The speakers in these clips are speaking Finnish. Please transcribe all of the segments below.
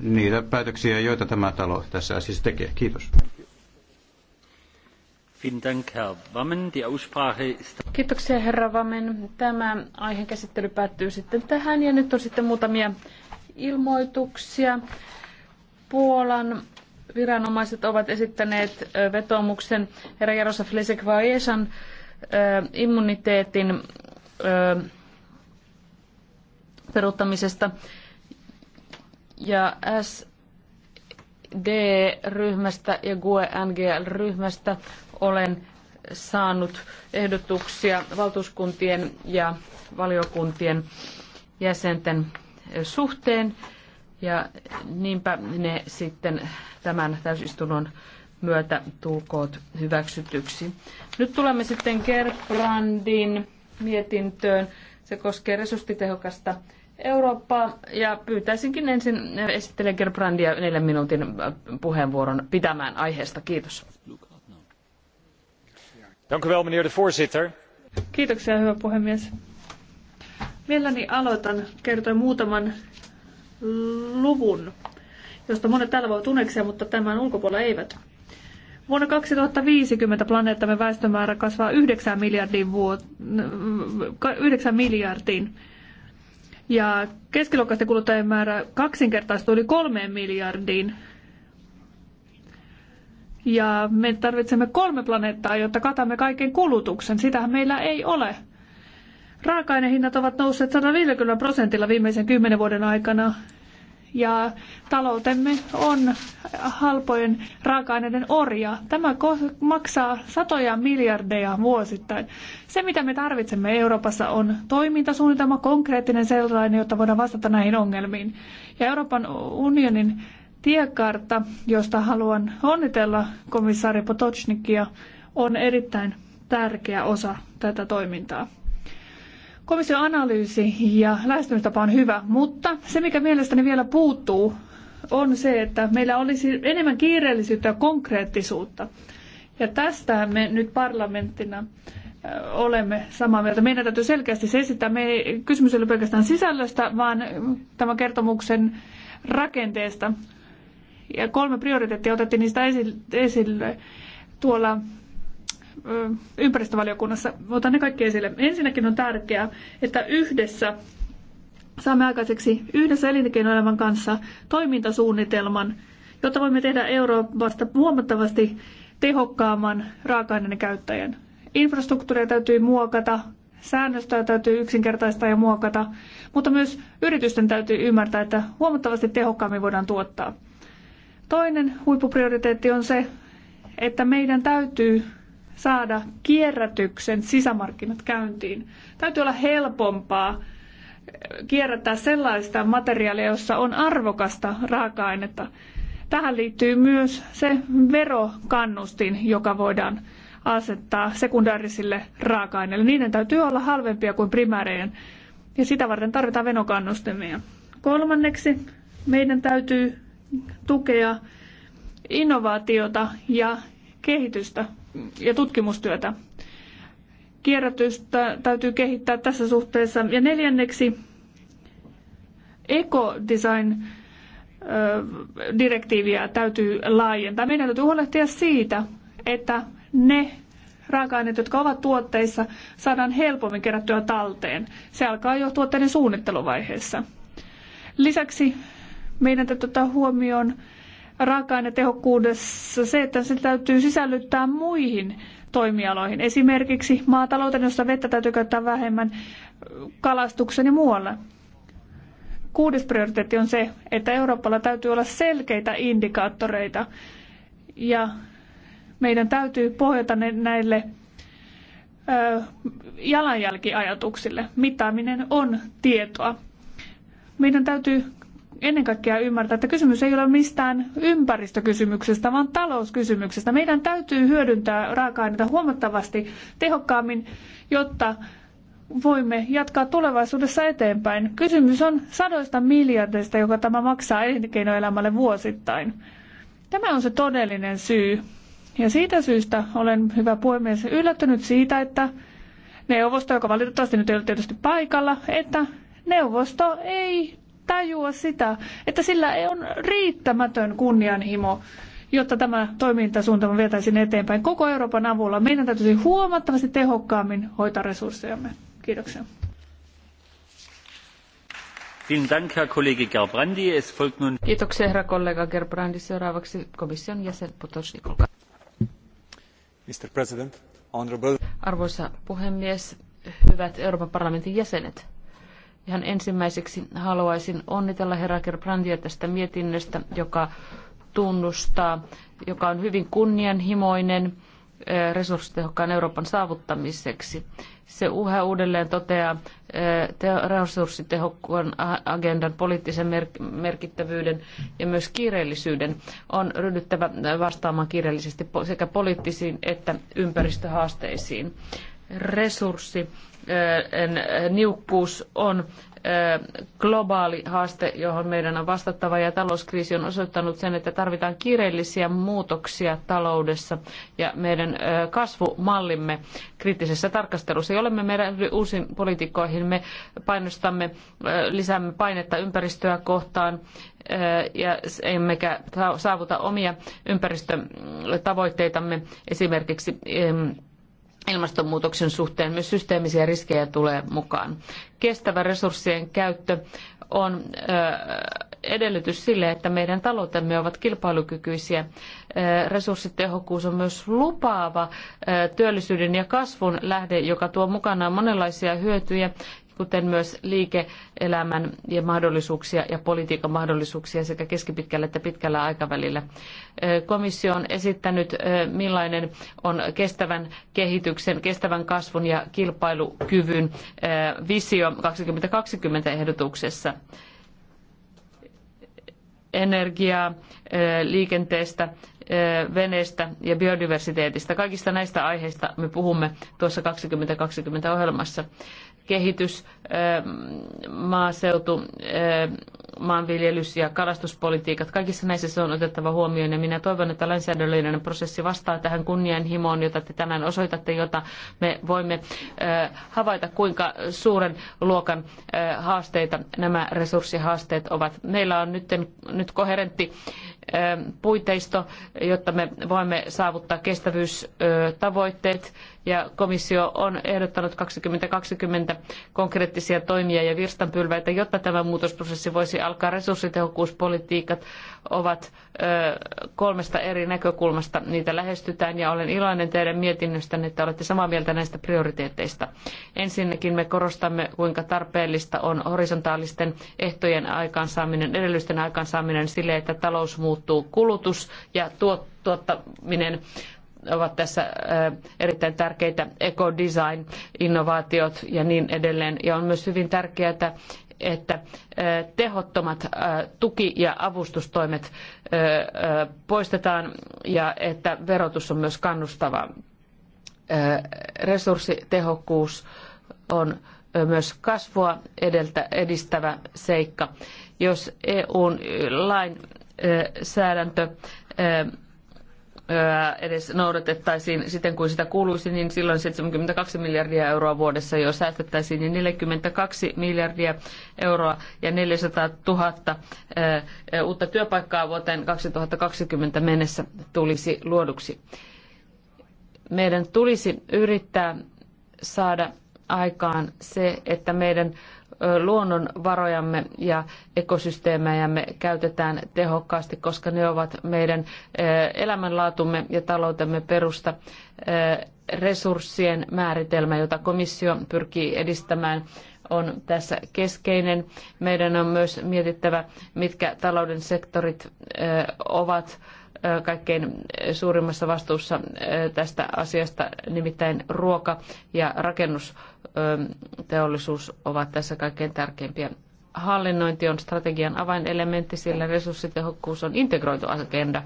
niitä päätöksiä, joita tämä talo tässä asiassa tekee. Kiitos. Kiitoksia herra Vamen. Tämä aiheen käsittely päättyy sitten tähän ja nyt on sitten muutamia ilmoituksia. Puolan viranomaiset ovat esittäneet vetoomuksen herra Jaroslav Lesek immuniteetin peruuttamisesta ja SD-ryhmästä ja GUE-NGL-ryhmästä olen saanut ehdotuksia valtuuskuntien ja valiokuntien jäsenten suhteen. Ja niinpä ne sitten tämän täysistunnon myötä tulkoot hyväksytyksi. Nyt tulemme sitten Gerbrandin mietintöön. Se koskee resurssitehokasta Eurooppaa ja pyytäisinkin ensin esittelen Gerbrandia neljän minuutin puheenvuoron pitämään aiheesta. Kiitos. Kiitoksia, hyvä puhemies. Mielelläni aloitan kertoin muutaman luvun, josta monet täällä voivat tunneksia, mutta tämän ulkopuolella eivät. Vuonna 2050 planeettamme väestömäärä kasvaa 9 miljardiin, vuot- 9 miljardiin ja keskiluokkaisten kuluttajien määrä kaksinkertaistui yli kolmeen miljardiin. Ja me tarvitsemme kolme planeettaa, jotta katamme kaiken kulutuksen. Sitähän meillä ei ole. Raaka-ainehinnat ovat nousseet 150 prosentilla viimeisen kymmenen vuoden aikana ja taloutemme on halpojen raaka-aineiden orja. Tämä maksaa satoja miljardeja vuosittain. Se, mitä me tarvitsemme Euroopassa, on toimintasuunnitelma, konkreettinen sellainen, jotta voidaan vastata näihin ongelmiin. Ja Euroopan unionin tiekartta, josta haluan onnitella komissaari Potocnikia, on erittäin tärkeä osa tätä toimintaa. Komission analyysi ja lähestymistapa on hyvä, mutta se mikä mielestäni vielä puuttuu on se, että meillä olisi enemmän kiireellisyyttä ja konkreettisuutta. Ja tästähän me nyt parlamenttina äh, olemme samaa mieltä. Meidän täytyy selkeästi se esittää. Me ei, kysymys ei ole pelkästään sisällöstä, vaan äh, tämän kertomuksen rakenteesta. Ja kolme prioriteettia otettiin niistä esille tuolla ympäristövaliokunnassa. Otan ne kaikki esille. Ensinnäkin on tärkeää, että yhdessä saamme aikaiseksi yhdessä elinkeinoelämän kanssa toimintasuunnitelman, jotta voimme tehdä Euroopasta huomattavasti tehokkaamman raaka-aineiden käyttäjän. Infrastruktuuria täytyy muokata, säännöstöä täytyy yksinkertaistaa ja muokata, mutta myös yritysten täytyy ymmärtää, että huomattavasti tehokkaammin voidaan tuottaa. Toinen huippuprioriteetti on se, että meidän täytyy saada kierrätyksen sisämarkkinat käyntiin. Täytyy olla helpompaa kierrättää sellaista materiaalia, jossa on arvokasta raaka-ainetta. Tähän liittyy myös se verokannustin, joka voidaan asettaa sekundaarisille raaka-aineille. Niiden täytyy olla halvempia kuin primäärien, ja sitä varten tarvitaan venokannustimia. Kolmanneksi meidän täytyy tukea innovaatiota ja kehitystä ja tutkimustyötä. Kierrätystä täytyy kehittää tässä suhteessa. Ja neljänneksi ekodesign direktiiviä täytyy laajentaa. Meidän täytyy huolehtia siitä, että ne raaka-aineet, jotka ovat tuotteissa, saadaan helpommin kerättyä talteen. Se alkaa jo tuotteiden suunnitteluvaiheessa. Lisäksi meidän täytyy ottaa huomioon raaka-ainetehokkuudessa se, että se täytyy sisällyttää muihin toimialoihin, esimerkiksi maatalouteen, jossa vettä täytyy käyttää vähemmän, kalastuksen ja muualle. Kuudes prioriteetti on se, että Euroopalla täytyy olla selkeitä indikaattoreita ja meidän täytyy pohjata ne näille ö, jalanjälkiajatuksille. Mittaaminen on tietoa. Meidän täytyy ennen kaikkea ymmärtää, että kysymys ei ole mistään ympäristökysymyksestä, vaan talouskysymyksestä. Meidän täytyy hyödyntää raaka-aineita huomattavasti tehokkaammin, jotta voimme jatkaa tulevaisuudessa eteenpäin. Kysymys on sadoista miljardeista, joka tämä maksaa elinkeinoelämälle vuosittain. Tämä on se todellinen syy. Ja siitä syystä olen, hyvä puhemies, yllättynyt siitä, että neuvosto, joka valitettavasti nyt ei ole tietysti paikalla, että neuvosto ei tajua sitä, että sillä ei on riittämätön kunnianhimo jotta tämä toimintasuuntama vietäisiin eteenpäin koko Euroopan avulla. Meidän täytyisi huomattavasti tehokkaammin hoitaa resurssejamme. Kiitoksia. Kiitoksia herra kollega Gerbrandi. Seuraavaksi komission jäsen Potosnik. Mr. President, honorable... Arvoisa puhemies, hyvät Euroopan parlamentin jäsenet. Ihan ensimmäiseksi haluaisin onnitella herra Gerbrandia tästä mietinnöstä, joka tunnustaa, joka on hyvin kunnianhimoinen eh, resurssitehokkaan Euroopan saavuttamiseksi. Se uhe uudelleen toteaa eh, resurssitehokkuuden agendan poliittisen merkittävyyden ja myös kiireellisyyden. On ryhdyttävä eh, vastaamaan kiireellisesti sekä poliittisiin että ympäristöhaasteisiin. Resurssi niukkuus on globaali haaste, johon meidän on vastattava ja talouskriisi on osoittanut sen, että tarvitaan kiireellisiä muutoksia taloudessa ja meidän kasvumallimme kriittisessä tarkastelussa, Jollemme me meidän uusiin poliitikkoihin me painostamme, lisäämme painetta ympäristöä kohtaan ja emmekä saavuta omia ympäristötavoitteitamme esimerkiksi ilmastonmuutoksen suhteen myös systeemisiä riskejä tulee mukaan. Kestävä resurssien käyttö on edellytys sille, että meidän taloutemme ovat kilpailukykyisiä. Resurssitehokkuus on myös lupaava työllisyyden ja kasvun lähde, joka tuo mukanaan monenlaisia hyötyjä kuten myös liike-elämän ja mahdollisuuksia ja politiikan mahdollisuuksia sekä keskipitkällä että pitkällä aikavälillä. Komissio on esittänyt, millainen on kestävän kehityksen, kestävän kasvun ja kilpailukyvyn visio 2020 ehdotuksessa energiaa, liikenteestä, veneestä ja biodiversiteetistä. Kaikista näistä aiheista me puhumme tuossa 2020 ohjelmassa kehitys, ähm, maaseutu, ähm, maanviljelys ja kalastuspolitiikat. Kaikissa näissä se on otettava huomioon ja minä toivon, että lainsäädännöllinen prosessi vastaa tähän kunnianhimoon, jota te tänään osoitatte, jota me voimme äh, havaita, kuinka suuren luokan äh, haasteita nämä resurssihaasteet ovat. Meillä on nyt, nyt koherentti puiteisto, jotta me voimme saavuttaa kestävyystavoitteet. Ja komissio on ehdottanut 2020 konkreettisia toimia ja virstanpylväitä, jotta tämä muutosprosessi voisi alkaa. Resurssitehokkuuspolitiikat ovat kolmesta eri näkökulmasta. Niitä lähestytään ja olen iloinen teidän mietinnöstänne, että olette samaa mieltä näistä prioriteeteista. Ensinnäkin me korostamme, kuinka tarpeellista on horisontaalisten ehtojen aikaansaaminen, edellysten aikaansaaminen sille, että talous muuttuu muuttuu. Kulutus ja tuottaminen ovat tässä äh, erittäin tärkeitä ekodesign-innovaatiot ja niin edelleen. Ja on myös hyvin tärkeää, että äh, tehottomat äh, tuki- ja avustustoimet poistetaan ja että verotus on myös kannustavaa. Resurssitehokkuus on myös kasvua edeltä edistävä seikka. Jos eu lain säädäntö edes noudatettaisiin siten kuin sitä kuuluisi, niin silloin 72 miljardia euroa vuodessa jo säästettäisiin, niin 42 miljardia euroa ja 400 000 uutta työpaikkaa vuoteen 2020 mennessä tulisi luoduksi. Meidän tulisi yrittää saada aikaan se, että meidän luonnonvarojamme ja ekosysteemejämme käytetään tehokkaasti, koska ne ovat meidän elämänlaatumme ja taloutemme perusta resurssien määritelmä, jota komissio pyrkii edistämään on tässä keskeinen. Meidän on myös mietittävä, mitkä talouden sektorit ovat kaikkein suurimmassa vastuussa tästä asiasta, nimittäin ruoka- ja rakennusteollisuus ovat tässä kaikkein tärkeimpiä. Hallinnointi on strategian avainelementti, sillä resurssitehokkuus on integroitu agenda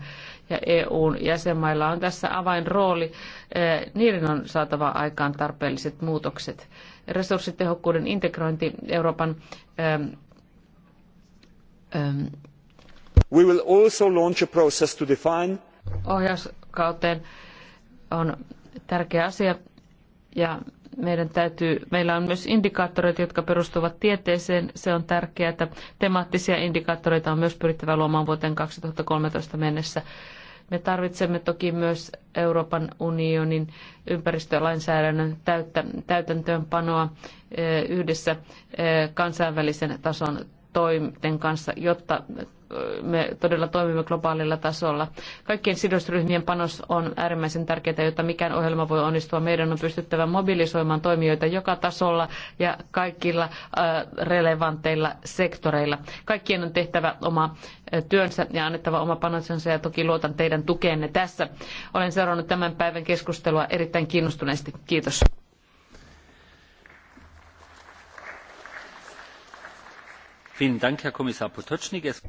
ja EUn jäsenmailla on tässä avainrooli. Niiden on saatava aikaan tarpeelliset muutokset. Resurssitehokkuuden integrointi Euroopan We will also launch a process to define ohjauskauteen on tärkeä asia ja meidän täytyy, meillä on myös indikaattoreita, jotka perustuvat tieteeseen. Se on tärkeää, että temaattisia indikaattoreita on myös pyrittävä luomaan vuoteen 2013 mennessä. Me tarvitsemme toki myös Euroopan unionin ympäristölainsäädännön täyttä, täytäntöönpanoa eh, yhdessä eh, kansainvälisen tason toimien kanssa, jotta me todella toimimme globaalilla tasolla. Kaikkien sidosryhmien panos on äärimmäisen tärkeää, jotta mikään ohjelma voi onnistua. Meidän on pystyttävä mobilisoimaan toimijoita joka tasolla ja kaikilla äh, relevanteilla sektoreilla. Kaikkien on tehtävä oma äh, työnsä ja annettava oma panoksensa ja toki luotan teidän tukeenne tässä. Olen seurannut tämän päivän keskustelua erittäin kiinnostuneesti. Kiitos.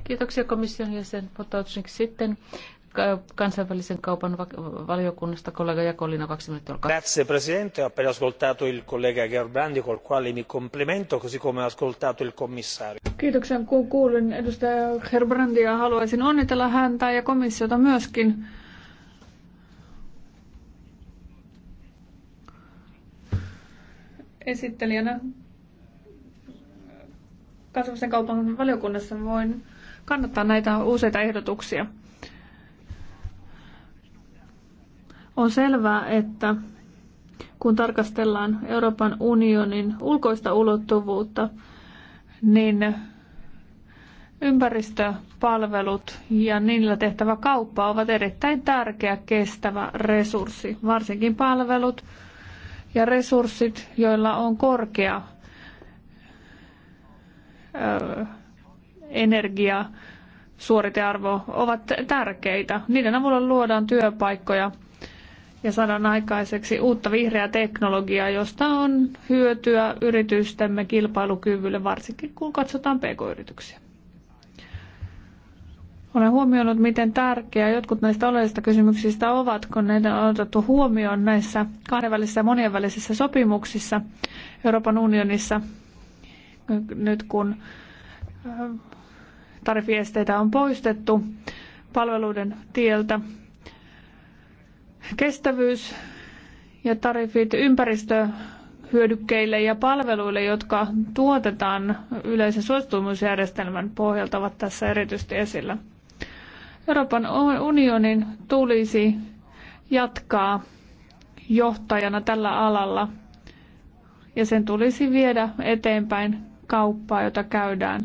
Kiitoksia komission jäsen Potocnik. Sitten kansainvälisen kaupan valiokunnasta kollega Jakolina kaksi minuuttia. Olkaa. Grazie Presidente, ho appena ascoltato il collega Gerbrandi col quale mi complimento così come ho ascoltato il commissario. Kiitoksia kun kuulin edustaja Gerbrandia haluaisin onnitella häntä ja komissiota myöskin. Esittelijänä kansainvälisen kaupan valiokunnassa voin kannattaa näitä useita ehdotuksia. On selvää, että kun tarkastellaan Euroopan unionin ulkoista ulottuvuutta, niin ympäristöpalvelut ja niillä tehtävä kauppa ovat erittäin tärkeä kestävä resurssi, varsinkin palvelut ja resurssit, joilla on korkea energia, suoritearvo ovat tärkeitä. Niiden avulla luodaan työpaikkoja ja saadaan aikaiseksi uutta vihreää teknologiaa, josta on hyötyä yritystemme kilpailukyvylle, varsinkin kun katsotaan pk-yrityksiä. Olen huomioinut, miten tärkeää jotkut näistä oleellisista kysymyksistä ovat, kun ne on otettu huomioon näissä kahdenvälisissä ja monien välisissä sopimuksissa Euroopan unionissa nyt kun äh, tarifiesteitä on poistettu palveluiden tieltä. Kestävyys ja tarifit ympäristöhyödykkeille ja palveluille, jotka tuotetaan yleisen suostumusjärjestelmän pohjalta, ovat tässä erityisesti esillä. Euroopan unionin tulisi jatkaa johtajana tällä alalla ja sen tulisi viedä eteenpäin kauppaa, jota käydään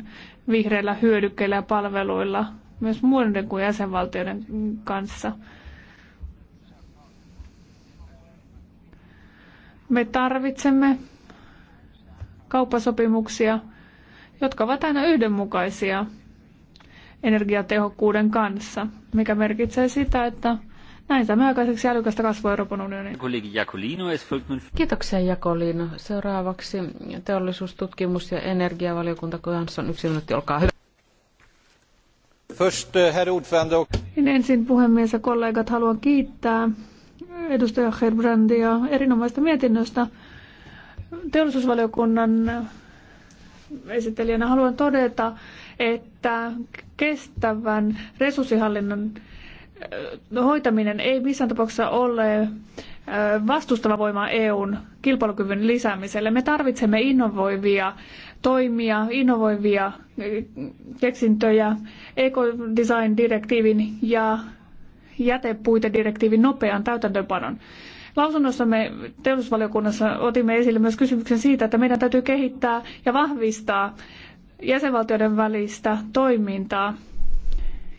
vihreillä hyödykkeillä ja palveluilla myös muiden kuin jäsenvaltioiden kanssa. Me tarvitsemme kauppasopimuksia, jotka ovat aina yhdenmukaisia energiatehokkuuden kanssa, mikä merkitsee sitä, että näin saamme aikaiseksi älykästä kasvua Euroopan unioniin. Kiitoksia Jakolino. Seuraavaksi teollisuustutkimus- ja energiavaliokunta Johansson. Yksi minuutti, olkaa hyvä. First, uh, Ensin puhemies ja kollegat haluan kiittää edustaja Herbrandia erinomaista mietinnöstä. Teollisuusvaliokunnan esittelijänä haluan todeta, että kestävän resurssihallinnan hoitaminen ei missään tapauksessa ole vastustava voima EUn kilpailukyvyn lisäämiselle. Me tarvitsemme innovoivia toimia, innovoivia keksintöjä ekodesign-direktiivin ja jätepuitedirektiivin nopean täytäntöönpanon. Lausunnossamme teollisuusvaliokunnassa otimme esille myös kysymyksen siitä, että meidän täytyy kehittää ja vahvistaa jäsenvaltioiden välistä toimintaa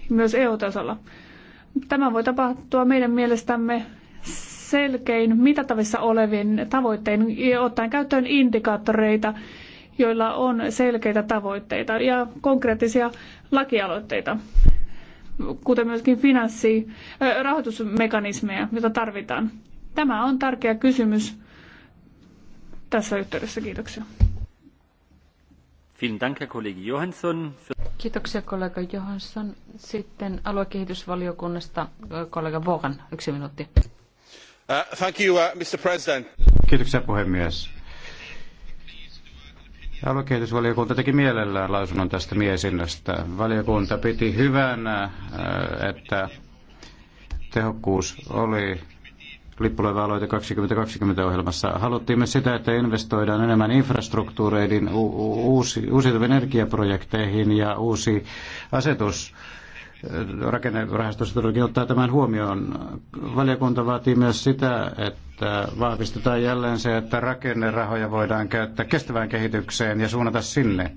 myös EU-tasolla. Tämä voi tapahtua meidän mielestämme selkein mitattavissa olevin tavoittein ottaen käyttöön indikaattoreita, joilla on selkeitä tavoitteita ja konkreettisia lakialoitteita, kuten myöskin finanssi- äh, rahoitusmekanismeja, joita tarvitaan. Tämä on tärkeä kysymys tässä yhteydessä. Kiitoksia. Kiitoksia kollega Johansson. Sitten aluekehitysvaliokunnasta kollega Vaughan, yksi minuutti. Uh, thank you, uh, Mr. President. Kiitoksia puhemies. Aluekehitysvaliokunta teki mielellään lausunnon tästä miesinnöstä. Valiokunta piti hyvänä, että tehokkuus oli lippuleva-aloite 2020-ohjelmassa. Haluttiin myös sitä, että investoidaan enemmän infrastruktuureihin, uusi, uusiutuviin energiaprojekteihin ja uusi asetus rakennerahastossa todellakin ottaa tämän huomioon. Valiokunta vaatii myös sitä, että vahvistetaan jälleen se, että rakennerahoja voidaan käyttää kestävään kehitykseen ja suunnata sinne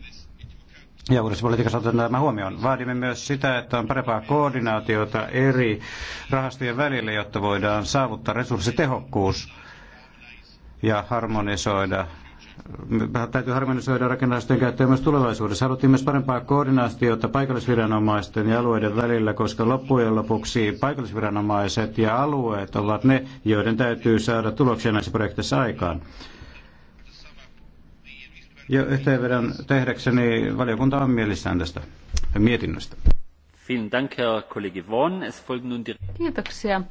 ja politiikassa otetaan tämä huomioon. Vaadimme myös sitä, että on parempaa koordinaatiota eri rahastojen välillä, jotta voidaan saavuttaa resurssitehokkuus ja harmonisoida täytyy harmonisoida rakennusten käyttöä myös tulevaisuudessa. Haluttiin myös parempaa koordinaatiota paikallisviranomaisten ja alueiden välillä, koska loppujen lopuksi paikallisviranomaiset ja alueet ovat ne, joiden täytyy saada tuloksia näissä projekteissa aikaan. Ja yhteenvedon tehdäkseni valiokunta on mielissään tästä mietinnöstä. Kiitoksia.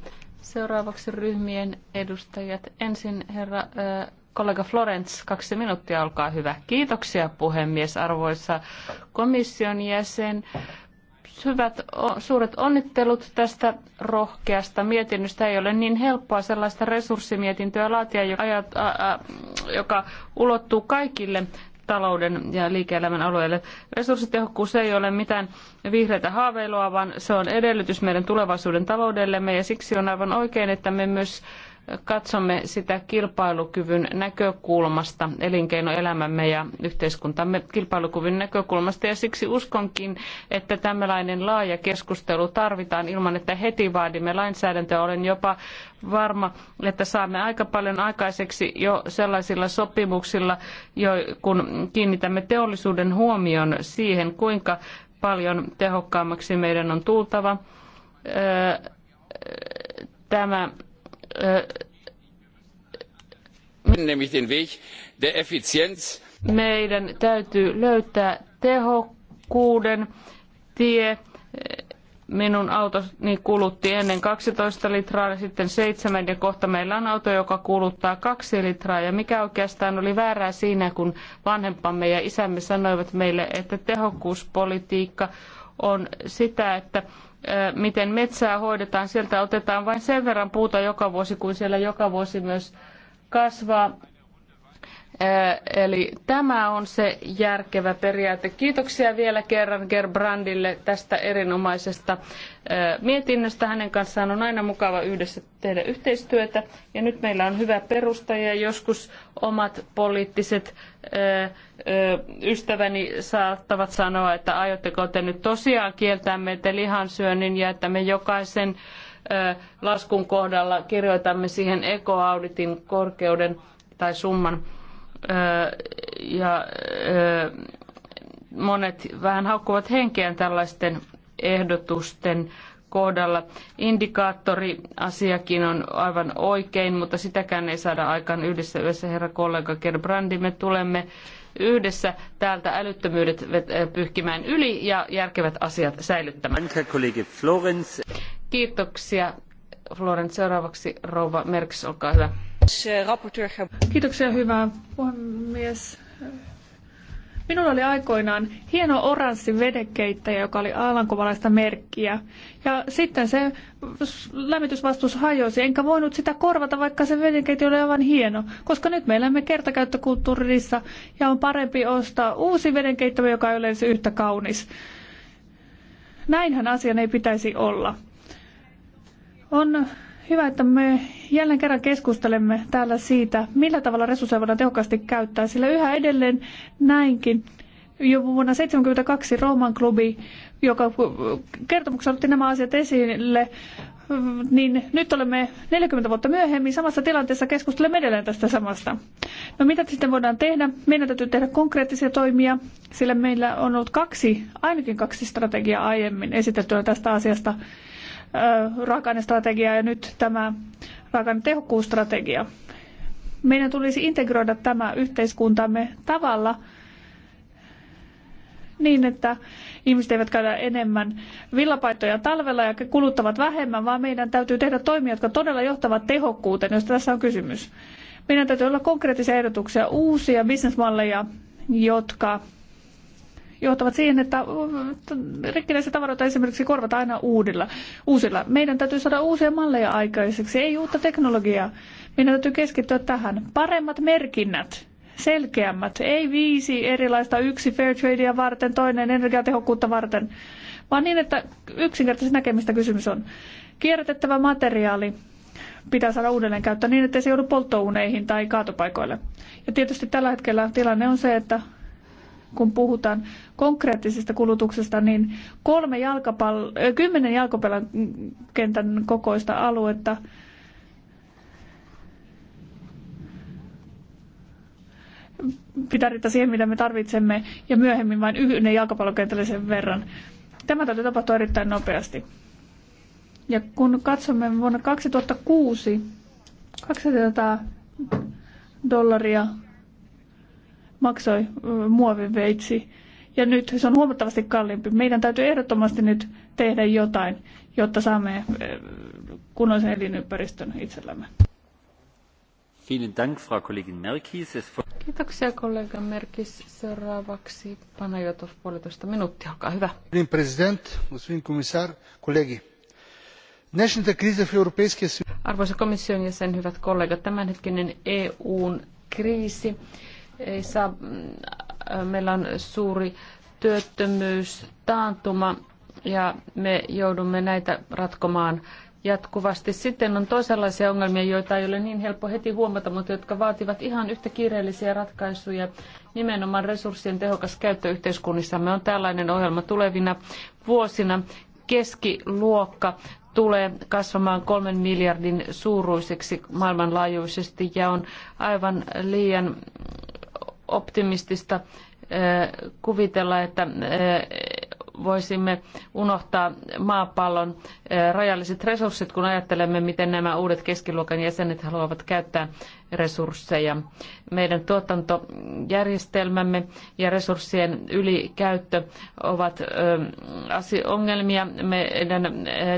Seuraavaksi ryhmien edustajat. Ensin herra äh, kollega Florence, kaksi minuuttia, olkaa hyvä. Kiitoksia puhemies, arvoisa komission jäsen. Äh, Syvät suuret onnittelut tästä rohkeasta mietinnöstä. Ei ole niin helppoa sellaista resurssimietintöä laatia, joka ulottuu kaikille talouden ja liike-elämän alueelle. Resurssitehokkuus ei ole mitään vihreitä haaveilua, vaan se on edellytys meidän tulevaisuuden taloudellemme ja siksi on aivan oikein, että me myös katsomme sitä kilpailukyvyn näkökulmasta, elinkeinoelämämme ja yhteiskuntamme kilpailukyvyn näkökulmasta. Ja siksi uskonkin, että tämmöinen laaja keskustelu tarvitaan ilman, että heti vaadimme lainsäädäntöä. Olen jopa varma, että saamme aika paljon aikaiseksi jo sellaisilla sopimuksilla, jo kun kiinnitämme teollisuuden huomion siihen, kuinka paljon tehokkaammaksi meidän on tultava. Tämä meidän täytyy löytää tehokkuuden tie. Minun autoni kulutti ennen 12 litraa ja sitten 7 ja kohta meillä on auto, joka kuluttaa 2 litraa. Ja mikä oikeastaan oli väärää siinä, kun vanhempamme ja isämme sanoivat meille, että tehokkuuspolitiikka on sitä, että miten metsää hoidetaan. Sieltä otetaan vain sen verran puuta joka vuosi, kuin siellä joka vuosi myös kasvaa. Eli tämä on se järkevä periaate. Kiitoksia vielä kerran Gerbrandille tästä erinomaisesta mietinnöstä. Hänen kanssaan on aina mukava yhdessä tehdä yhteistyötä. Ja nyt meillä on hyvä perusta ja joskus omat poliittiset ystäväni saattavat sanoa, että aiotteko te nyt tosiaan kieltää meitä lihansyönnin ja että me jokaisen laskun kohdalla kirjoitamme siihen ekoauditin korkeuden tai summan ja monet vähän haukkuvat henkeään tällaisten ehdotusten kohdalla. Indikaattoriasiakin on aivan oikein, mutta sitäkään ei saada aikaan yhdessä yössä, herra kollega Gerbrandi. Me tulemme yhdessä täältä älyttömyydet pyyhkimään yli ja järkevät asiat säilyttämään. Kiitoksia. Florence, seuraavaksi rouva Merks, olkaa hyvä. Kiitoksia, hyvä puhemies. Minulla oli aikoinaan hieno oranssi vedekeittäjä, joka oli alankovalaista merkkiä. Ja sitten se lämmitysvastus hajosi, enkä voinut sitä korvata, vaikka se vedekeittiö oli aivan hieno. Koska nyt me elämme kertakäyttökulttuurissa ja on parempi ostaa uusi vedenkeittiö, joka ei ole edes yhtä kaunis. Näinhän asian ei pitäisi olla. On Hyvä, että me jälleen kerran keskustelemme täällä siitä, millä tavalla resursseja voidaan tehokkaasti käyttää, sillä yhä edelleen näinkin. Jo vuonna 1972 Rooman klubi, joka kertomuksessa otti nämä asiat esille, niin nyt olemme 40 vuotta myöhemmin samassa tilanteessa keskustelemme edelleen tästä samasta. No mitä sitten voidaan tehdä? Meidän täytyy tehdä konkreettisia toimia, sillä meillä on ollut kaksi, ainakin kaksi strategiaa aiemmin esiteltynä tästä asiasta raaka-ainestrategia ja nyt tämä raaka-ainetehokkuusstrategia. Meidän tulisi integroida tämä yhteiskuntamme tavalla niin, että ihmiset eivät käydä enemmän villapaitoja talvella ja kuluttavat vähemmän, vaan meidän täytyy tehdä toimia, jotka todella johtavat tehokkuuteen, josta tässä on kysymys. Meidän täytyy olla konkreettisia ehdotuksia, uusia bisnesmalleja, jotka johtavat siihen, että rikkinäisiä tavaroita esimerkiksi korvataan aina uudilla, uusilla. Meidän täytyy saada uusia malleja aikaiseksi, ei uutta teknologiaa. Meidän täytyy keskittyä tähän. Paremmat merkinnät, selkeämmät, ei viisi erilaista, yksi tradea varten, toinen energiatehokkuutta varten, vaan niin, että yksinkertaisesti näkemistä kysymys on. Kierrätettävä materiaali, pitää saada uudelleen käyttää niin, ettei se joudu polttouuneihin tai kaatopaikoille. Ja tietysti tällä hetkellä tilanne on se, että kun puhutaan konkreettisesta kulutuksesta, niin kolme jalkapall- äh, kymmenen kentän kokoista aluetta pitää siihen, mitä me tarvitsemme, ja myöhemmin vain yhden jalkapallokentällisen verran. Tämä täytyy tapahtua erittäin nopeasti. Ja kun katsomme vuonna 2006, 200 dollaria maksoi muoviveitsi. Ja nyt se on huomattavasti kalliimpi. Meidän täytyy ehdottomasti nyt tehdä jotain, jotta saamme kunnollisen elinympäristön itsellämme. Kiitoksia kollega Merkis. Seuraavaksi Panajotov puolitoista minuuttia, olkaa hyvä. Arvoisa komission jäsen, hyvät kollegat, tämänhetkinen EUn kriisi ei saa, mm, meillä on suuri työttömyys, taantuma ja me joudumme näitä ratkomaan jatkuvasti. Sitten on toisenlaisia ongelmia, joita ei ole niin helppo heti huomata, mutta jotka vaativat ihan yhtä kiireellisiä ratkaisuja. Nimenomaan resurssien tehokas käyttö yhteiskunnissamme on tällainen ohjelma tulevina vuosina. Keskiluokka tulee kasvamaan kolmen miljardin suuruiseksi maailmanlaajuisesti ja on aivan liian optimistista kuvitella, että voisimme unohtaa maapallon rajalliset resurssit, kun ajattelemme, miten nämä uudet keskiluokan jäsenet haluavat käyttää resursseja. Meidän tuotantojärjestelmämme ja resurssien ylikäyttö ovat ongelmia. Meidän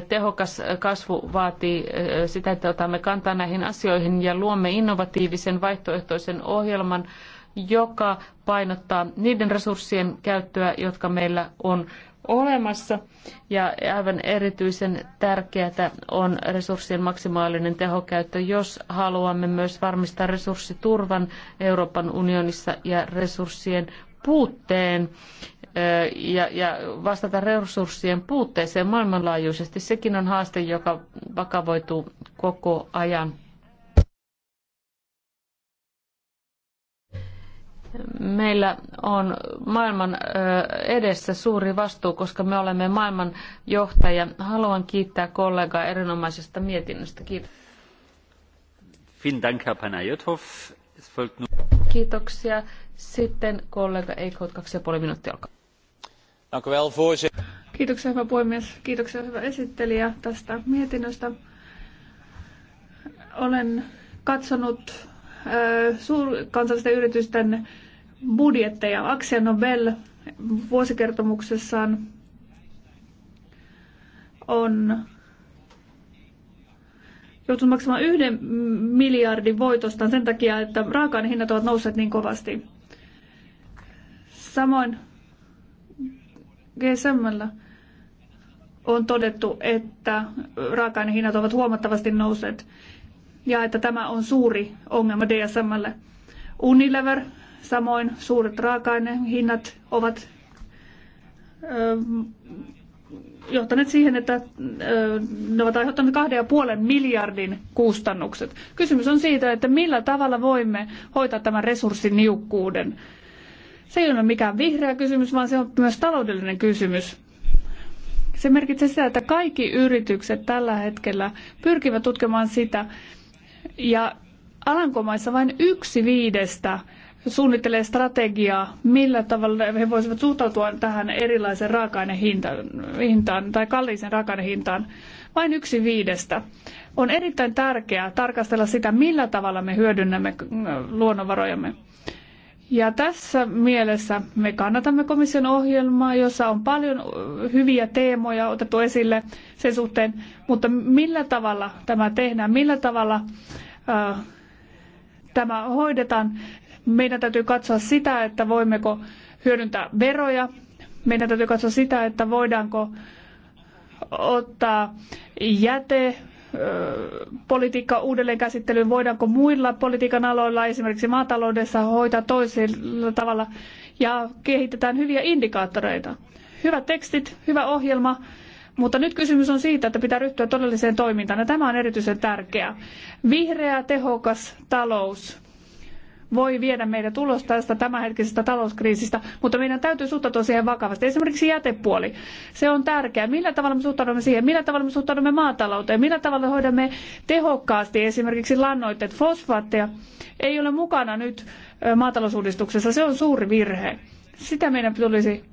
tehokas kasvu vaatii sitä, että otamme kantaa näihin asioihin ja luomme innovatiivisen vaihtoehtoisen ohjelman, joka painottaa niiden resurssien käyttöä, jotka meillä on olemassa. Ja aivan erityisen tärkeää on resurssien maksimaalinen tehokäyttö, jos haluamme myös varmistaa resurssiturvan Euroopan unionissa ja resurssien puutteen ja, ja vastata resurssien puutteeseen maailmanlaajuisesti. Sekin on haaste, joka vakavoituu koko ajan. meillä on maailman edessä suuri vastuu, koska me olemme maailman johtaja. Haluan kiittää kollegaa erinomaisesta mietinnöstä. Kiitos. Kiitoksia. Sitten kollega Eikot kaksi ja puoli minuuttia alkaa. Kiitoksia hyvä puhemies. Kiitoksia hyvä esittelijä tästä mietinnöstä. Olen katsonut kansallisten yritysten budjetteja. Axia Nobel vuosikertomuksessaan on joutunut maksamaan yhden miljardin voitostaan sen takia, että raaka hinnat ovat nousseet niin kovasti. Samoin GSM on todettu, että raaka hinnat ovat huomattavasti nousseet ja että tämä on suuri ongelma DSMlle. Unilever Samoin suuret raaka-ainehinnat ovat johtaneet siihen, että ne ovat aiheuttaneet kahden ja puolen miljardin kustannukset. Kysymys on siitä, että millä tavalla voimme hoitaa tämän resurssiniukkuuden. Se ei ole mikään vihreä kysymys, vaan se on myös taloudellinen kysymys. Se merkitsee sitä, että kaikki yritykset tällä hetkellä pyrkivät tutkimaan sitä, ja Alankomaissa vain yksi viidestä suunnittelee strategiaa, millä tavalla he voisivat suhtautua tähän erilaisen raaka-ainehintaan tai kalliiseen raaka-ainehintaan. Vain yksi viidestä. On erittäin tärkeää tarkastella sitä, millä tavalla me hyödynnämme luonnonvarojamme. Ja tässä mielessä me kannatamme komission ohjelmaa, jossa on paljon hyviä teemoja otettu esille sen suhteen, mutta millä tavalla tämä tehdään, millä tavalla tämä hoidetaan, meidän täytyy katsoa sitä, että voimmeko hyödyntää veroja. Meidän täytyy katsoa sitä, että voidaanko ottaa jäte politiikka uudelleen käsittelyyn, voidaanko muilla politiikan aloilla, esimerkiksi maataloudessa, hoitaa toisella tavalla ja kehitetään hyviä indikaattoreita. Hyvät tekstit, hyvä ohjelma, mutta nyt kysymys on siitä, että pitää ryhtyä todelliseen toimintaan ja tämä on erityisen tärkeää. Vihreä, tehokas talous voi viedä meidät ulos tästä tämänhetkisestä talouskriisistä, mutta meidän täytyy suhtautua siihen vakavasti. Esimerkiksi jätepuoli, se on tärkeää. Millä tavalla me suhtaudumme siihen, millä tavalla me suhtaudumme maatalouteen, millä tavalla hoidamme tehokkaasti esimerkiksi lannoitteet, fosfaatteja, ei ole mukana nyt maatalousuudistuksessa. Se on suuri virhe. Sitä meidän tulisi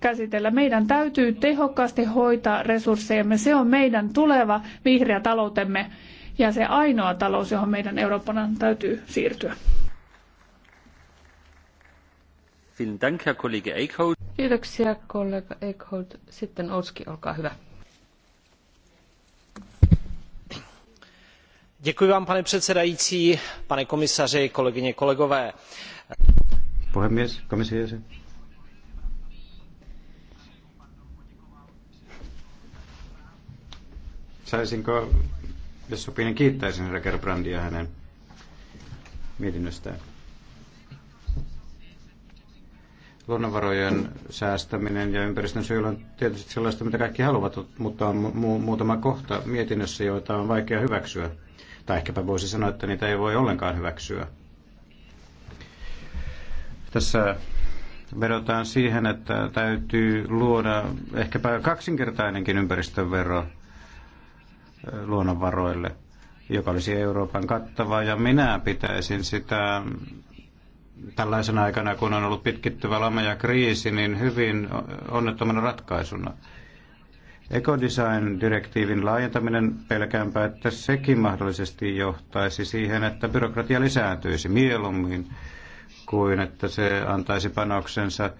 käsitellä. Meidän täytyy tehokkaasti hoitaa resurssejamme. Se on meidän tuleva vihreä taloutemme ja se ainoa talous, johon meidän Eurooppana täytyy siirtyä. Kiitoksia kollega Eichholt. Sitten Olski olkaa hyvä. Děkuji vám, pane předsedající, pane komisaři, kolegyně, kolegové. Puhemies, komissio. Saisinko jos sopii, niin kiittäisin herra Gerbrandia hänen mietinnöstään. Luonnonvarojen säästäminen ja ympäristön suojelu on tietysti sellaista, mitä kaikki haluavat, mutta on mu- muutama kohta mietinnössä, joita on vaikea hyväksyä. Tai ehkäpä voisi sanoa, että niitä ei voi ollenkaan hyväksyä. Tässä vedotaan siihen, että täytyy luoda ehkäpä kaksinkertainenkin ympäristövero – luonnonvaroille, joka olisi Euroopan kattava. Ja minä pitäisin sitä tällaisena aikana, kun on ollut pitkittyvä lama ja kriisi, niin hyvin onnettomana ratkaisuna. Ecodesign-direktiivin laajentaminen pelkäänpä, että sekin mahdollisesti johtaisi siihen, että byrokratia lisääntyisi mieluummin kuin että se antaisi panoksensa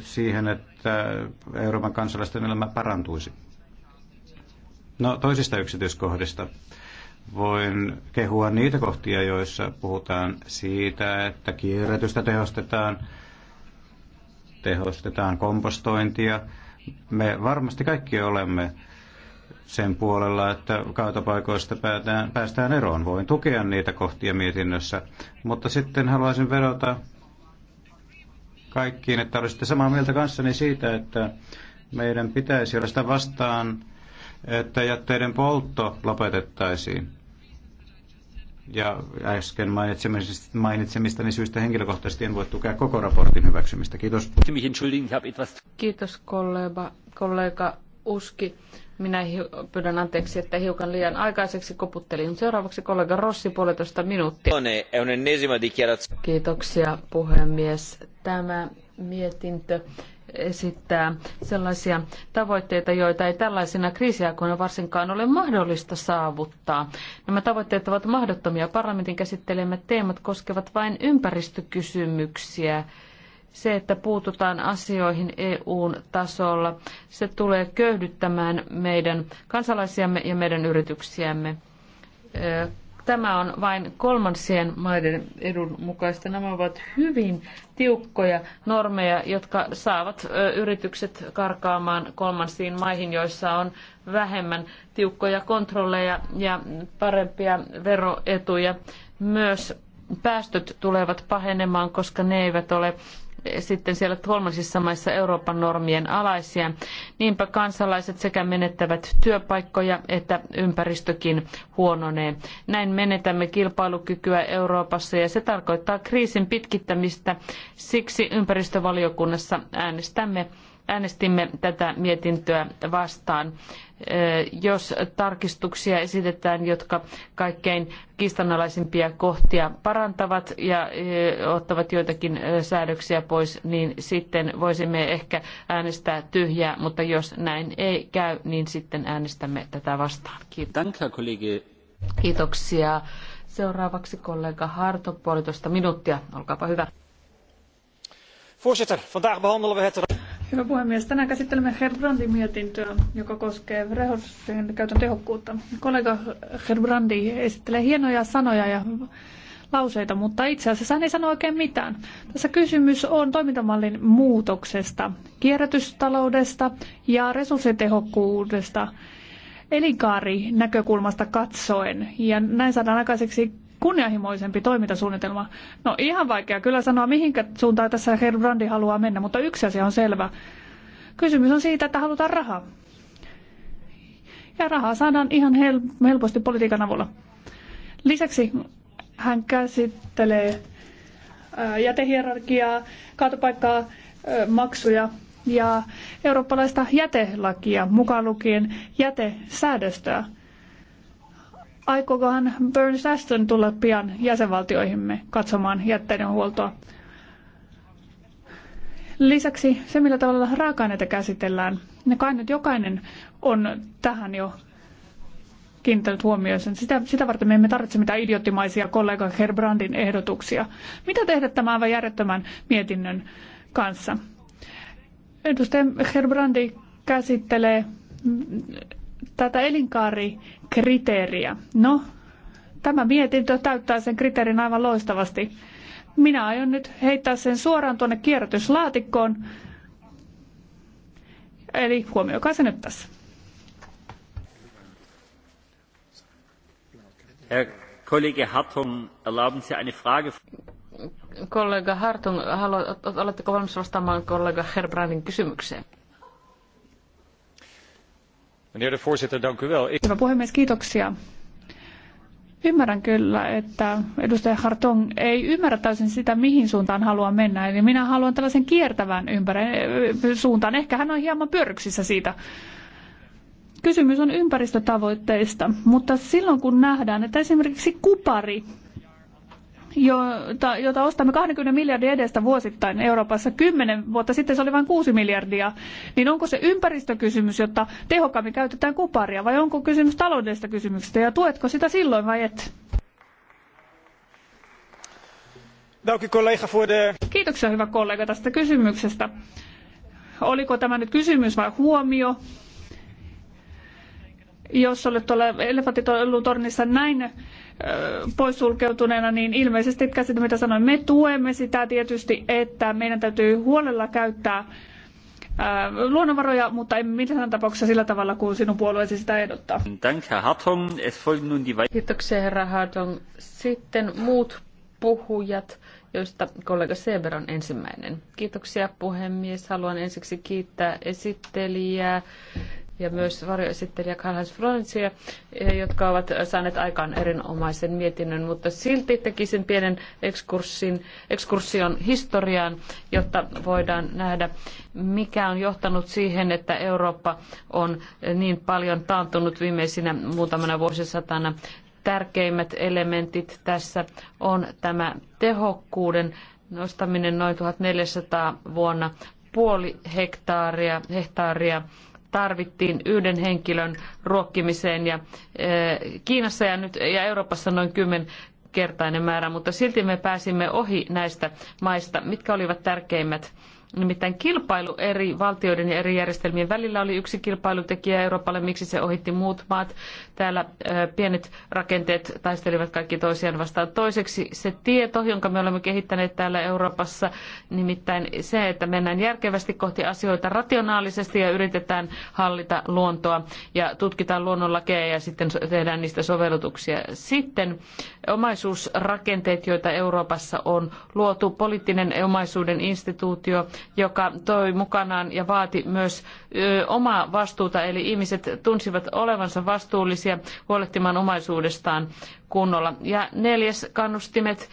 siihen, että Euroopan kansalaisten elämä parantuisi. No toisista yksityiskohdista voin kehua niitä kohtia, joissa puhutaan siitä, että kierrätystä tehostetaan, tehostetaan kompostointia. Me varmasti kaikki olemme sen puolella, että kaatopaikoista päästään, päästään eroon. Voin tukea niitä kohtia mietinnössä, mutta sitten haluaisin vedota kaikkiin, että olisitte samaa mieltä kanssani siitä, että meidän pitäisi olla sitä vastaan että jätteiden poltto lopetettaisiin. Ja äsken mainitsemistani syystä henkilökohtaisesti en voi tukea koko raportin hyväksymistä. Kiitos. Kiitos kollega, kollega Uski. Minä pyydän anteeksi, että hiukan liian aikaiseksi koputtelin. Seuraavaksi kollega Rossi puolitoista minuuttia. Kiitoksia puhemies. Tämä mietintö esittää sellaisia tavoitteita, joita ei tällaisina kriisiaikoina varsinkaan ole mahdollista saavuttaa. Nämä tavoitteet ovat mahdottomia. Parlamentin käsittelemät teemat koskevat vain ympäristökysymyksiä. Se, että puututaan asioihin EUn tasolla, se tulee köyhdyttämään meidän kansalaisiamme ja meidän yrityksiämme. Tämä on vain kolmansien maiden edun mukaista. Nämä ovat hyvin tiukkoja normeja, jotka saavat yritykset karkaamaan kolmansiin maihin, joissa on vähemmän tiukkoja kontrolleja ja parempia veroetuja. Myös päästöt tulevat pahenemaan, koska ne eivät ole sitten siellä kolmansissa maissa Euroopan normien alaisia. Niinpä kansalaiset sekä menettävät työpaikkoja että ympäristökin huononee. Näin menetämme kilpailukykyä Euroopassa ja se tarkoittaa kriisin pitkittämistä. Siksi ympäristövaliokunnassa äänestämme äänestimme tätä mietintöä vastaan. Jos tarkistuksia esitetään, jotka kaikkein kiistanalaisimpia kohtia parantavat ja ottavat joitakin säädöksiä pois, niin sitten voisimme ehkä äänestää tyhjää, mutta jos näin ei käy, niin sitten äänestämme tätä vastaan. Kiitos. Kiitoksia. Seuraavaksi kollega Harto, puolitoista minuuttia. Olkaapa hyvä. Voorzitter, vandaag behandelen we het... Hyvä puhemies. Tänään käsittelemme Herbrandin mietintöä, joka koskee resurssien käytön tehokkuutta. Kollega Herbrandi esittelee hienoja sanoja ja lauseita, mutta itse asiassa hän ei sano oikein mitään. Tässä kysymys on toimintamallin muutoksesta, kierrätystaloudesta ja resurssitehokkuudesta elinkaari näkökulmasta katsoen. Ja näin saadaan aikaiseksi kunnianhimoisempi toimintasuunnitelma. No ihan vaikea kyllä sanoa, mihinkä suuntaan tässä Herbrandi haluaa mennä, mutta yksi asia on selvä. Kysymys on siitä, että halutaan rahaa. Ja rahaa saadaan ihan helposti politiikan avulla. Lisäksi hän käsittelee jätehierarkiaa, kaatopaikkaa, maksuja ja eurooppalaista jätelakia, mukaan lukien jätesäädöstöä. Aikookohan Burns Ashton tulla pian jäsenvaltioihimme katsomaan jätteiden huoltoa? Lisäksi se, millä tavalla raaka-aineita käsitellään, ne kai nyt jokainen on tähän jo kiinnittänyt huomioon Sitä, sitä varten me emme tarvitse mitään idioottimaisia kollega Herbrandin ehdotuksia. Mitä tehdä tämän aivan järjettömän mietinnön kanssa? Edustaja Herbrandi käsittelee tätä elinkaarikriteeriä. No, tämä mietintö täyttää sen kriteerin aivan loistavasti. Minä aion nyt heittää sen suoraan tuonne kierrätyslaatikkoon. Eli huomioikaa se nyt tässä. Herr Kollege Hartung, erlauben Sie eine Frage? Kollega Hartung, haluat, oletteko valmis vastaamaan kollega Herbrandin kysymykseen? Hyvä puhemies, kiitoksia. Ymmärrän kyllä, että edustaja Hartong ei ymmärrä täysin sitä, mihin suuntaan haluaa mennä. Eli minä haluan tällaisen kiertävän ympär- suuntaan. Ehkä hän on hieman pyörryksissä siitä. Kysymys on ympäristötavoitteista, mutta silloin kun nähdään, että esimerkiksi kupari jota, jota ostamme 20 miljardin edestä vuosittain Euroopassa, 10 vuotta sitten se oli vain 6 miljardia, niin onko se ympäristökysymys, jotta tehokkaammin käytetään kuparia, vai onko kysymys taloudellisesta kysymyksestä, ja tuetko sitä silloin vai et? Kiitoksia hyvä kollega tästä kysymyksestä. Oliko tämä nyt kysymys vai huomio? jos olet tuolla elefantitornissa näin poissulkeutuneena, niin ilmeisesti käsitä mitä sanoin. Me tuemme sitä tietysti, että meidän täytyy huolella käyttää luonnonvaroja, mutta emme missään tapauksessa sillä tavalla, kuin sinun puolueesi sitä ehdottaa. Kiitoksia, herra Hartung. Sitten muut puhujat joista kollega Seber on ensimmäinen. Kiitoksia puhemies. Haluan ensiksi kiittää esittelijää ja myös varjoesittelijä Karl-Heinz Florencia, eh, jotka ovat saaneet aikaan erinomaisen mietinnön, mutta silti tekisin pienen ekskurssin, ekskursion historiaan, jotta voidaan nähdä, mikä on johtanut siihen, että Eurooppa on niin paljon taantunut viimeisinä muutamana vuosisatana. Tärkeimmät elementit tässä on tämä tehokkuuden nostaminen noin 1400 vuonna puoli hektaaria, hehtaaria tarvittiin yhden henkilön ruokkimiseen ja e, Kiinassa ja, nyt, ja Euroopassa noin kymmen kertainen määrä, mutta silti me pääsimme ohi näistä maista. Mitkä olivat tärkeimmät Nimittäin kilpailu eri valtioiden ja eri järjestelmien välillä oli yksi kilpailutekijä Euroopalle, miksi se ohitti muut maat. Täällä pienet rakenteet taistelivat kaikki toisiaan vastaan. Toiseksi se tieto, jonka me olemme kehittäneet täällä Euroopassa, nimittäin se, että mennään järkevästi kohti asioita rationaalisesti ja yritetään hallita luontoa ja tutkitaan luonnonlakeja ja sitten tehdään niistä sovellutuksia. Sitten omaisuusrakenteet, joita Euroopassa on luotu, poliittinen omaisuuden instituutio, joka toi mukanaan ja vaati myös omaa vastuuta, eli ihmiset tunsivat olevansa vastuullisia huolehtimaan omaisuudestaan kunnolla. Ja neljäs kannustimet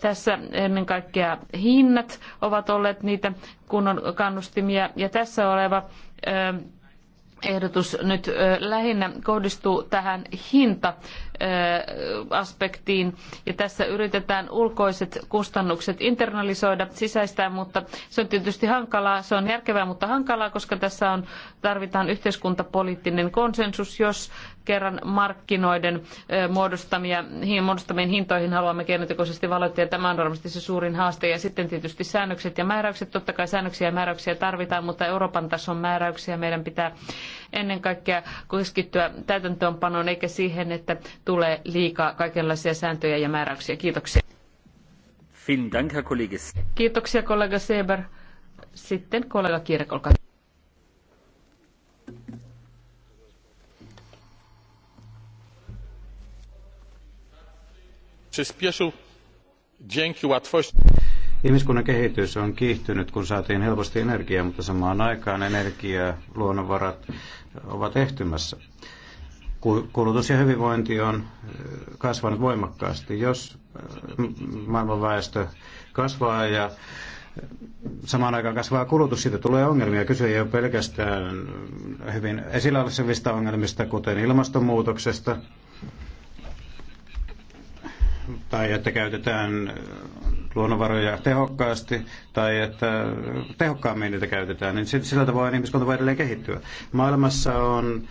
tässä ennen kaikkea hinnat ovat olleet niitä kunnon kannustimia ja tässä oleva ehdotus nyt lähinnä kohdistuu tähän hinta aspektiin. Ja tässä yritetään ulkoiset kustannukset internalisoida, sisäistää, mutta se on tietysti hankalaa. Se on järkevää, mutta hankalaa, koska tässä on, tarvitaan yhteiskuntapoliittinen konsensus. Jos kerran markkinoiden muodostamia, muodostamiin hintoihin haluamme keinotekoisesti valottaa ja tämä on varmasti se suurin haaste. Ja sitten tietysti säännökset ja määräykset, totta kai säännöksiä ja määräyksiä tarvitaan, mutta Euroopan tason määräyksiä meidän pitää ennen kaikkea keskittyä täytäntöönpanoon eikä siihen, että tulee liikaa kaikenlaisia sääntöjä ja määräyksiä. Kiitoksia. Kiitoksia kollega Seber. Sitten kollega Kirkolka. przyspieszył dzięki łatwości. Ihmiskunnan kehitys on kiihtynyt, kun saatiin helposti energiaa, mutta samaan aikaan energia, luonnonvarat ovat ehtymässä. Kulutus ja hyvinvointi on äh, kasvanut voimakkaasti. Jos äh, maailman väestö kasvaa ja äh, samaan aikaan kasvaa kulutus, siitä tulee ongelmia. Kyse ei ole pelkästään hyvin esillä olevista ongelmista, kuten ilmastonmuutoksesta, tai että käytetään luonnonvaroja tehokkaasti tai että tehokkaammin niitä käytetään, niin sillä tavoin ihmiskunta voi edelleen kehittyä. Maailmassa on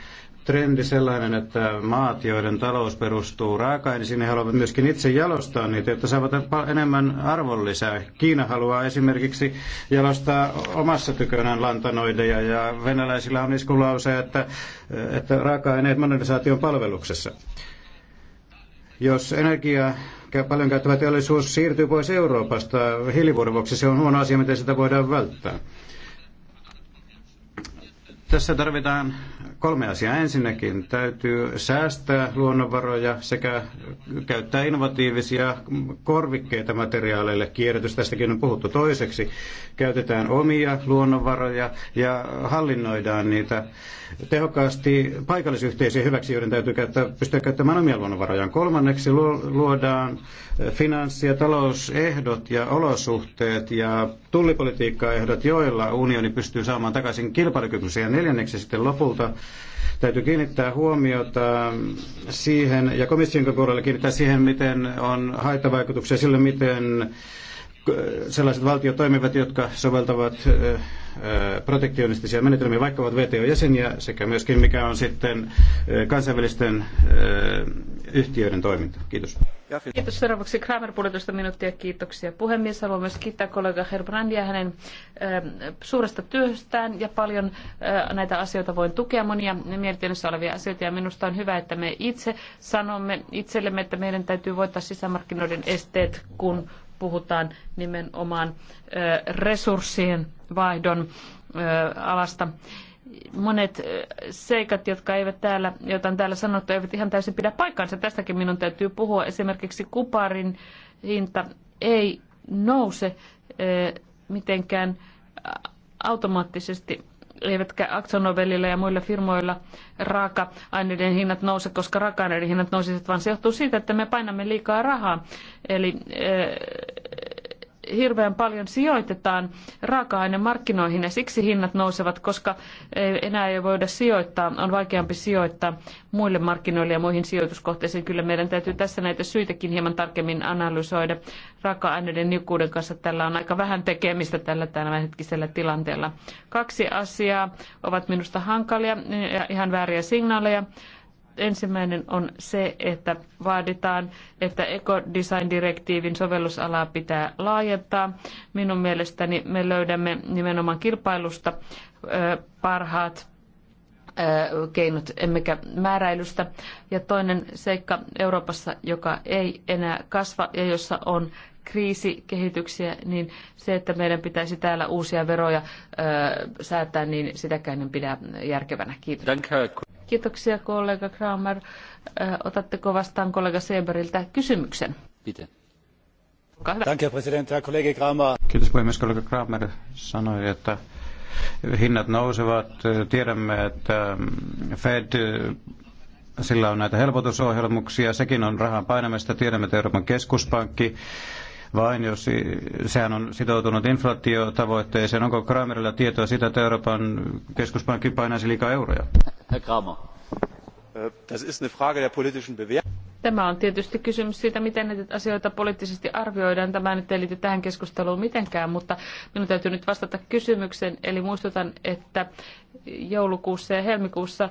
trendi sellainen, että maat, joiden talous perustuu raaka-aineisiin, niin sinne haluavat myöskin itse jalostaa niitä, jotta saavat enemmän arvonlisää. Kiina haluaa esimerkiksi jalostaa omassa tykönään lantanoideja ja venäläisillä on iskulause, että, että raaka-aineet modernisaation palveluksessa. Jos energia paljon käyttävä teollisuus siirtyy pois Euroopasta hiilivuorovuoksi, se on huono asia, miten sitä voidaan välttää. Tässä tarvitaan Kolme asiaa. Ensinnäkin täytyy säästää luonnonvaroja sekä käyttää innovatiivisia korvikkeita materiaaleille. Kierrätys tästäkin on puhuttu toiseksi. Käytetään omia luonnonvaroja ja hallinnoidaan niitä tehokkaasti paikallisyhteisöjen hyväksi, joiden täytyy käyttää, pystyä käyttämään omia luonnonvarojaan. Kolmanneksi luodaan finanssi- ja talousehdot ja olosuhteet ja tullipolitiikkaehdot, joilla unioni pystyy saamaan takaisin kilpailukykyisiä. Neljänneksi sitten lopulta Täytyy kiinnittää huomiota siihen, ja komission puolella kiinnittää siihen, miten on haittavaikutuksia sille, miten sellaiset valtiot toimivat, jotka soveltavat protektionistisia menetelmiä, vaikka ovat VTO-jäseniä, sekä myöskin mikä on sitten kansainvälisten yhtiöiden toiminta. Kiitos. Kiitos. Seuraavaksi Kramer puolitoista minuuttia. Kiitoksia puhemies. Haluan myös kiittää kollega Herbrandia hänen suuresta työstään ja paljon näitä asioita voin tukea monia mietinnössä olevia asioita ja minusta on hyvä, että me itse sanomme itsellemme, että meidän täytyy voittaa sisämarkkinoiden esteet, kun puhutaan nimenomaan resurssien vaihdon alasta. Monet seikat, jotka eivät täällä, joita on täällä sanottu, eivät ihan täysin pidä paikkaansa. Tästäkin minun täytyy puhua. Esimerkiksi kuparin hinta ei nouse mitenkään automaattisesti eivätkä Aksonovelilla ja muilla firmoilla raaka-aineiden hinnat nouse, koska raaka-aineiden hinnat nousisivat, vaan se johtuu siitä, että me painamme liikaa rahaa. Eli hirveän paljon sijoitetaan raaka-ainemarkkinoihin ja siksi hinnat nousevat, koska enää ei voida sijoittaa, on vaikeampi sijoittaa muille markkinoille ja muihin sijoituskohteisiin. Kyllä meidän täytyy tässä näitä syitäkin hieman tarkemmin analysoida. Raaka-aineiden niukkuuden kanssa tällä on aika vähän tekemistä tällä tämänhetkisellä tilanteella. Kaksi asiaa ovat minusta hankalia ja ihan vääriä signaaleja. Ensimmäinen on se, että vaaditaan, että ekodesign-direktiivin sovellusalaa pitää laajentaa. Minun mielestäni me löydämme nimenomaan kilpailusta parhaat keinot, emmekä määräilystä. Ja toinen seikka Euroopassa, joka ei enää kasva ja jossa on kriisikehityksiä, niin se, että meidän pitäisi täällä uusia veroja ö, säätää, niin sitäkään en pidä järkevänä. Kiitos. Kiitoksia kollega Kramer. Otatteko vastaan kollega Seberiltä kysymyksen? Miten? Kiitos puhemies. Kollega Kramer sanoi, että hinnat nousevat. Tiedämme, että Fed sillä on näitä helpotusohjelmuksia. Sekin on rahan painamista. Tiedämme, että Euroopan keskuspankki vain jos sehän on sitoutunut inflaatiotavoitteeseen. Onko Kramerilla tietoa siitä, että Euroopan keskuspankki painaisi liikaa euroja? Tämä on tietysti kysymys siitä, miten näitä asioita poliittisesti arvioidaan. Tämä nyt ei liity tähän keskusteluun mitenkään, mutta minun täytyy nyt vastata kysymykseen. Eli muistutan, että joulukuussa ja helmikuussa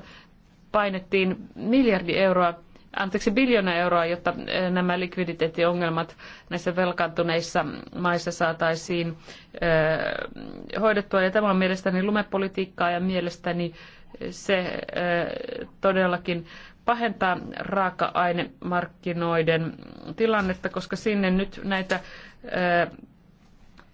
painettiin miljardi euroa anteeksi, biljoona euroa, jotta eh, nämä likviditeettiongelmat näissä velkaantuneissa maissa saataisiin eh, hoidettua. Ja tämä on mielestäni lumepolitiikkaa ja mielestäni se eh, todellakin pahentaa raaka-ainemarkkinoiden tilannetta, koska sinne nyt näitä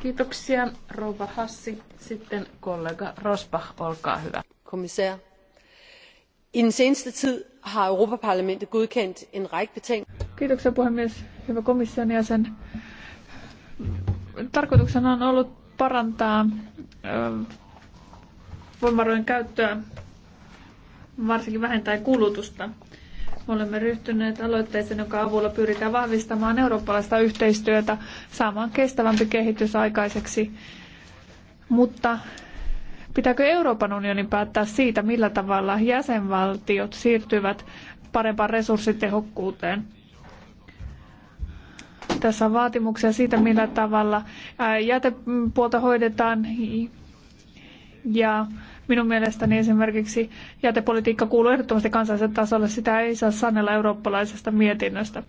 Kiitoksia, rouva Hassi. Sitten kollega Rosbach, olkaa hyvä. Kommissär. I den seneste tid har Europaparlamentet godkendt en række betænkninger. Kiitoksia puhemies, hyvä komission jäsen. Tarkoituksena on ollut parantaa voimavarojen käyttöä, varsinkin vähentää kulutusta. Olemme ryhtyneet aloitteeseen, jonka avulla pyritään vahvistamaan eurooppalaista yhteistyötä, saamaan kestävämpi kehitys aikaiseksi. Mutta pitääkö Euroopan unionin päättää siitä, millä tavalla jäsenvaltiot siirtyvät parempaan resurssitehokkuuteen? Tässä on vaatimuksia siitä, millä tavalla jätepuolta hoidetaan ja Minun mielestäni esimerkiksi jätepolitiikka kuuluu ehdottomasti kansalliselle tasolle. Sitä ei saa sanella eurooppalaisesta mietinnöstä.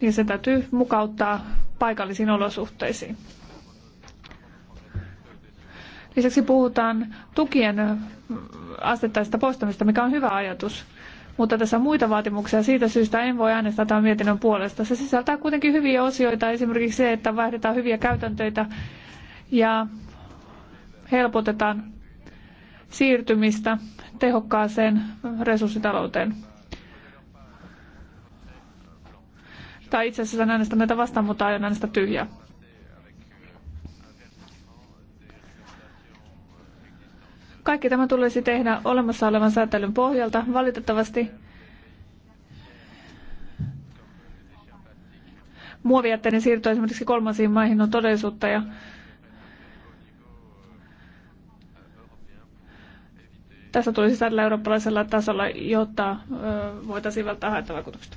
Ja se täytyy mukauttaa paikallisiin olosuhteisiin. Lisäksi puhutaan tukien astettaisesta poistamista, mikä on hyvä ajatus. Mutta tässä on muita vaatimuksia. Siitä syystä en voi äänestää tämän mietinnön puolesta. Se sisältää kuitenkin hyviä osioita, esimerkiksi se, että vaihdetaan hyviä käytäntöitä ja helpotetaan siirtymistä tehokkaaseen resurssitalouteen. Tai itse asiassa äänestä meitä vastaan, mutta aion äänestä tyhjää. Kaikki tämä tulisi tehdä olemassa olevan säätelyn pohjalta. Valitettavasti muovijätteiden siirto esimerkiksi kolmansiin maihin on todellisuutta ja Tässä tulisi säädellä eurooppalaisella tasolla, jotta voitaisiin välttää haittavaikutukset.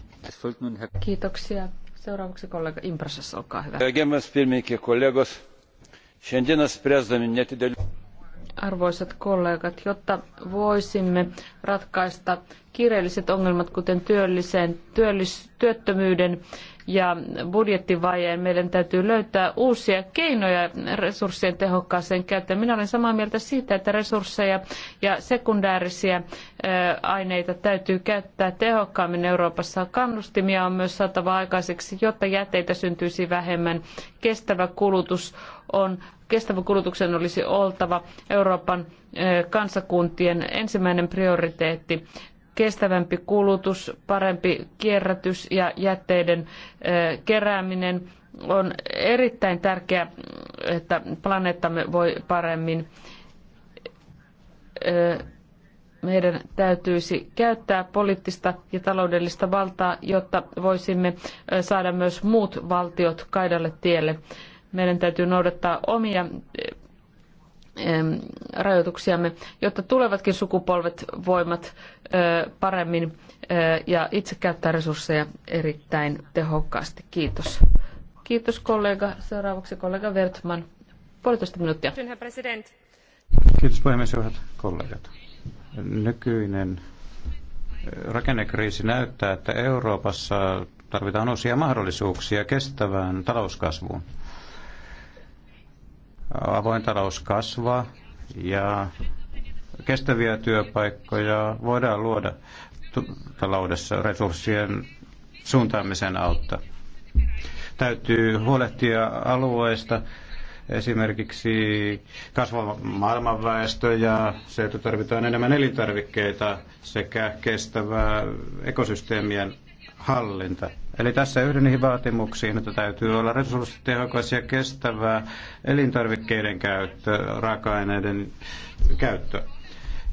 Kiitoksia. Seuraavaksi kollega Imprasas, olkaa hyvä. arvoisat kollegat, jotta voisimme ratkaista kiireelliset ongelmat, kuten työllisen, työllis, työttömyyden ja budjettivajeen. Meidän täytyy löytää uusia keinoja resurssien tehokkaaseen käyttöön. Minä olen samaa mieltä siitä, että resursseja ja sekundäärisiä aineita täytyy käyttää tehokkaammin Euroopassa. Kannustimia on myös saatava aikaiseksi, jotta jätteitä syntyisi vähemmän. Kestävä kulutus on kestävän kulutuksen olisi oltava Euroopan kansakuntien ensimmäinen prioriteetti kestävämpi kulutus, parempi kierrätys ja jätteiden kerääminen on erittäin tärkeää, että planeettamme voi paremmin. Meidän täytyisi käyttää poliittista ja taloudellista valtaa, jotta voisimme saada myös muut valtiot kaidalle tielle. Meidän täytyy noudattaa omia rajoituksiamme, jotta tulevatkin sukupolvet voimat paremmin ja itse käyttää resursseja erittäin tehokkaasti. Kiitos. Kiitos kollega. Seuraavaksi kollega Wertman. Puolitoista minuuttia. Kiitos puhemies hyvät kollegat. Nykyinen rakennekriisi näyttää, että Euroopassa tarvitaan uusia mahdollisuuksia kestävään talouskasvuun avoin talous kasvaa ja kestäviä työpaikkoja voidaan luoda taloudessa resurssien suuntaamisen autta. Täytyy huolehtia alueista, esimerkiksi kasvava maailmanväestö ja se, että tarvitaan enemmän elintarvikkeita sekä kestävää ekosysteemien hallinta. Eli tässä yhden niihin vaatimuksiin, että täytyy olla resurssitehokas ja kestävää elintarvikkeiden käyttö, raaka-aineiden käyttö.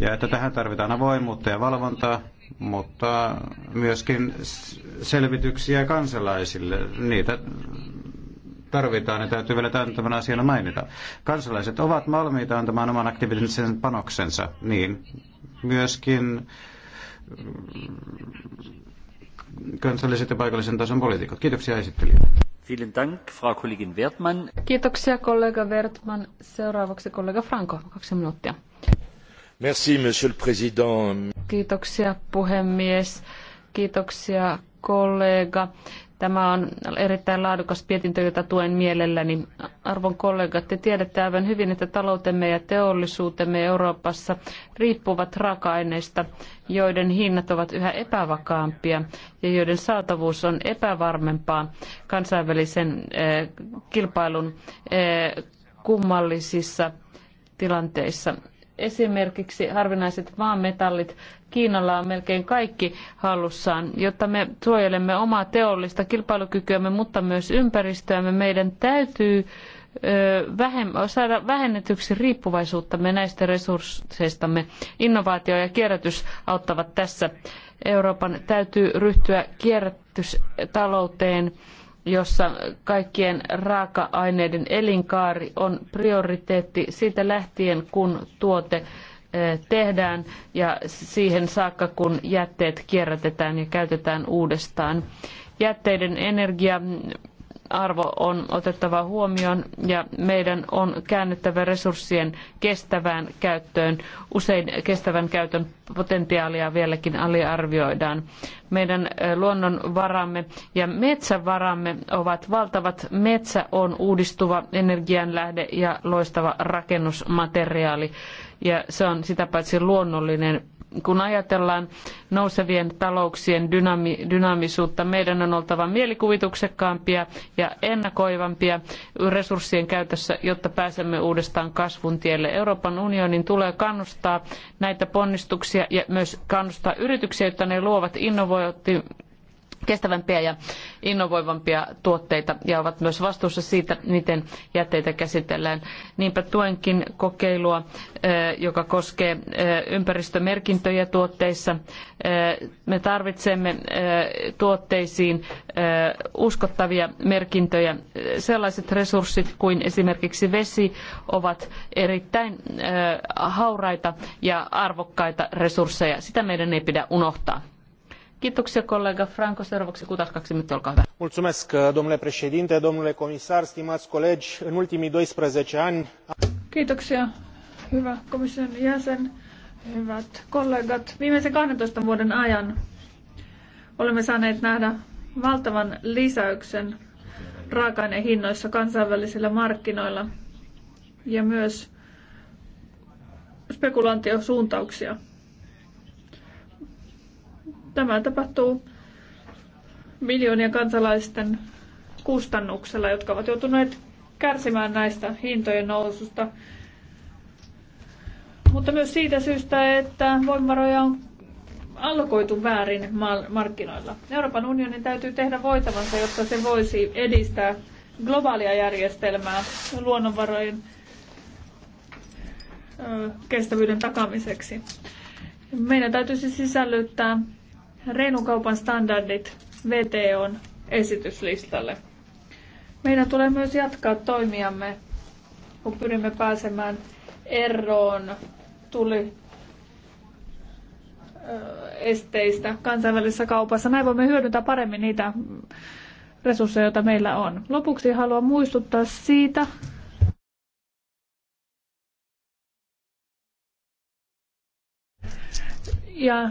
Ja että tähän tarvitaan avoimuutta ja valvontaa, mutta myöskin selvityksiä kansalaisille. Niitä tarvitaan ja täytyy vielä tämän asian mainita. Kansalaiset ovat valmiita antamaan oman aktiivisen panoksensa, niin myöskin kansalliset ja paikallisen tason poliitikot. Kiitoksia esittelijöille. Kiitoksia kollega Wertmann. Seuraavaksi kollega Franco, kaksi minuuttia. Merci, monsieur le président. Kiitoksia puhemies. Kiitoksia kollega Tämä on erittäin laadukas mietintö, jota tuen mielelläni. Arvon kollegat, te tiedätte aivan hyvin, että taloutemme ja teollisuutemme Euroopassa riippuvat raaka-aineista, joiden hinnat ovat yhä epävakaampia ja joiden saatavuus on epävarmempaa kansainvälisen eh, kilpailun eh, kummallisissa tilanteissa esimerkiksi harvinaiset maanmetallit. Kiinalla on melkein kaikki hallussaan. Jotta me suojelemme omaa teollista kilpailukykyämme, mutta myös ympäristöämme, meidän täytyy saada vähennetyksi riippuvaisuuttamme näistä resursseistamme. Innovaatio ja kierrätys auttavat tässä. Euroopan täytyy ryhtyä kierrätystalouteen jossa kaikkien raaka-aineiden elinkaari on prioriteetti siitä lähtien, kun tuote eh, tehdään ja siihen saakka, kun jätteet kierrätetään ja käytetään uudestaan. Jätteiden energia arvo on otettava huomioon ja meidän on käännettävä resurssien kestävään käyttöön. Usein kestävän käytön potentiaalia vieläkin aliarvioidaan. Meidän luonnonvaramme ja metsävaramme ovat valtavat. Metsä on uudistuva energianlähde ja loistava rakennusmateriaali ja se on sitä paitsi luonnollinen kun ajatellaan nousevien talouksien dynami- dynaamisuutta, meidän on oltava mielikuvituksekkaampia ja ennakoivampia resurssien käytössä, jotta pääsemme uudestaan kasvun tielle. Euroopan unionin tulee kannustaa näitä ponnistuksia ja myös kannustaa yrityksiä, jotta ne luovat innovointia kestävämpiä ja innovoivampia tuotteita ja ovat myös vastuussa siitä, miten jätteitä käsitellään. Niinpä tuenkin kokeilua, joka koskee ympäristömerkintöjä tuotteissa. Me tarvitsemme tuotteisiin uskottavia merkintöjä. Sellaiset resurssit kuin esimerkiksi vesi ovat erittäin hauraita ja arvokkaita resursseja. Sitä meidän ei pidä unohtaa. Kiitoksia kollega Franco. Seuraavaksi kutas kaksi minuuttia, olkaa hyvä. Mulțumesc, domnule președinte, domnule comisar, stimați colegi. În ultimii 12 ani... Kiitoksia, hyvä komission jäsen, hyvät kollegat. Viimeisen 12 vuoden ajan olemme saaneet nähdä valtavan lisäyksen raaka-aineen hinnoissa kansainvälisillä markkinoilla ja myös spekulaatiosuuntauksia. Tämä tapahtuu miljoonien kansalaisten kustannuksella, jotka ovat joutuneet kärsimään näistä hintojen noususta. Mutta myös siitä syystä, että voimavaroja on allokoitu väärin markkinoilla. Euroopan unionin täytyy tehdä voitavansa, jotta se voisi edistää globaalia järjestelmää luonnonvarojen kestävyyden takamiseksi. Meidän täytyisi sisällyttää reilun kaupan standardit VTOn esityslistalle. Meidän tulee myös jatkaa toimiamme, kun pyrimme pääsemään eroon tuli esteistä kansainvälisessä kaupassa. Näin voimme hyödyntää paremmin niitä resursseja, joita meillä on. Lopuksi haluan muistuttaa siitä, ja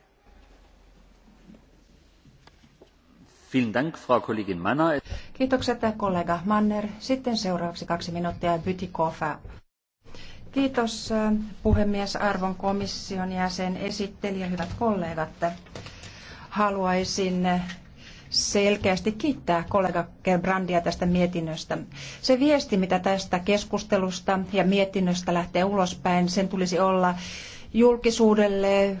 Kiitokset kollega Manner. Sitten seuraavaksi kaksi minuuttia Bytikofa. Kiitos puhemies, arvon komission jäsen, esittelijä, hyvät kollegat. Haluaisin selkeästi kiittää kollega Gerbrandia tästä mietinnöstä. Se viesti, mitä tästä keskustelusta ja mietinnöstä lähtee ulospäin, sen tulisi olla julkisuudelle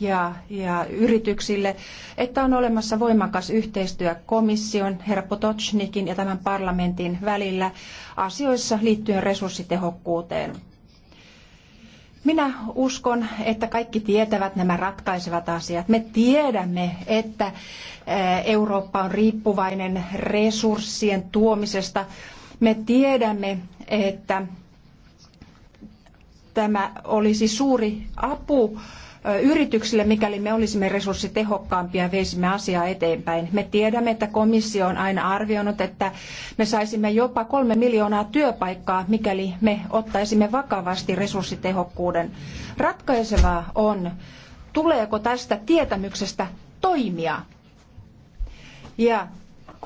ja, ja yrityksille, että on olemassa voimakas yhteistyö komission, herra Potocnikin ja tämän parlamentin välillä asioissa liittyen resurssitehokkuuteen. Minä uskon, että kaikki tietävät nämä ratkaisevat asiat. Me tiedämme, että Eurooppa on riippuvainen resurssien tuomisesta. Me tiedämme, että tämä olisi suuri apu yrityksille, mikäli me olisimme resurssitehokkaampia ja veisimme asiaa eteenpäin. Me tiedämme, että komissio on aina arvioinut, että me saisimme jopa kolme miljoonaa työpaikkaa, mikäli me ottaisimme vakavasti resurssitehokkuuden. Ratkaisevaa on, tuleeko tästä tietämyksestä toimia. Ja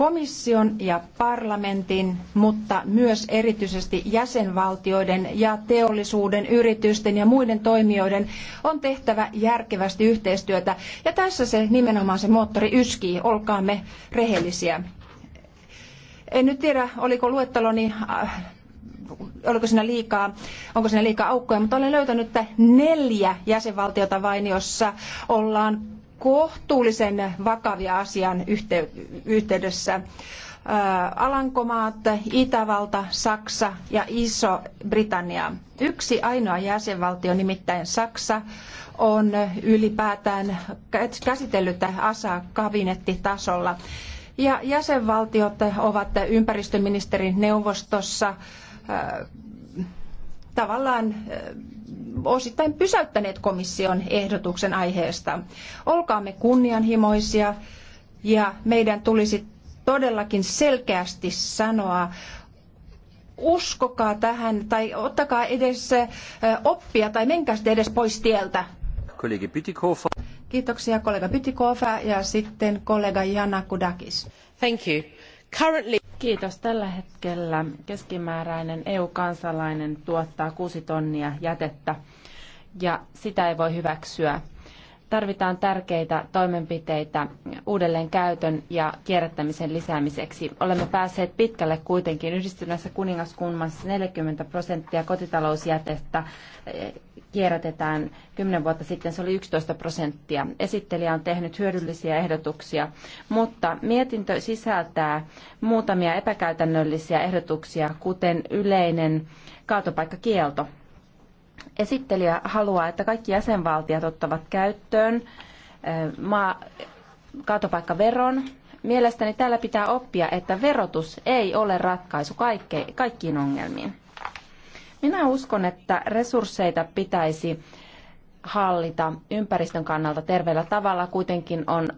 komission ja parlamentin, mutta myös erityisesti jäsenvaltioiden ja teollisuuden, yritysten ja muiden toimijoiden on tehtävä järkevästi yhteistyötä. Ja tässä se nimenomaan se moottori yskii, olkaamme rehellisiä. En nyt tiedä, oliko luetteloni äh, oliko siinä liikaa, onko siinä liikaa aukkoja, mutta olen löytänyt että neljä jäsenvaltiota vain, jossa ollaan kohtuullisen vakavia asian yhteydessä. Äh, Alankomaat, Itävalta, Saksa ja Iso-Britannia. Yksi ainoa jäsenvaltio, nimittäin Saksa, on ylipäätään käsitellyt asiaa kabinettitasolla. Ja jäsenvaltiot ovat ympäristöministerin neuvostossa äh, tavallaan osittain pysäyttäneet komission ehdotuksen aiheesta. Olkaamme kunnianhimoisia ja meidän tulisi todellakin selkeästi sanoa, uskokaa tähän tai ottakaa edes oppia tai menkää sitten edes pois tieltä. Kiitoksia kollega Pytikofer ja sitten kollega Jana Kudakis. Thank you. Currently... Kiitos. Tällä hetkellä keskimääräinen EU-kansalainen tuottaa kuusi tonnia jätettä ja sitä ei voi hyväksyä tarvitaan tärkeitä toimenpiteitä uudelleen käytön ja kierrättämisen lisäämiseksi. Olemme päässeet pitkälle kuitenkin. Yhdistyneessä kuningaskunnassa 40 prosenttia kotitalousjätettä eh, kierrätetään. Kymmenen vuotta sitten se oli 11 prosenttia. Esittelijä on tehnyt hyödyllisiä ehdotuksia, mutta mietintö sisältää muutamia epäkäytännöllisiä ehdotuksia, kuten yleinen kaatopaikkakielto. Esittelijä haluaa, että kaikki jäsenvaltiot ottavat käyttöön maa, kaatopaikkaveron. Mielestäni täällä pitää oppia, että verotus ei ole ratkaisu kaikke, kaikkiin ongelmiin. Minä uskon, että resursseita pitäisi hallita ympäristön kannalta terveellä tavalla. Kuitenkin on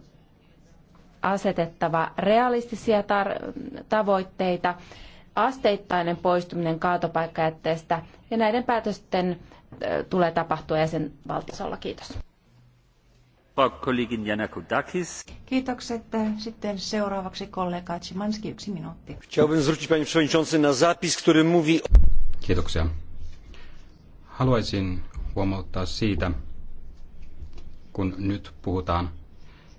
asetettava realistisia tavoitteita asteittainen poistuminen kaatopaikkajätteestä ja näiden päätösten tulee tapahtua jäsenvaltiosolla. Kiitos. Kiitokset. Sitten seuraavaksi kollega Cimanski, yksi minuutti. Chciałbym zwrócić panie na zapis, który mówi... Kiitoksia. Haluaisin huomauttaa siitä, kun nyt puhutaan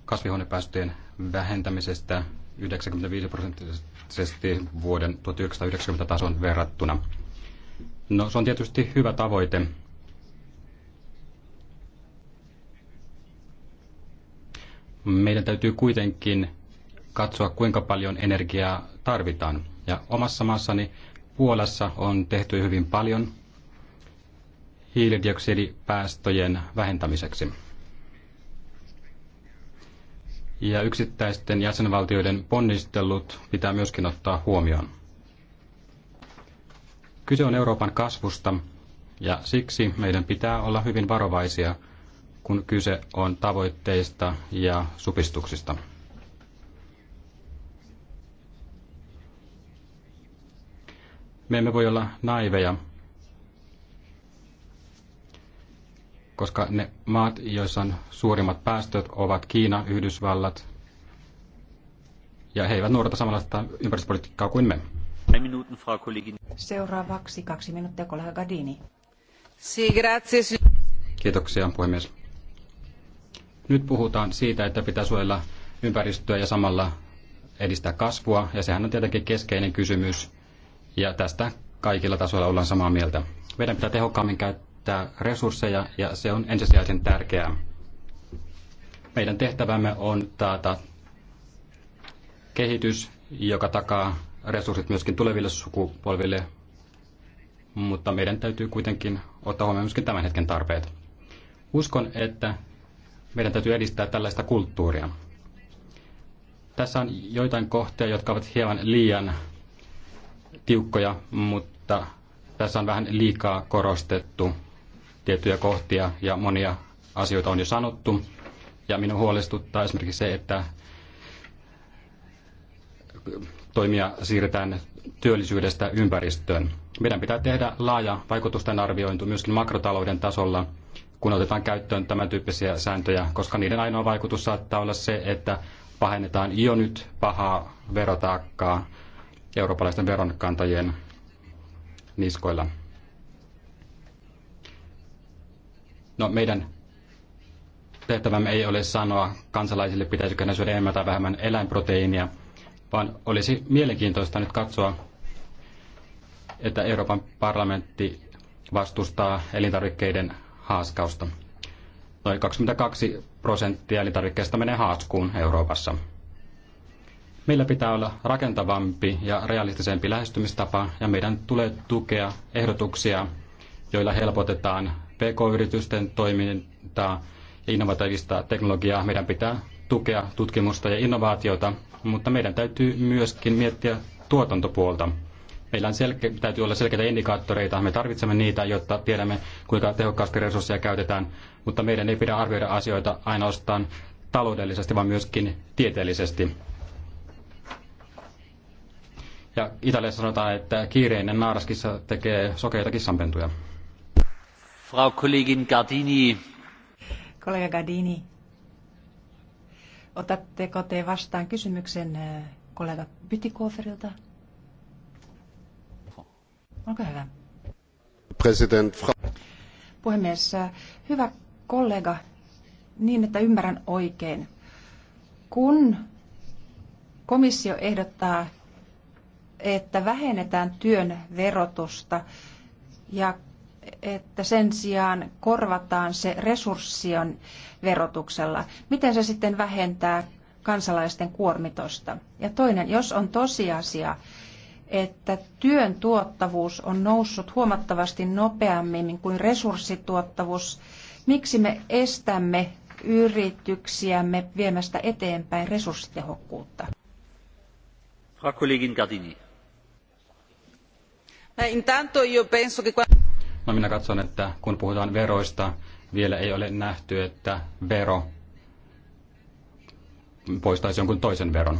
kasvihuonepäästöjen vähentämisestä 95 prosenttisesti dramaattisesti vuoden 1990 tason verrattuna. No se on tietysti hyvä tavoite. Meidän täytyy kuitenkin katsoa, kuinka paljon energiaa tarvitaan. Ja omassa maassani Puolassa on tehty hyvin paljon hiilidioksidipäästöjen vähentämiseksi ja yksittäisten jäsenvaltioiden ponnistelut pitää myöskin ottaa huomioon. Kyse on Euroopan kasvusta ja siksi meidän pitää olla hyvin varovaisia, kun kyse on tavoitteista ja supistuksista. Me emme voi olla naiveja koska ne maat, joissa on suurimmat päästöt, ovat Kiina, Yhdysvallat, ja he eivät noudata samanlaista ympäristöpolitiikkaa kuin me. Seuraavaksi kaksi minuuttia, kollega Gardini. Kiitoksia, puhemies. Nyt puhutaan siitä, että pitää suojella ympäristöä ja samalla edistää kasvua, ja sehän on tietenkin keskeinen kysymys, ja tästä kaikilla tasoilla ollaan samaa mieltä. Meidän pitää tehokkaammin käyttää käyttää resursseja ja se on ensisijaisen tärkeää. Meidän tehtävämme on taata kehitys, joka takaa resurssit myöskin tuleville sukupolville, mutta meidän täytyy kuitenkin ottaa huomioon myöskin tämän hetken tarpeet. Uskon, että meidän täytyy edistää tällaista kulttuuria. Tässä on joitain kohtia, jotka ovat hieman liian tiukkoja, mutta tässä on vähän liikaa korostettu tiettyjä kohtia ja monia asioita on jo sanottu. Ja minun huolestuttaa esimerkiksi se, että toimia siirretään työllisyydestä ympäristöön. Meidän pitää tehdä laaja vaikutusten arviointi myöskin makrotalouden tasolla, kun otetaan käyttöön tämän tyyppisiä sääntöjä, koska niiden ainoa vaikutus saattaa olla se, että pahennetaan jo nyt pahaa verotaakkaa eurooppalaisten veronkantajien niskoilla. No meidän tehtävämme ei ole sanoa kansalaisille, pitäisikö ne syödä enemmän tai vähemmän eläinproteiinia, vaan olisi mielenkiintoista nyt katsoa, että Euroopan parlamentti vastustaa elintarvikkeiden haaskausta. Noin 22 prosenttia elintarvikkeista menee haaskuun Euroopassa. Meillä pitää olla rakentavampi ja realistisempi lähestymistapa ja meidän tulee tukea ehdotuksia, joilla helpotetaan PK-yritysten toimintaa ja innovatiivista teknologiaa. Meidän pitää tukea tutkimusta ja innovaatiota, mutta meidän täytyy myöskin miettiä tuotantopuolta. Meillä on selke- täytyy olla selkeitä indikaattoreita, me tarvitsemme niitä, jotta tiedämme, kuinka tehokkaasti resursseja käytetään, mutta meidän ei pidä arvioida asioita ainoastaan taloudellisesti, vaan myöskin tieteellisesti. Ja Italiassa sanotaan, että kiireinen naaraskissa tekee sokeita kissanpentuja. Kollega Gardini, otatteko te vastaan kysymyksen äh, kollega Bytikoferilta? Olkaa hyvä. President Fra- Puhemies, äh, hyvä kollega, niin että ymmärrän oikein. Kun komissio ehdottaa, että vähennetään työn verotusta ja että sen sijaan korvataan se resurssien verotuksella. Miten se sitten vähentää kansalaisten kuormitosta? Ja toinen, jos on tosiasia, että työn tuottavuus on noussut huomattavasti nopeammin kuin resurssituottavuus, miksi me estämme yrityksiämme viemästä eteenpäin resurssitehokkuutta? Frau Kollegin Gardini. intanto io penso che No minä katson, että kun puhutaan veroista, vielä ei ole nähty, että vero poistaisi jonkun toisen veron.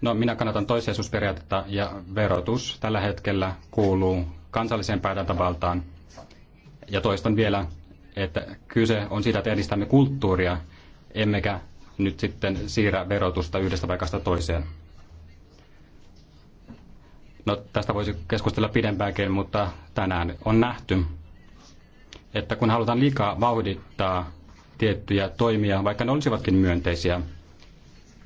No minä kannatan toissijaisuusperiaatetta ja verotus tällä hetkellä kuuluu kansalliseen päätäntävaltaan. Ja toistan vielä, että kyse on siitä, että edistämme kulttuuria, emmekä nyt sitten siirrä verotusta yhdestä paikasta toiseen. No, tästä voisi keskustella pidempäänkin, mutta tänään on nähty, että kun halutaan liikaa vauhdittaa tiettyjä toimia, vaikka ne olisivatkin myönteisiä,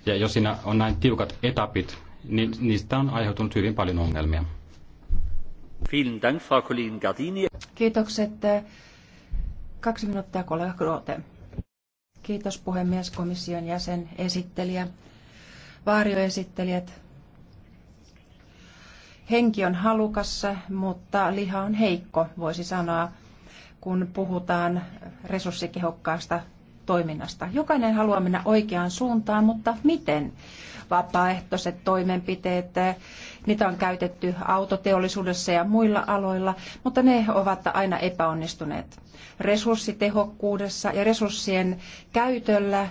ja jos siinä on näin tiukat etapit, niin niistä on aiheutunut hyvin paljon ongelmia. Kiitokset. Kaksi minuuttia kollega Grote. Kiitos puhemies, komission jäsen, esittelijä, vaarioesittelijät, henki on halukas, mutta liha on heikko, voisi sanoa, kun puhutaan resurssikehokkaasta toiminnasta. Jokainen haluaa mennä oikeaan suuntaan, mutta miten? Vapaaehtoiset toimenpiteet, niitä on käytetty autoteollisuudessa ja muilla aloilla, mutta ne ovat aina epäonnistuneet. Resurssitehokkuudessa ja resurssien käytöllä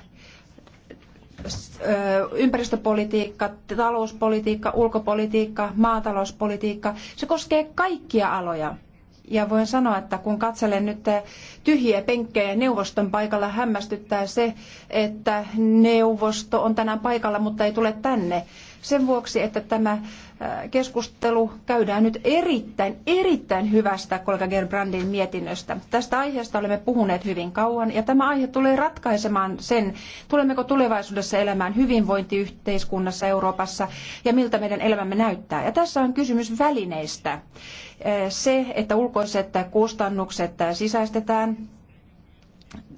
ympäristöpolitiikka, talouspolitiikka, ulkopolitiikka, maatalouspolitiikka, se koskee kaikkia aloja. Ja voin sanoa, että kun katselen nyt tyhjiä penkkejä neuvoston paikalla, hämmästyttää se, että neuvosto on tänään paikalla, mutta ei tule tänne sen vuoksi, että tämä äh, keskustelu käydään nyt erittäin, erittäin hyvästä kollega Gerbrandin mietinnöstä. Tästä aiheesta olemme puhuneet hyvin kauan ja tämä aihe tulee ratkaisemaan sen, tulemmeko tulevaisuudessa elämään hyvinvointiyhteiskunnassa Euroopassa ja miltä meidän elämämme näyttää. Ja tässä on kysymys välineistä. Äh, se, että ulkoiset kustannukset sisäistetään,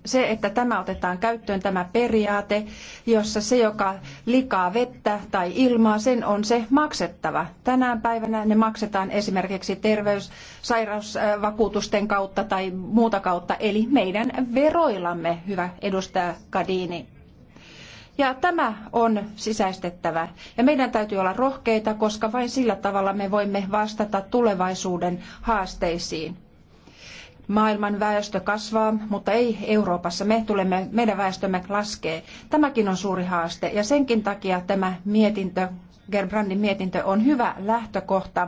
se, että tämä otetaan käyttöön, tämä periaate, jossa se, joka likaa vettä tai ilmaa, sen on se maksettava. Tänään päivänä ne maksetaan esimerkiksi terveys, sairausvakuutusten kautta tai muuta kautta, eli meidän veroillamme, hyvä edustaja Kadini. Ja tämä on sisäistettävä. Ja meidän täytyy olla rohkeita, koska vain sillä tavalla me voimme vastata tulevaisuuden haasteisiin. Maailman väestö kasvaa, mutta ei Euroopassa. Me tulemme, meidän väestömme laskee. Tämäkin on suuri haaste ja senkin takia tämä mietintö, Gerbrandin mietintö, on hyvä lähtökohta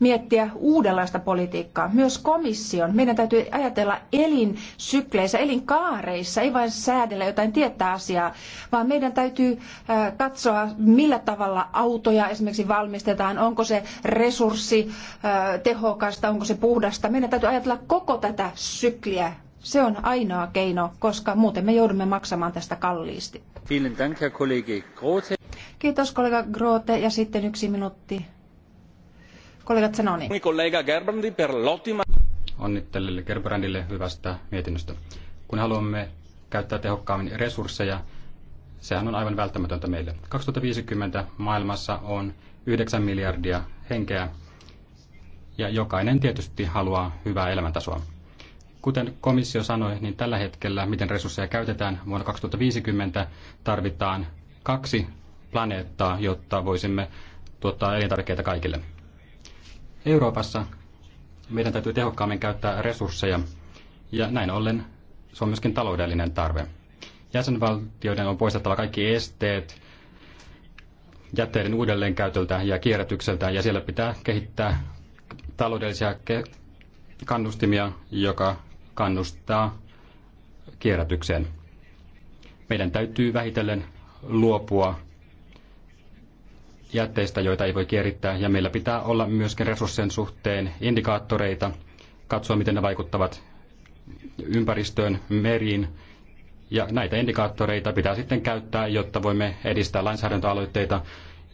miettiä uudenlaista politiikkaa. Myös komission. Meidän täytyy ajatella elinsykleissä, elinkaareissa, ei vain säädellä jotain tietää asiaa, vaan meidän täytyy katsoa, millä tavalla autoja esimerkiksi valmistetaan, onko se resurssi tehokasta, onko se puhdasta. Meidän täytyy ajatella koko tätä sykliä se on ainoa keino, koska muuten me joudumme maksamaan tästä kalliisti. Kiitos kollega Grote ja sitten yksi minuutti Kollega Zanoni. Niin. Kollega Gerbrandi per l'ottima... Onnittelille Gerbrandille hyvästä mietinnöstä. Kun haluamme käyttää tehokkaammin resursseja, sehän on aivan välttämätöntä meille. 2050 maailmassa on 9 miljardia henkeä ja jokainen tietysti haluaa hyvää elämäntasoa. Kuten komissio sanoi, niin tällä hetkellä, miten resursseja käytetään, vuonna 2050 tarvitaan kaksi planeettaa, jotta voisimme tuottaa elintarvikkeita kaikille. Euroopassa meidän täytyy tehokkaammin käyttää resursseja ja näin ollen se on myöskin taloudellinen tarve. Jäsenvaltioiden on poistettava kaikki esteet jätteiden uudelleenkäytöltä ja kierrätykseltä ja siellä pitää kehittää taloudellisia kannustimia, joka kannustaa kierrätykseen. Meidän täytyy vähitellen luopua jätteistä, joita ei voi kierittää, ja meillä pitää olla myöskin resurssien suhteen indikaattoreita, katsoa miten ne vaikuttavat ympäristöön, meriin, ja näitä indikaattoreita pitää sitten käyttää, jotta voimme edistää lainsäädäntöaloitteita,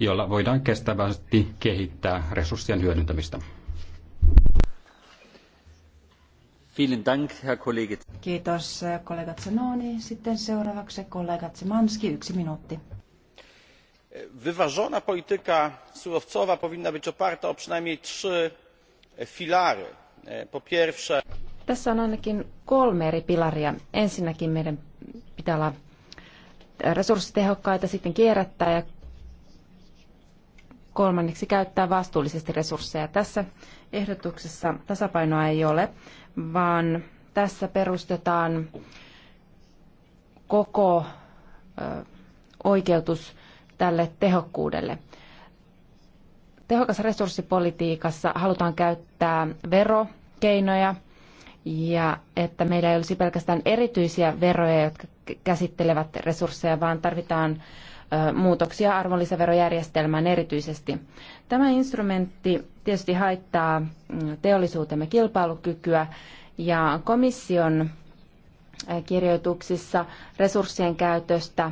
joilla voidaan kestävästi kehittää resurssien hyödyntämistä. Kiitos kollega Zanoni. Sitten seuraavaksi kollega Zemanski, yksi minuutti wyważona polityka surowcowa powinna być oparta o przynajmniej trzy filary. po pierwsze tässä on ainakin kolme eri pilaria. Ensinnäkin meidän pitää olla resurssitehokkaita, sitten kierrättää ja kolmanneksi käyttää vastuullisesti resursseja. Tässä ehdotuksessa tasapainoa ei ole, vaan tässä perustetaan koko oikeutus tälle tehokkuudelle. Tehokas resurssipolitiikassa halutaan käyttää verokeinoja ja että meillä ei olisi pelkästään erityisiä veroja, jotka käsittelevät resursseja, vaan tarvitaan muutoksia arvonlisäverojärjestelmään erityisesti. Tämä instrumentti tietysti haittaa mm, teollisuutemme kilpailukykyä ja komission kirjoituksissa resurssien käytöstä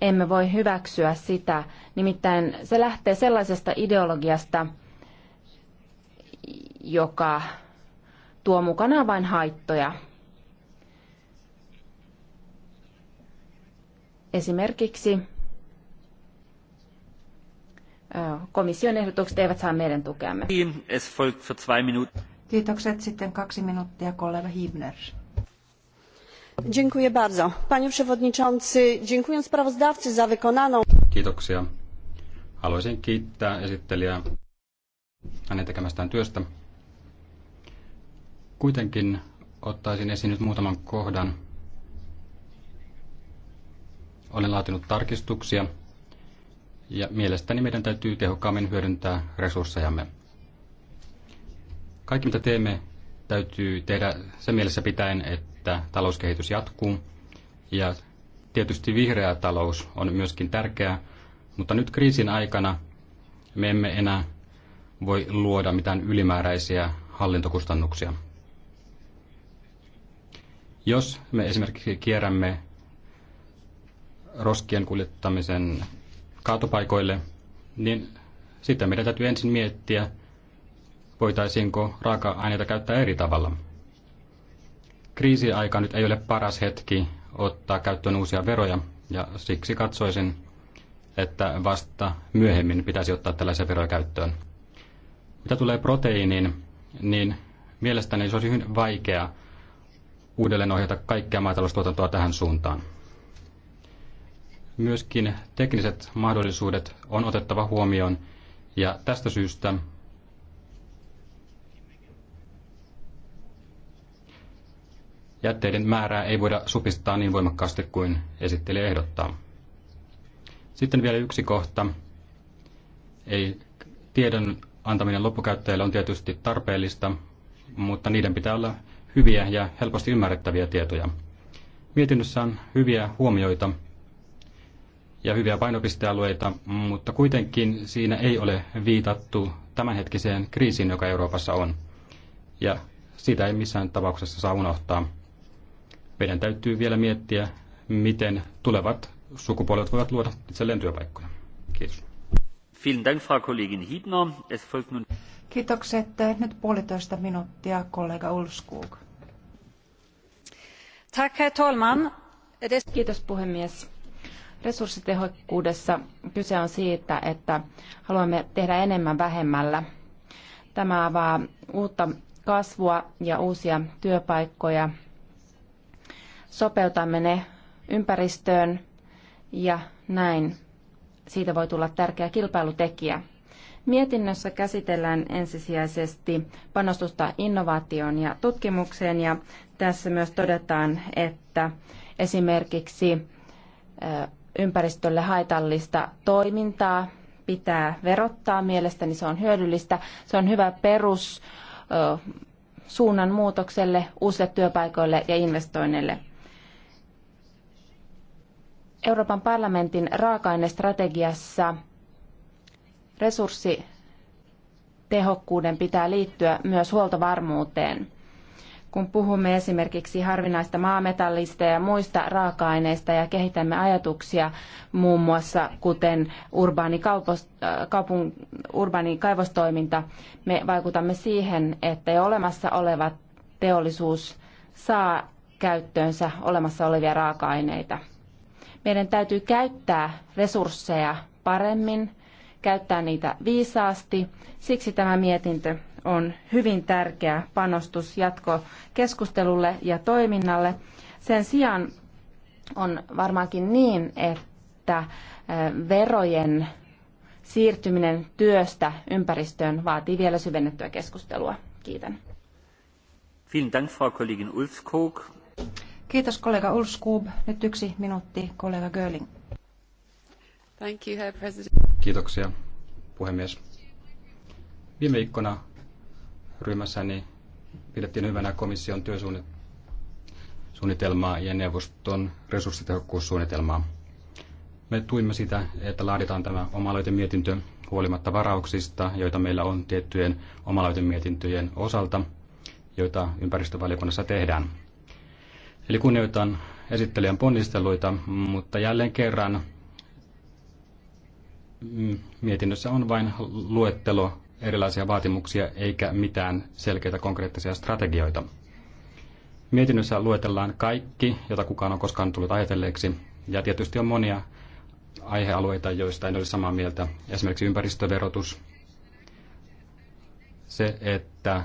emme voi hyväksyä sitä. Nimittäin se lähtee sellaisesta ideologiasta, joka tuo mukanaan vain haittoja. Esimerkiksi komission ehdotukset eivät saa meidän tukeamme. Kiitokset sitten kaksi minuuttia kollega Hibner. Panie przewodniczący, dziękuję sprawozdawcy za wykonaną. Kiitoksia. Haluaisin kiittää esittelijää hänen tekemästään työstä. Kuitenkin ottaisin esiin nyt muutaman kohdan. Olen laatinut tarkistuksia ja mielestäni meidän täytyy tehokkaammin hyödyntää resurssejamme. Kaikki mitä teemme täytyy tehdä sen mielessä pitäen, että että talouskehitys jatkuu. Ja tietysti vihreä talous on myöskin tärkeää, mutta nyt kriisin aikana me emme enää voi luoda mitään ylimääräisiä hallintokustannuksia. Jos me esimerkiksi kierrämme roskien kuljettamisen kaatopaikoille, niin sitten meidän täytyy ensin miettiä, voitaisiinko raaka-aineita käyttää eri tavalla – kriisiaika nyt ei ole paras hetki ottaa käyttöön uusia veroja, ja siksi katsoisin, että vasta myöhemmin pitäisi ottaa tällaisia veroja käyttöön. Mitä tulee proteiiniin, niin mielestäni se olisi hyvin vaikea uudelleen ohjata kaikkea maataloustuotantoa tähän suuntaan. Myöskin tekniset mahdollisuudet on otettava huomioon, ja tästä syystä jätteiden määrää ei voida supistaa niin voimakkaasti kuin esittelijä ehdottaa. Sitten vielä yksi kohta. Ei, tiedon antaminen loppukäyttäjälle on tietysti tarpeellista, mutta niiden pitää olla hyviä ja helposti ymmärrettäviä tietoja. Mietinnössä on hyviä huomioita ja hyviä painopistealueita, mutta kuitenkin siinä ei ole viitattu tämänhetkiseen kriisiin, joka Euroopassa on. Ja siitä ei missään tapauksessa saa unohtaa. Meidän täytyy vielä miettiä, miten tulevat sukupolvet voivat luoda itselleen työpaikkoja. Kiitos. Kiitokset. Nyt puolitoista minuuttia kollega Ulskog. Tack, herr talman. Kiitos puhemies. Resurssitehokkuudessa kyse on siitä, että haluamme tehdä enemmän vähemmällä. Tämä avaa uutta kasvua ja uusia työpaikkoja sopeutamme ne ympäristöön ja näin siitä voi tulla tärkeä kilpailutekijä. Mietinnössä käsitellään ensisijaisesti panostusta innovaatioon ja tutkimukseen ja tässä myös todetaan, että esimerkiksi ympäristölle haitallista toimintaa pitää verottaa. Mielestäni se on hyödyllistä. Se on hyvä perus suunnan muutokselle, uusille työpaikoille ja investoinneille. Euroopan parlamentin raaka-ainestrategiassa resurssitehokkuuden pitää liittyä myös huoltovarmuuteen. Kun puhumme esimerkiksi harvinaista maametallista ja muista raaka-aineista ja kehitämme ajatuksia muun muassa kuten urbaani, kaupos, äh, kaupun, urbaani kaivostoiminta, me vaikutamme siihen, että jo olemassa oleva teollisuus saa käyttöönsä olemassa olevia raaka-aineita. Meidän täytyy käyttää resursseja paremmin, käyttää niitä viisaasti. Siksi tämä mietintö on hyvin tärkeä panostus jatko keskustelulle ja toiminnalle. Sen sijaan on varmaankin niin, että verojen siirtyminen työstä ympäristöön vaatii vielä syvennettyä keskustelua. Kiitän. Vielen Dank, Frau Kollegin Ulfskog. Kiitos kollega Ulskub. Nyt yksi minuutti kollega Görling. Thank you, Herr President. Kiitoksia, puhemies. Viime viikkona ryhmässäni pidettiin hyvänä komission työsuunnitelmaa ja neuvoston resurssitehokkuussuunnitelmaa. Me tuimme sitä, että laaditaan tämä oma mietintö huolimatta varauksista, joita meillä on tiettyjen oma mietintöjen osalta, joita ympäristövaliokunnassa tehdään. Eli kunnioitan esittelijän ponnisteluita, mutta jälleen kerran mm, mietinnössä on vain luettelo erilaisia vaatimuksia eikä mitään selkeitä konkreettisia strategioita. Mietinnössä luetellaan kaikki, jota kukaan on koskaan tullut ajatelleeksi, ja tietysti on monia aihealueita, joista en ole samaa mieltä, esimerkiksi ympäristöverotus, se, että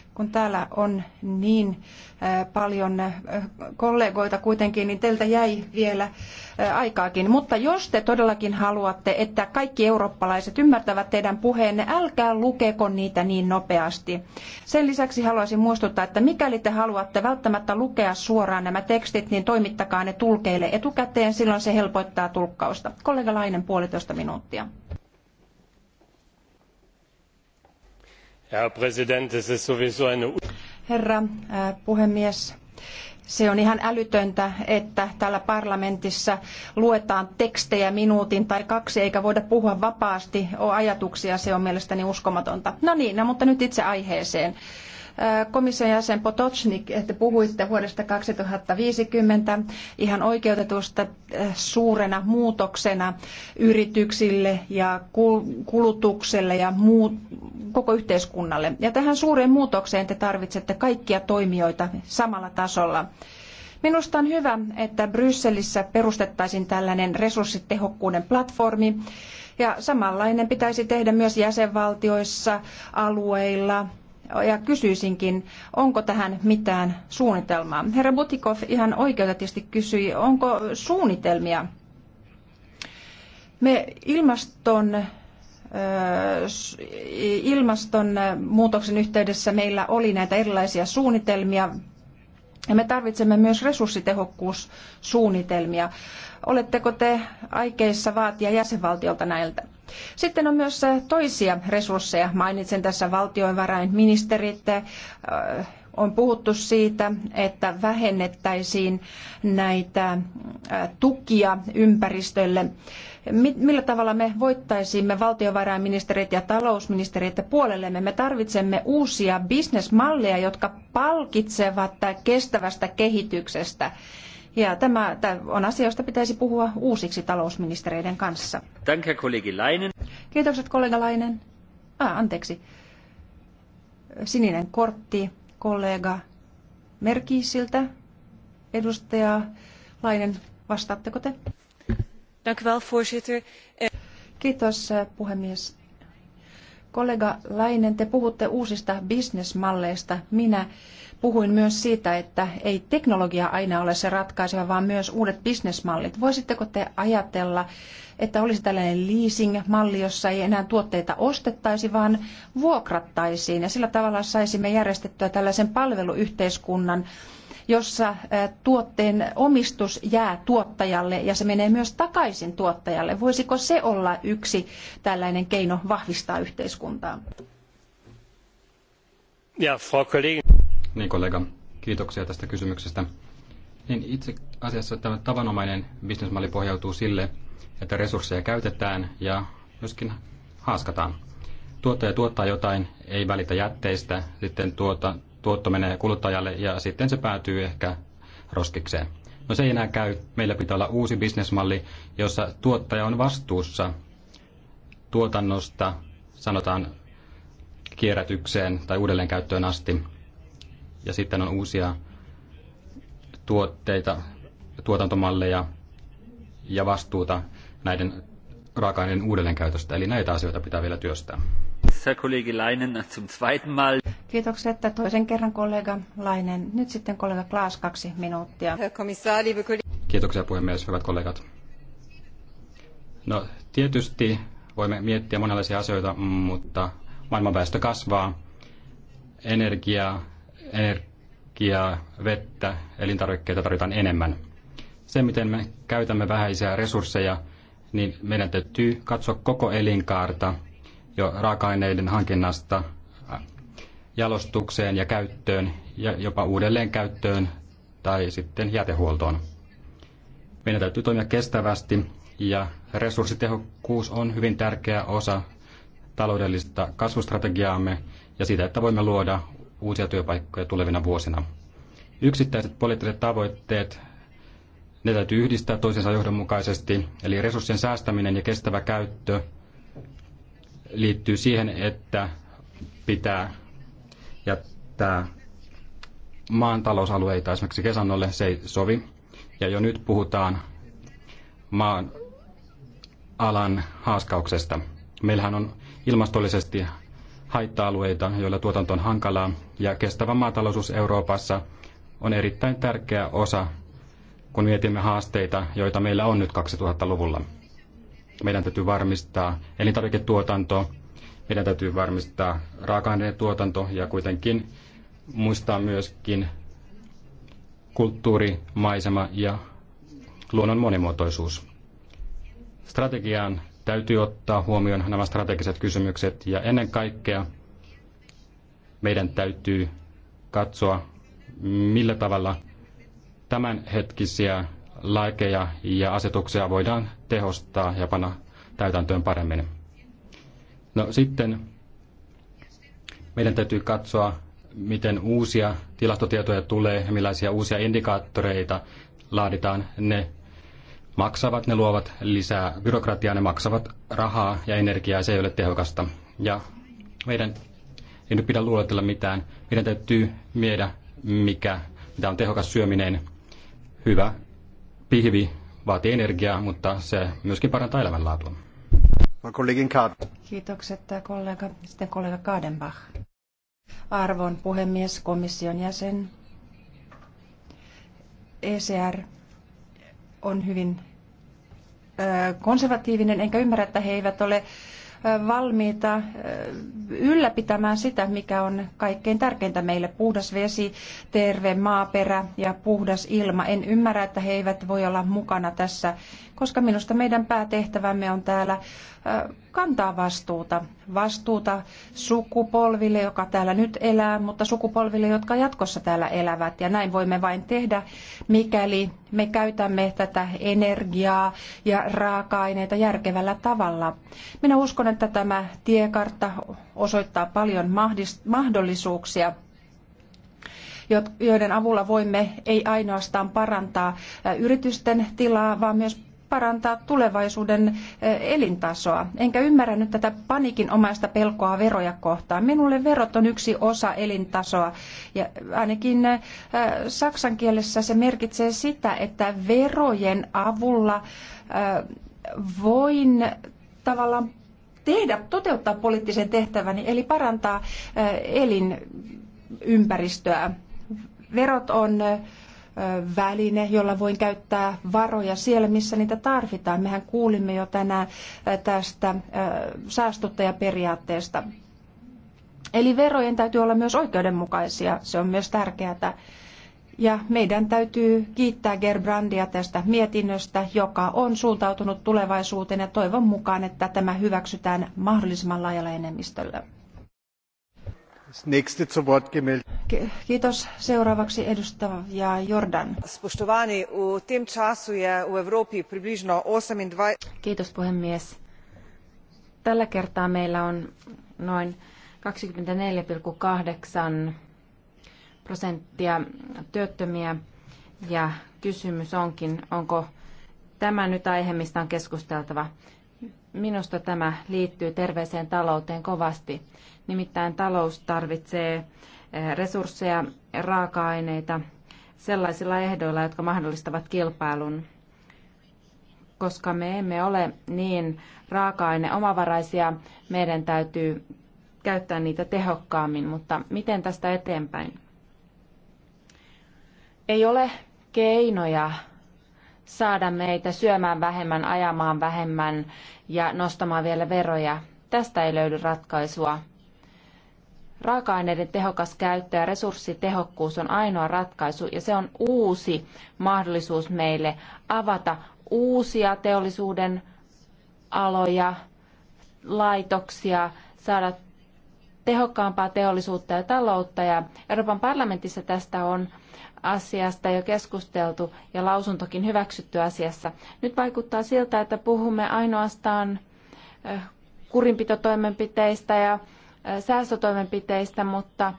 kun täällä on niin paljon kollegoita kuitenkin, niin teiltä jäi vielä aikaakin. Mutta jos te todellakin haluatte, että kaikki eurooppalaiset ymmärtävät teidän puheenne, älkää lukeko niitä niin nopeasti. Sen lisäksi haluaisin muistuttaa, että mikäli te haluatte välttämättä lukea suoraan nämä tekstit, niin toimittakaa ne tulkeille etukäteen, silloin se helpottaa tulkkausta. Kollega Lainen, puolitoista minuuttia. Herra äh, puhemies, se on ihan älytöntä, että täällä parlamentissa luetaan tekstejä minuutin tai kaksi, eikä voida puhua vapaasti ajatuksia. Se on mielestäni uskomatonta. No niin, no, mutta nyt itse aiheeseen. Komission jäsen Potocnik, että puhuitte vuodesta 2050 ihan oikeutetusta eh, suurena muutoksena yrityksille ja kulutukselle ja muu, koko yhteiskunnalle. Ja tähän suureen muutokseen te tarvitsette kaikkia toimijoita samalla tasolla. Minusta on hyvä, että Brysselissä perustettaisiin tällainen resurssitehokkuuden platformi, ja samanlainen pitäisi tehdä myös jäsenvaltioissa, alueilla, ja kysyisinkin, onko tähän mitään suunnitelmaa. Herra Butikov ihan oikeutetusti kysyi, onko suunnitelmia. Me ilmaston ilmastonmuutoksen yhteydessä meillä oli näitä erilaisia suunnitelmia, ja me tarvitsemme myös resurssitehokkuussuunnitelmia. Oletteko te aikeissa vaatia jäsenvaltiolta näiltä? Sitten on myös äh, toisia resursseja. Mainitsen tässä valtionvarainministerit. Äh, on puhuttu siitä, että vähennettäisiin näitä äh, tukia ympäristölle. Millä tavalla me voittaisimme valtiovarainministerit ja talousministerit puolellemme? Me tarvitsemme uusia bisnesmalleja, jotka palkitsevat kestävästä kehityksestä ja tämä, tämä on asia, josta pitäisi puhua uusiksi talousministereiden kanssa. Danke, kollegi Kiitokset, kollega Lainen. Ah, anteeksi. Sininen kortti, kollega Merkiisiltä. Edustaja Lainen, vastaatteko te? Kiitos, puhemies. Kollega Lainen, te puhutte uusista bisnesmalleista. Minä puhuin myös siitä, että ei teknologia aina ole se ratkaiseva, vaan myös uudet bisnesmallit. Voisitteko te ajatella, että olisi tällainen leasing-malli, jossa ei enää tuotteita ostettaisi, vaan vuokrattaisiin ja sillä tavalla saisimme järjestettyä tällaisen palveluyhteiskunnan, jossa tuotteen omistus jää tuottajalle ja se menee myös takaisin tuottajalle. Voisiko se olla yksi tällainen keino vahvistaa yhteiskuntaa? Ja, Frau Kollegin. Niin kollega, kiitoksia tästä kysymyksestä. Niin itse asiassa tämä tavanomainen bisnesmalli pohjautuu sille, että resursseja käytetään ja myöskin haaskataan. Tuottaja tuottaa jotain, ei välitä jätteistä, sitten tuota, tuotto menee kuluttajalle ja sitten se päätyy ehkä roskikseen. No se ei enää käy. Meillä pitää olla uusi bisnesmalli, jossa tuottaja on vastuussa tuotannosta, sanotaan kierrätykseen tai uudelleenkäyttöön asti ja sitten on uusia tuotteita, tuotantomalleja ja vastuuta näiden raaka-aineiden uudelleenkäytöstä. Eli näitä asioita pitää vielä työstää. Kiitoksia, että toisen kerran kollega Lainen. Nyt sitten kollega Klaas kaksi minuuttia. Kiitoksia puhemies, hyvät kollegat. No tietysti voimme miettiä monenlaisia asioita, mutta maailman väestö kasvaa, energia, energiaa, vettä, elintarvikkeita tarvitaan enemmän. Se, miten me käytämme vähäisiä resursseja, niin meidän täytyy katsoa koko elinkaarta jo raaka-aineiden hankinnasta äh, jalostukseen ja käyttöön ja jopa uudelleen käyttöön tai sitten jätehuoltoon. Meidän täytyy toimia kestävästi ja resurssitehokkuus on hyvin tärkeä osa taloudellista kasvustrategiaamme ja sitä, että voimme luoda uusia työpaikkoja tulevina vuosina. Yksittäiset poliittiset tavoitteet, ne täytyy yhdistää toisensa johdonmukaisesti, eli resurssien säästäminen ja kestävä käyttö liittyy siihen, että pitää jättää maan talousalueita esimerkiksi kesannolle, se ei sovi. Ja jo nyt puhutaan maan alan haaskauksesta. Meillähän on ilmastollisesti haitta-alueita, joilla tuotanto on hankalaa, ja kestävä maatalousuus Euroopassa on erittäin tärkeä osa, kun mietimme haasteita, joita meillä on nyt 2000-luvulla. Meidän täytyy varmistaa elintarviketuotanto, meidän täytyy varmistaa raaka tuotanto ja kuitenkin muistaa myöskin kulttuuri, maisema ja luonnon monimuotoisuus. Strategiaan täytyy ottaa huomioon nämä strategiset kysymykset ja ennen kaikkea meidän täytyy katsoa, millä tavalla tämänhetkisiä lakeja ja asetuksia voidaan tehostaa ja panna täytäntöön paremmin. No sitten meidän täytyy katsoa, miten uusia tilastotietoja tulee ja millaisia uusia indikaattoreita laaditaan. Ne maksavat, ne luovat lisää byrokratiaa, ne maksavat rahaa ja energiaa, se ei ole tehokasta. Ja meidän ei nyt pidä luuletella mitään. Meidän täytyy miedä, mikä, mitä on tehokas syöminen. Hyvä pihvi vaatii energiaa, mutta se myöskin parantaa elämänlaatua. Kiitokset kollega. Sitten kollega Kadenbach. Arvon puhemies, komission jäsen, ECR on hyvin konservatiivinen, enkä ymmärrä, että he eivät ole valmiita ylläpitämään sitä, mikä on kaikkein tärkeintä meille. Puhdas vesi, terve maaperä ja puhdas ilma. En ymmärrä, että he eivät voi olla mukana tässä koska minusta meidän päätehtävämme on täällä kantaa vastuuta. Vastuuta sukupolville, joka täällä nyt elää, mutta sukupolville, jotka jatkossa täällä elävät. Ja näin voimme vain tehdä, mikäli me käytämme tätä energiaa ja raaka-aineita järkevällä tavalla. Minä uskon, että tämä tiekartta osoittaa paljon mahdollisuuksia joiden avulla voimme ei ainoastaan parantaa yritysten tilaa, vaan myös parantaa tulevaisuuden eh, elintasoa. Enkä ymmärrä nyt tätä panikinomaista pelkoa veroja kohtaan. Minulle verot on yksi osa elintasoa. Ja ainakin eh, saksan kielessä se merkitsee sitä, että verojen avulla eh, voin tavallaan tehdä, toteuttaa poliittisen tehtäväni, eli parantaa elinympäristöä. Verot on väline, jolla voin käyttää varoja siellä, missä niitä tarvitaan. Mehän kuulimme jo tänään tästä säästuttajaperiaatteesta. Eli verojen täytyy olla myös oikeudenmukaisia, se on myös tärkeää. Ja meidän täytyy kiittää Gerbrandia tästä mietinnöstä, joka on suuntautunut tulevaisuuteen ja toivon mukaan, että tämä hyväksytään mahdollisimman laajalla enemmistöllä. Kiitos. Seuraavaksi edustaja Jordan. Spoštovani, u tem času je u Europi približno 28... Kiitos puhemies. Tällä kertaa meillä on noin 24,8 prosenttia työttömiä ja kysymys onkin, onko tämä nyt aihe, mistä on keskusteltava. Minusta tämä liittyy terveeseen talouteen kovasti. Nimittäin talous tarvitsee eh, resursseja, raaka-aineita sellaisilla ehdoilla, jotka mahdollistavat kilpailun. Koska me emme ole niin raaka aineomavaraisia meidän täytyy käyttää niitä tehokkaammin, mutta miten tästä eteenpäin? Ei ole keinoja saada meitä syömään vähemmän, ajamaan vähemmän ja nostamaan vielä veroja. Tästä ei löydy ratkaisua. Raaka-aineiden tehokas käyttö ja resurssitehokkuus on ainoa ratkaisu ja se on uusi mahdollisuus meille avata uusia teollisuuden aloja, laitoksia, saada tehokkaampaa teollisuutta ja taloutta. Ja Euroopan parlamentissa tästä on asiasta jo keskusteltu ja lausuntokin hyväksytty asiassa. Nyt vaikuttaa siltä, että puhumme ainoastaan eh, kurinpitotoimenpiteistä ja säästötoimenpiteistä, mutta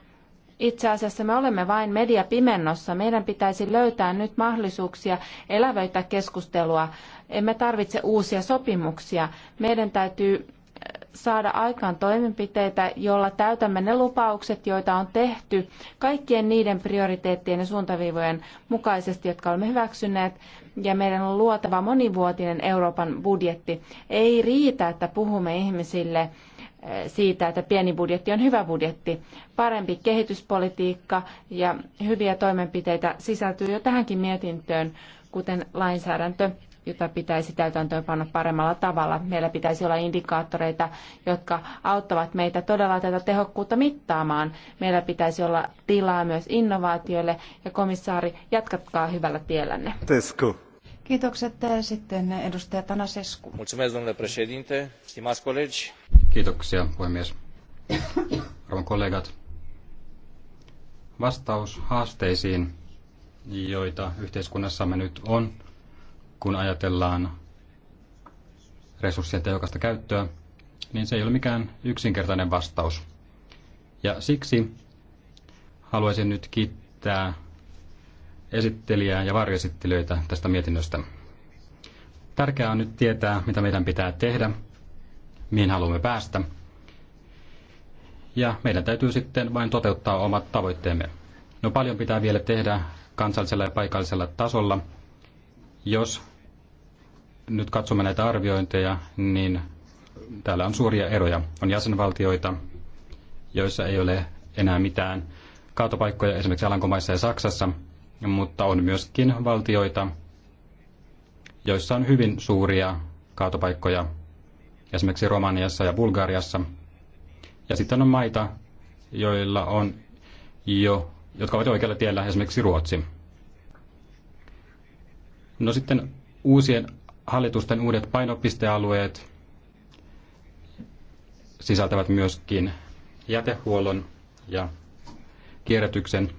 itse asiassa me olemme vain mediapimennossa. Meidän pitäisi löytää nyt mahdollisuuksia elävöittää keskustelua. Emme tarvitse uusia sopimuksia. Meidän täytyy saada aikaan toimenpiteitä, joilla täytämme ne lupaukset, joita on tehty kaikkien niiden prioriteettien ja suuntaviivojen mukaisesti, jotka olemme hyväksyneet. Ja meidän on luotava monivuotinen Euroopan budjetti. Ei riitä, että puhumme ihmisille siitä, että pieni budjetti on hyvä budjetti. Parempi kehityspolitiikka ja hyviä toimenpiteitä sisältyy jo tähänkin mietintöön, kuten lainsäädäntö, jota pitäisi täytäntöönpanna paremmalla tavalla. Meillä pitäisi olla indikaattoreita, jotka auttavat meitä todella tätä tehokkuutta mittaamaan. Meillä pitäisi olla tilaa myös innovaatioille ja komissaari, jatkatkaa hyvällä tiellänne. Tesku. Kiitokset sitten edustaja Tanasescu. Mulțumesc, domnule președinte, stimați colegi. Kiitoksia, puhemies. Arvon kollegat, vastaus haasteisiin, joita yhteiskunnassamme nyt on, kun ajatellaan resurssien tehokasta käyttöä, niin se ei ole mikään yksinkertainen vastaus. Ja siksi haluaisin nyt kiittää esittelijää ja varjoesittelijöitä tästä mietinnöstä. Tärkeää on nyt tietää, mitä meidän pitää tehdä, mihin haluamme päästä. Ja meidän täytyy sitten vain toteuttaa omat tavoitteemme. No paljon pitää vielä tehdä kansallisella ja paikallisella tasolla. Jos nyt katsomme näitä arviointeja, niin täällä on suuria eroja. On jäsenvaltioita, joissa ei ole enää mitään kaatopaikkoja esimerkiksi Alankomaissa ja Saksassa, mutta on myöskin valtioita, joissa on hyvin suuria kaatopaikkoja, esimerkiksi Romaniassa ja Bulgariassa. Ja sitten on maita, joilla on jo, jotka ovat oikealla tiellä, esimerkiksi Ruotsi. No sitten uusien hallitusten uudet painopistealueet sisältävät myöskin jätehuollon ja kierrätyksen.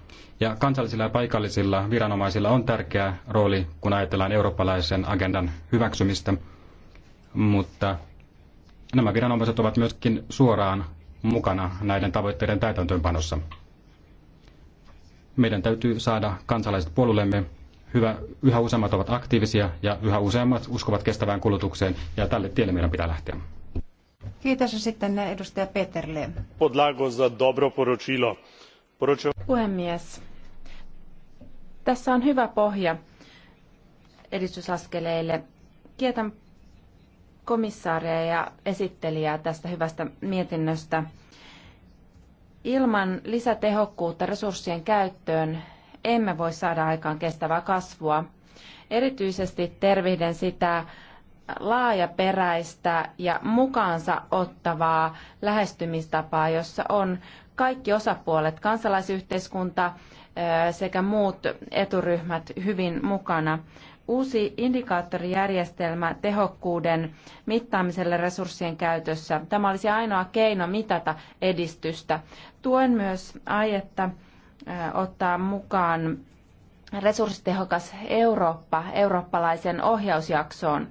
Ja kansallisilla ja paikallisilla viranomaisilla on tärkeä rooli, kun ajatellaan eurooppalaisen agendan hyväksymistä, mutta nämä viranomaiset ovat myöskin suoraan mukana näiden tavoitteiden täytäntöönpanossa. Meidän täytyy saada kansalaiset puolueemme. Hyvä, yhä useammat ovat aktiivisia ja yhä useammat uskovat kestävään kulutukseen ja tälle tielle meidän pitää lähteä. Kiitos sitten edustaja Peterle. Podlago za dobro poručilo Puhemies, tässä on hyvä pohja edistysaskeleille. Kiitän komissaaria ja esittelijää tästä hyvästä mietinnöstä. Ilman lisätehokkuutta resurssien käyttöön emme voi saada aikaan kestävää kasvua. Erityisesti tervehden sitä laajaperäistä ja mukaansa ottavaa lähestymistapaa, jossa on kaikki osapuolet, kansalaisyhteiskunta sekä muut eturyhmät hyvin mukana. Uusi indikaattorijärjestelmä tehokkuuden mittaamiselle resurssien käytössä. Tämä olisi ainoa keino mitata edistystä. Tuen myös aietta ottaa mukaan resurssitehokas Eurooppa eurooppalaisen ohjausjaksoon.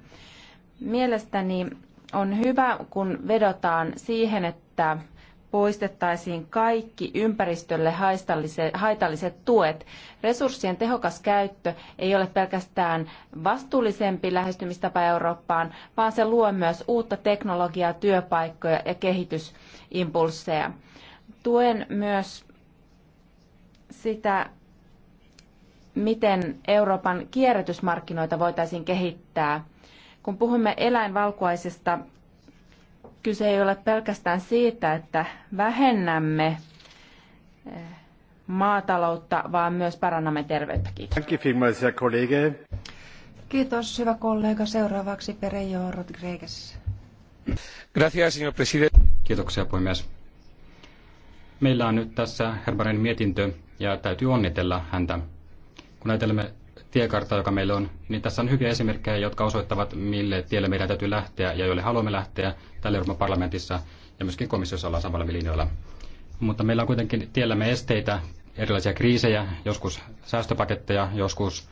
Mielestäni on hyvä, kun vedotaan siihen, että poistettaisiin kaikki ympäristölle haitalliset tuet. Resurssien tehokas käyttö ei ole pelkästään vastuullisempi lähestymistapa Eurooppaan, vaan se luo myös uutta teknologiaa, työpaikkoja ja kehitysimpulseja. Tuen myös sitä, miten Euroopan kierrätysmarkkinoita voitaisiin kehittää. Kun puhumme eläinvalkuaisesta, kyse ei ole pelkästään siitä, että vähennämme eh, maataloutta, vaan myös parannamme terveyttä. Kiitos. Kiitos, hyvä kollega. Seuraavaksi Perejo Rodriguez. Gracias, señor presidente. Kiitoksia, puhemies. Meillä on nyt tässä Herbaren mietintö ja täytyy onnitella häntä. Kun ajatelemme Tiekartta, joka meillä on, niin tässä on hyviä esimerkkejä, jotka osoittavat, mille tielle meidän täytyy lähteä ja joille haluamme lähteä täällä Euroopan parlamentissa ja myöskin komissiossa ollaan samalla linjoilla. Mutta meillä on kuitenkin tiellämme esteitä, erilaisia kriisejä, joskus säästöpaketteja, joskus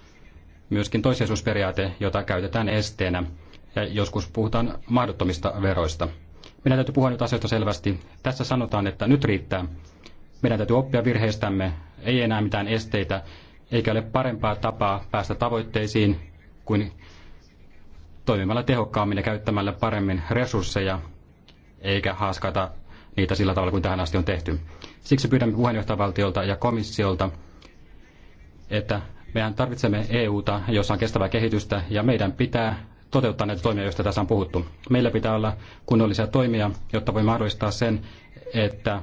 myöskin toissijaisuusperiaate, jota käytetään esteenä, ja joskus puhutaan mahdottomista veroista. Meidän täytyy puhua nyt asioista selvästi. Tässä sanotaan, että nyt riittää. Meidän täytyy oppia virheistämme, ei enää mitään esteitä, eikä ole parempaa tapaa päästä tavoitteisiin kuin toimimalla tehokkaammin ja käyttämällä paremmin resursseja, eikä haaskata niitä sillä tavalla kuin tähän asti on tehty. Siksi pyydämme puheenjohtajavaltiolta ja komissiolta, että mehän tarvitsemme EUta, jossa on kestävää kehitystä, ja meidän pitää toteuttaa näitä toimia, joista tässä on puhuttu. Meillä pitää olla kunnollisia toimia, jotta voi mahdollistaa sen, että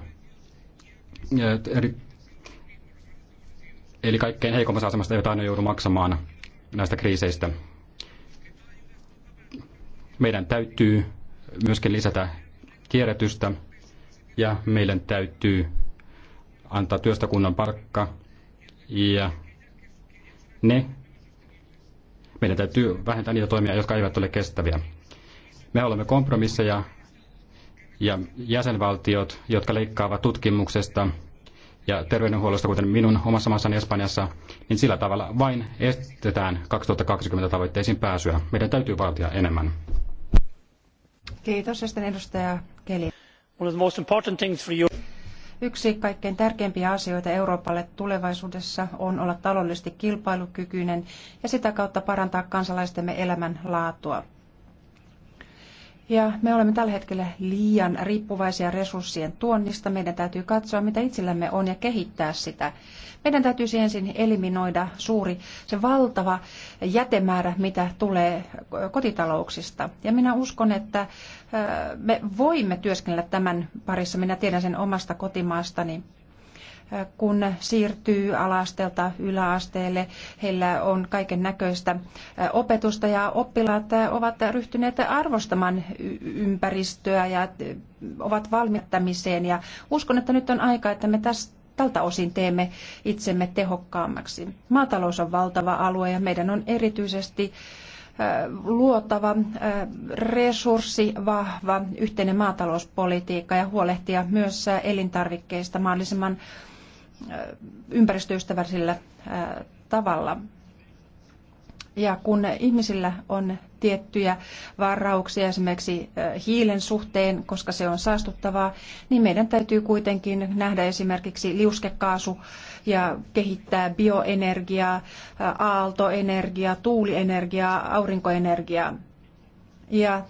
Eli kaikkein heikommassa asemassa eivät aina joudu maksamaan näistä kriiseistä. Meidän täytyy myöskin lisätä kierrätystä ja meidän täytyy antaa työstä kunnan palkka ja ne, meidän täytyy vähentää niitä toimia, jotka eivät ole kestäviä. Me olemme kompromisseja ja jäsenvaltiot, jotka leikkaavat tutkimuksesta ja terveydenhuollosta, kuten minun omassa maassani Espanjassa, niin sillä tavalla vain estetään 2020 tavoitteisiin pääsyä. Meidän täytyy vaatia enemmän. Kiitos. Ja sitten edustaja Keli. Yksi kaikkein tärkeimpiä asioita Euroopalle tulevaisuudessa on olla taloudellisesti kilpailukykyinen ja sitä kautta parantaa kansalaistemme elämänlaatua. Ja me olemme tällä hetkellä liian riippuvaisia resurssien tuonnista. Meidän täytyy katsoa, mitä itsellämme on ja kehittää sitä. Meidän täytyy ensin eliminoida suuri, se valtava jätemäärä, mitä tulee kotitalouksista. Ja minä uskon, että me voimme työskennellä tämän parissa. Minä tiedän sen omasta kotimaastani kun siirtyy alasteelta yläasteelle. Heillä on kaiken näköistä opetusta ja oppilaat ovat ryhtyneet arvostamaan ympäristöä ja ovat valmittamiseen. Ja uskon, että nyt on aika, että me tästä tältä osin teemme itsemme tehokkaammaksi. Maatalous on valtava alue ja meidän on erityisesti luotava, resurssi, vahva yhteinen maatalouspolitiikka ja huolehtia myös elintarvikkeista mahdollisimman ympäristöystävällisellä tavalla. Ja kun ihmisillä on tiettyjä varauksia esimerkiksi hiilen suhteen, koska se on saastuttavaa, niin meidän täytyy kuitenkin nähdä esimerkiksi liuskekaasu ja kehittää bioenergiaa, aaltoenergiaa, tuulienergiaa, aurinkoenergiaa. Ja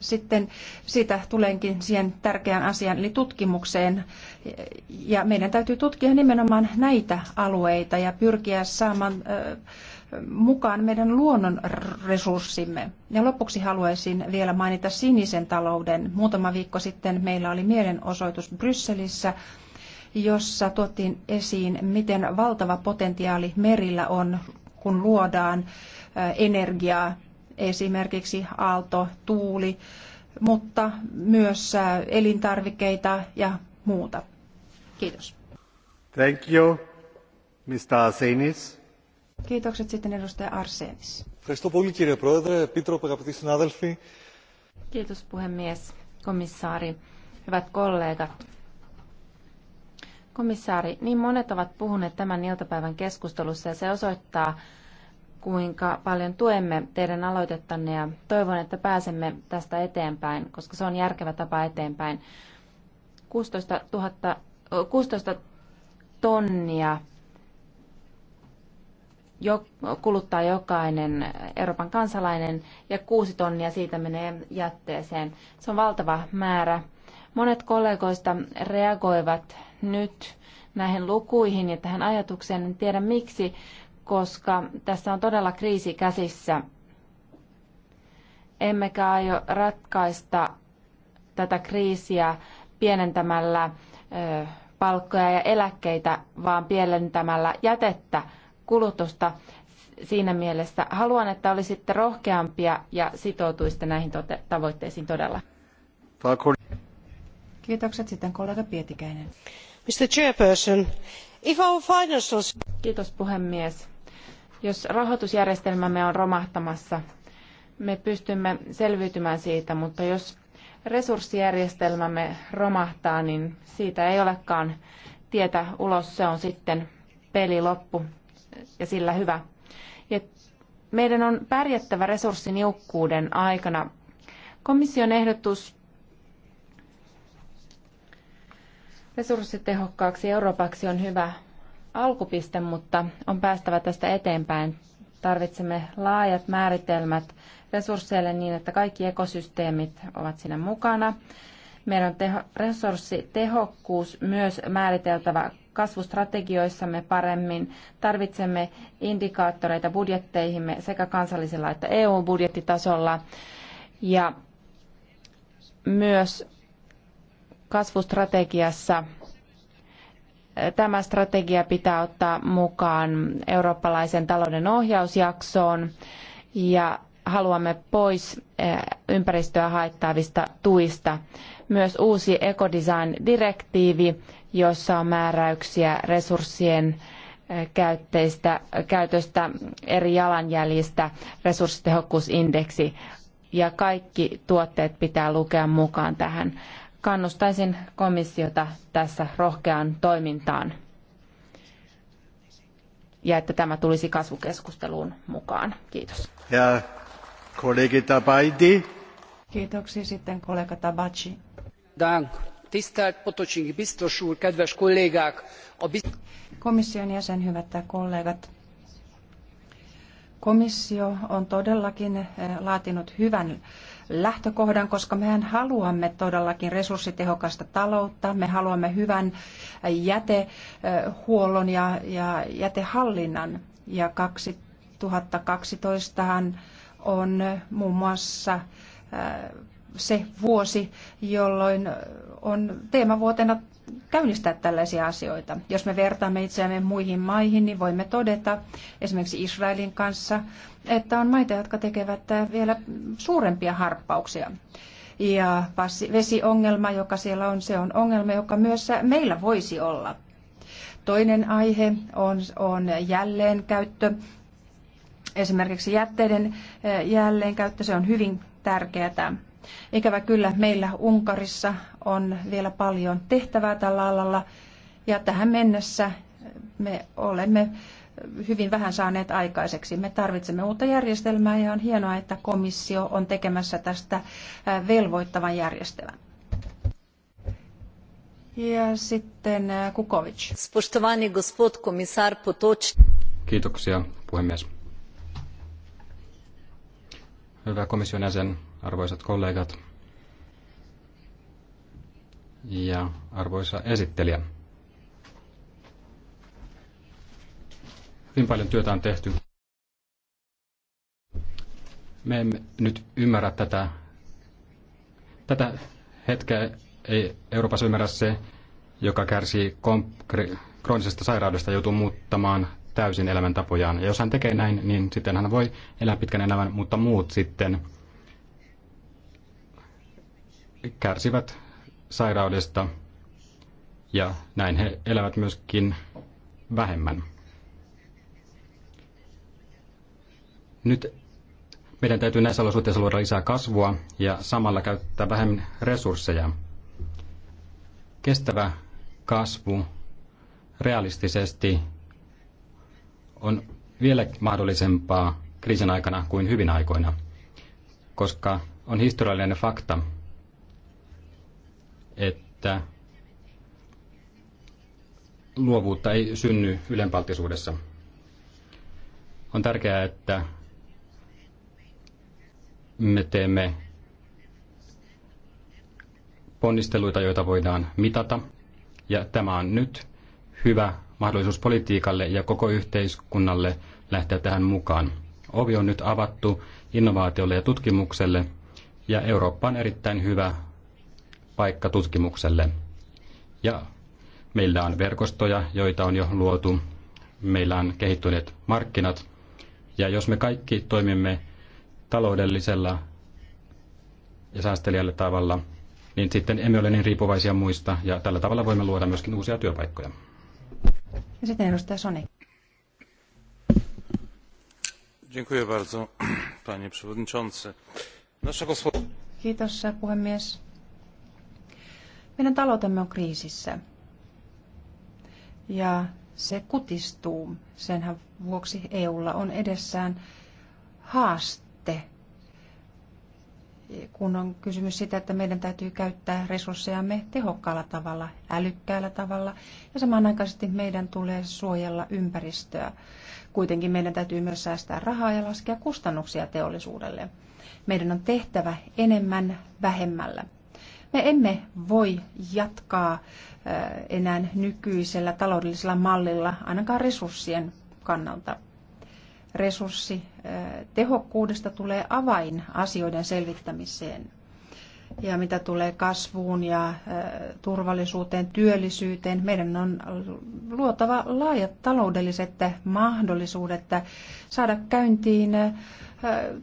sitten siitä tulenkin siihen tärkeään asiaan, eli tutkimukseen. Ja meidän täytyy tutkia nimenomaan näitä alueita ja pyrkiä saamaan mukaan meidän luonnon resurssimme. Ja lopuksi haluaisin vielä mainita sinisen talouden. Muutama viikko sitten meillä oli mielenosoitus Brysselissä, jossa tuotiin esiin, miten valtava potentiaali merillä on, kun luodaan energiaa esimerkiksi aalto, tuuli, mutta myös elintarvikkeita ja muuta. Kiitos. Thank you, Mr. Arsenis. Kiitokset sitten edustaja Arsenis. Kiitos puhemies, komissaari, hyvät kollegat. Komissaari, niin monet ovat puhuneet tämän iltapäivän keskustelussa ja se osoittaa, kuinka paljon tuemme teidän aloitettanne ja toivon, että pääsemme tästä eteenpäin, koska se on järkevä tapa eteenpäin. 16, 000, 16 tonnia jo, kuluttaa jokainen Euroopan kansalainen ja kuusi tonnia siitä menee jätteeseen. Se on valtava määrä. Monet kollegoista reagoivat nyt näihin lukuihin ja tähän ajatukseen. En tiedä miksi, koska tässä on todella kriisi käsissä. Emmekä aio ratkaista tätä kriisiä pienentämällä palkkoja ja eläkkeitä, vaan pienentämällä jätettä, kulutusta. Siinä mielessä haluan, että olisitte rohkeampia ja sitoutuisitte näihin tavoitteisiin todella. Kiitokset sitten kollega Pietikäinen. Mr. Chairperson, if our financial... Kiitos puhemies. Jos rahoitusjärjestelmämme on romahtamassa, me pystymme selviytymään siitä, mutta jos resurssijärjestelmämme romahtaa, niin siitä ei olekaan tietä ulos. Se on sitten peli loppu ja sillä hyvä. Ja meidän on pärjättävä resurssiniukkuuden aikana. Komission ehdotus resurssitehokkaaksi Euroopaksi on hyvä alkupiste, mutta on päästävä tästä eteenpäin. Tarvitsemme laajat määritelmät resursseille niin, että kaikki ekosysteemit ovat siinä mukana. Meidän on teho, resurssitehokkuus myös määriteltävä kasvustrategioissamme paremmin. Tarvitsemme indikaattoreita budjetteihimme sekä kansallisella että EU-budjettitasolla. Ja myös kasvustrategiassa Tämä strategia pitää ottaa mukaan eurooppalaisen talouden ohjausjaksoon ja haluamme pois eh, ympäristöä haittaavista tuista. Myös uusi ekodesign-direktiivi, jossa on määräyksiä resurssien eh, käytteistä, käytöstä eri jalanjäljistä, resurssitehokkuusindeksi ja kaikki tuotteet pitää lukea mukaan tähän. Kannustaisin komissiota tässä rohkeaan toimintaan ja että tämä tulisi kasvukeskusteluun mukaan. Kiitos. Ja kollegi Tabaidi. Kiitoksia sitten kollega Tabaci. Dank. Tisztelt Potocnik biztos úr, kedves kollégák! A biz... Komission jäsen, hyvät kollegat. Komissio on todellakin eh, laatinut hyvän lähtökohdan, koska mehän haluamme todellakin resurssitehokasta taloutta, me haluamme hyvän äh, jätehuollon ja, ja jätehallinnan. Ja 2012han on muun muassa äh, se vuosi, jolloin on teemavuotena käynnistää tällaisia asioita. Jos me vertaamme itseämme muihin maihin, niin voimme todeta esimerkiksi Israelin kanssa, että on maita, jotka tekevät äh, vielä suurempia harppauksia. Ja vesiongelma, joka siellä on, se on ongelma, joka myös äh, meillä voisi olla. Toinen aihe on, on jälleenkäyttö. Esimerkiksi jätteiden äh, jälleenkäyttö, se on hyvin tärkeää Ikävä kyllä meillä Unkarissa on vielä paljon tehtävää tällä alalla ja tähän mennessä me olemme hyvin vähän saaneet aikaiseksi. Me tarvitsemme uutta järjestelmää ja on hienoa, että komissio on tekemässä tästä velvoittavan järjestelmän. Ja sitten Kukovic. Spoštovani gospod komisar Potoč. Kiitoksia, puhemies. Hyvä komission jäsen, arvoisat kollegat ja arvoisa esittelijä. Hyvin paljon työtä on tehty. Me emme nyt ymmärrä tätä, tätä hetkeä, ei Euroopassa ymmärrä se, joka kärsii kompri, kroonisesta sairaudesta, joutuu muuttamaan täysin elämäntapojaan. Ja jos hän tekee näin, niin sitten hän voi elää pitkän elämän, mutta muut sitten kärsivät sairaudesta ja näin he elävät myöskin vähemmän. Nyt meidän täytyy näissä olosuhteissa luoda lisää kasvua ja samalla käyttää vähemmän resursseja. Kestävä kasvu realistisesti on vielä mahdollisempaa kriisin aikana kuin hyvin aikoina, koska on historiallinen fakta, että luovuutta ei synny ylenpalttisuudessa. On tärkeää, että me teemme ponnisteluita, joita voidaan mitata. Ja tämä on nyt hyvä mahdollisuus politiikalle ja koko yhteiskunnalle lähteä tähän mukaan. Ovi on nyt avattu innovaatiolle ja tutkimukselle, ja Eurooppa on erittäin hyvä paikka tutkimukselle. Ja meillä on verkostoja, joita on jo luotu. Meillä on kehittyneet markkinat. Ja jos me kaikki toimimme taloudellisella ja säästelijällä tavalla, niin sitten emme ole niin riippuvaisia muista ja tällä tavalla voimme luoda myöskin uusia työpaikkoja. Ja sitten edustaja Soni. Dziękuję bardzo, panie przewodniczący. Kiitos, puhemies. Meidän taloutemme on kriisissä. Ja se kutistuu. Senhän vuoksi EUlla on edessään haaste, kun on kysymys sitä, että meidän täytyy käyttää resurssejamme tehokkaalla tavalla, älykkäällä tavalla ja samanaikaisesti meidän tulee suojella ympäristöä. Kuitenkin meidän täytyy myös säästää rahaa ja laskea kustannuksia teollisuudelle. Meidän on tehtävä enemmän vähemmällä. Me emme voi jatkaa äh, enää nykyisellä taloudellisella mallilla ainakaan resurssien kannalta. Resurssitehokkuudesta äh, tulee avain asioiden selvittämiseen ja mitä tulee kasvuun ja äh, turvallisuuteen, työllisyyteen, meidän on luotava laajat taloudelliset mahdollisuudet saada käyntiin äh,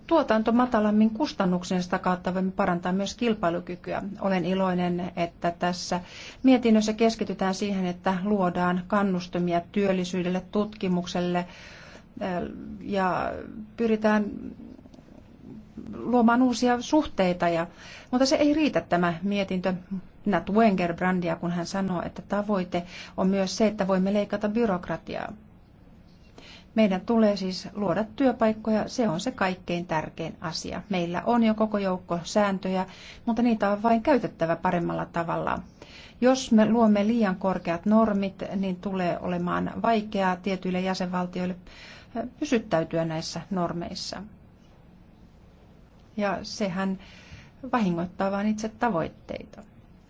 tuotanto matalammin kustannuksen sitä kautta voimme parantaa myös kilpailukykyä. Olen iloinen, että tässä mietinnössä keskitytään siihen, että luodaan kannustumia työllisyydelle, tutkimukselle äh, ja pyritään luomaan uusia suhteita. Ja, mutta se ei riitä tämä mietintö. Nat Wenger-brandia, kun hän sanoo, että tavoite on myös se, että voimme leikata byrokratiaa. Meidän tulee siis luoda työpaikkoja, se on se kaikkein tärkein asia. Meillä on jo koko joukko sääntöjä, mutta niitä on vain käytettävä paremmalla tavalla. Jos me luomme liian korkeat normit, niin tulee olemaan vaikeaa tietyille jäsenvaltioille pysyttäytyä näissä normeissa ja sehän vahingoittaa vain itse tavoitteita.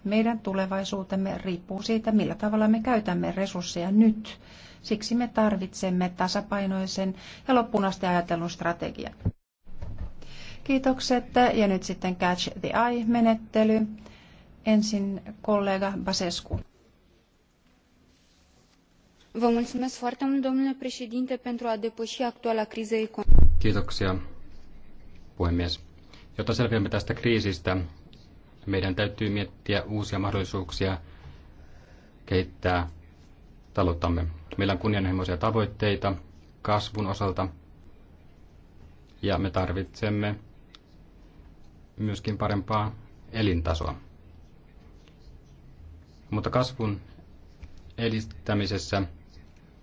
Meidän tulevaisuutemme riippuu siitä, millä tavalla me käytämme resursseja nyt. Siksi me tarvitsemme tasapainoisen ja loppuun asti ajatellun strategian. Kiitokset ja nyt sitten Catch the Eye-menettely. Ensin kollega Basescu. Vă mulțumesc foarte mult, domnule președinte, pentru a depăși actuala criză economică. Kiitoksia, puhemies. Jotta selviämme tästä kriisistä, meidän täytyy miettiä uusia mahdollisuuksia kehittää talouttamme. Meillä on kunnianhimoisia tavoitteita kasvun osalta ja me tarvitsemme myöskin parempaa elintasoa. Mutta kasvun edistämisessä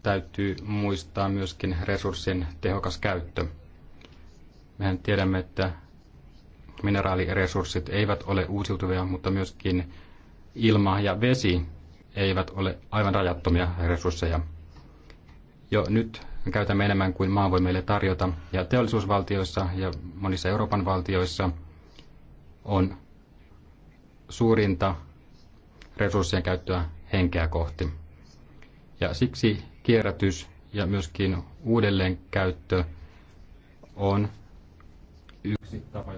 täytyy muistaa myöskin resurssien tehokas käyttö. Mehän tiedämme, että mineraaliresurssit eivät ole uusiutuvia, mutta myöskin ilma ja vesi eivät ole aivan rajattomia resursseja. Jo nyt käytämme enemmän kuin maa voi meille tarjota, ja teollisuusvaltioissa ja monissa Euroopan valtioissa on suurinta resurssien käyttöä henkeä kohti. Ja siksi kierrätys ja myöskin uudelleenkäyttö on yksi tapa,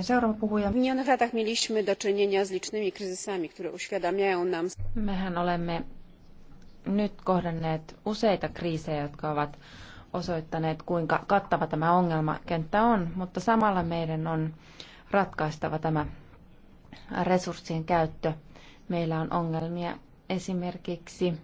seuraava puhuja. Minionych latach mieliśmy do czynienia z licznymi kryzysami, które uświadamiają nam... Mehän olemme nyt kohdanneet useita kriisejä, jotka ovat osoittaneet, kuinka kattava tämä ongelmakenttä on, mutta samalla meidän on ratkaistava tämä resurssien käyttö. Meillä on ongelmia esimerkiksi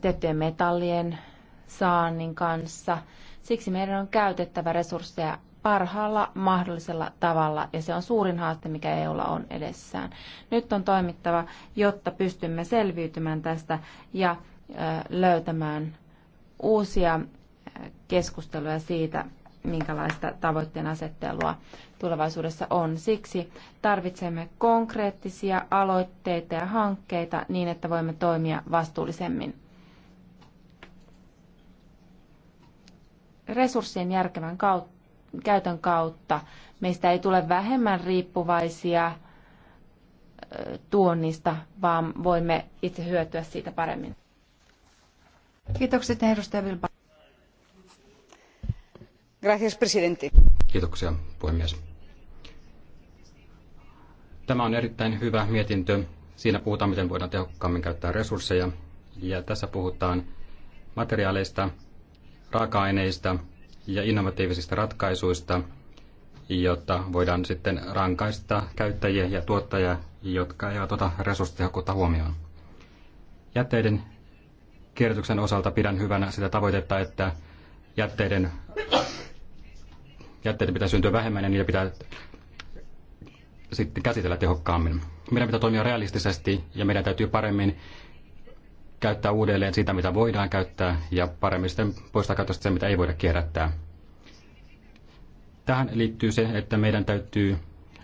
tiettyjen metallien saannin kanssa – Siksi meidän on käytettävä resursseja parhaalla mahdollisella tavalla, ja se on suurin haaste, mikä EUlla on edessään. Nyt on toimittava, jotta pystymme selviytymään tästä ja löytämään uusia keskusteluja siitä, minkälaista tavoitteen asettelua tulevaisuudessa on. Siksi tarvitsemme konkreettisia aloitteita ja hankkeita niin, että voimme toimia vastuullisemmin. resurssien järkevän käytön kautta meistä ei tule vähemmän riippuvaisia tuonnista, vaan voimme itse hyötyä siitä paremmin. Kiitokset edustaja Vilpa. Gracias, presidente. Kiitoksia, puhemies. Tämä on erittäin hyvä mietintö. Siinä puhutaan, miten voidaan tehokkaammin käyttää resursseja. Ja tässä puhutaan materiaaleista, raaka-aineista ja innovatiivisista ratkaisuista, jotta voidaan sitten rankaista käyttäjiä ja tuottajia, jotka eivät ota resurssitehokkuutta huomioon. Jätteiden kierrätyksen osalta pidän hyvänä sitä tavoitetta, että jätteiden, jätteiden pitää syntyä vähemmän ja niitä pitää sitten käsitellä tehokkaammin. Meidän pitää toimia realistisesti ja meidän täytyy paremmin käyttää uudelleen sitä, mitä voidaan käyttää, ja paremmin sitten poistaa käytöstä se, mitä ei voida kierrättää. Tähän liittyy se, että meidän täytyy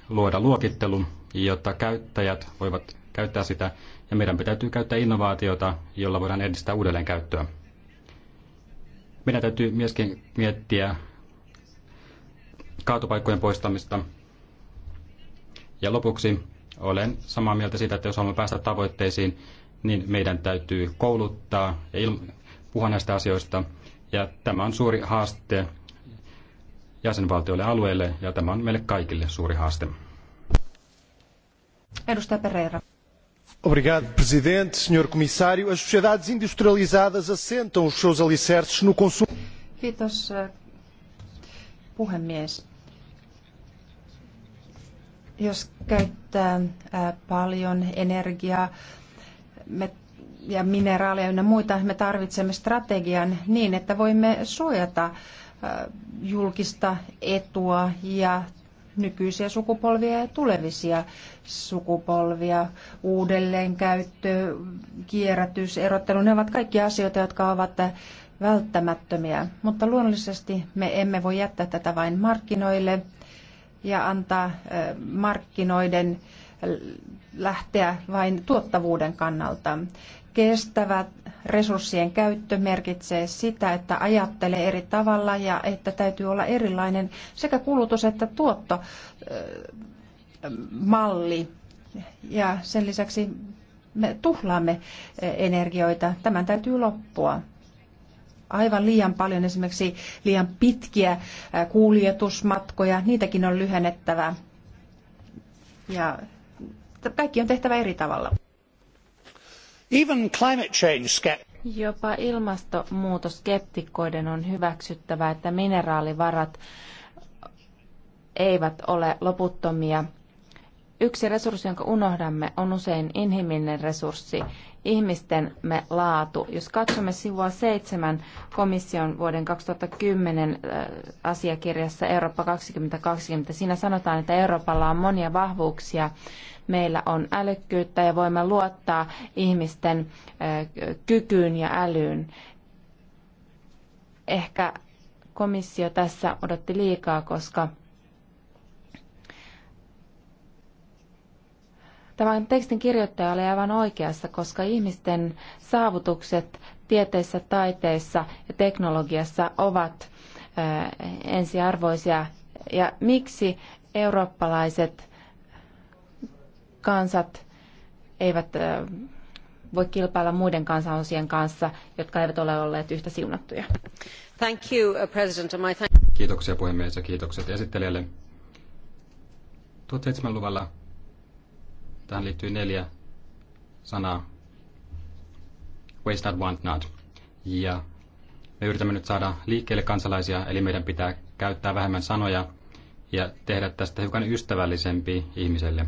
luoda luokittelu, jotta käyttäjät voivat käyttää sitä, ja meidän täytyy käyttää innovaatiota, jolla voidaan edistää uudelleen käyttöä. Meidän täytyy myöskin miettiä kaatopaikkojen poistamista. Ja lopuksi olen samaa mieltä siitä, että jos haluamme päästä tavoitteisiin, niin meidän täytyy kouluttaa ja puhua näistä asioista. Ja tämä on suuri haaste jäsenvaltioille alueille ja tämä on meille kaikille suuri haaste. Edustaja Pereira. Obrigado, Presidente, Senhor Comissário. As sociedades industrializadas assentam os seus alicerces no consumo. Kiitos, puhemies. Jos käyttää paljon energiaa, me, ja mineraaleja ja muita, me tarvitsemme strategian niin, että voimme suojata julkista etua ja nykyisiä sukupolvia ja tulevisia sukupolvia, uudelleenkäyttö, kierrätys, erottelu, ne ovat kaikki asioita, jotka ovat välttämättömiä. Mutta luonnollisesti me emme voi jättää tätä vain markkinoille ja antaa markkinoiden lähteä vain tuottavuuden kannalta. Kestävä resurssien käyttö merkitsee sitä, että ajattelee eri tavalla ja että täytyy olla erilainen sekä kulutus- että tuottomalli. Ja sen lisäksi me tuhlaamme energioita. Tämän täytyy loppua aivan liian paljon esimerkiksi liian pitkiä kuljetusmatkoja, niitäkin on lyhennettävä. Ja kaikki on tehtävä eri tavalla. Even climate change Jopa ilmastonmuutoskeptikkoiden on hyväksyttävä, että mineraalivarat eivät ole loputtomia. Yksi resurssi, jonka unohdamme, on usein inhimillinen resurssi, ihmistemme laatu. Jos katsomme sivua seitsemän komission vuoden 2010 äh, asiakirjassa Eurooppa 2020, siinä sanotaan, että Euroopalla on monia vahvuuksia, meillä on älykkyyttä ja voimme luottaa ihmisten kykyyn ja älyyn. Ehkä komissio tässä odotti liikaa, koska Tämän tekstin kirjoittaja oli aivan oikeassa, koska ihmisten saavutukset tieteissä, taiteissa ja teknologiassa ovat ensiarvoisia. Ja miksi eurooppalaiset kansat eivät voi kilpailla muiden kansanosien kanssa, jotka eivät ole olleet yhtä siunattuja. Thank you, uh, President. My thank- Kiitoksia puhemies ja kiitokset esittelijälle. 1700-luvulla tähän liittyy neljä sanaa. Waste not, want not. Ja me yritämme nyt saada liikkeelle kansalaisia, eli meidän pitää käyttää vähemmän sanoja ja tehdä tästä hiukan ystävällisempi ihmiselle.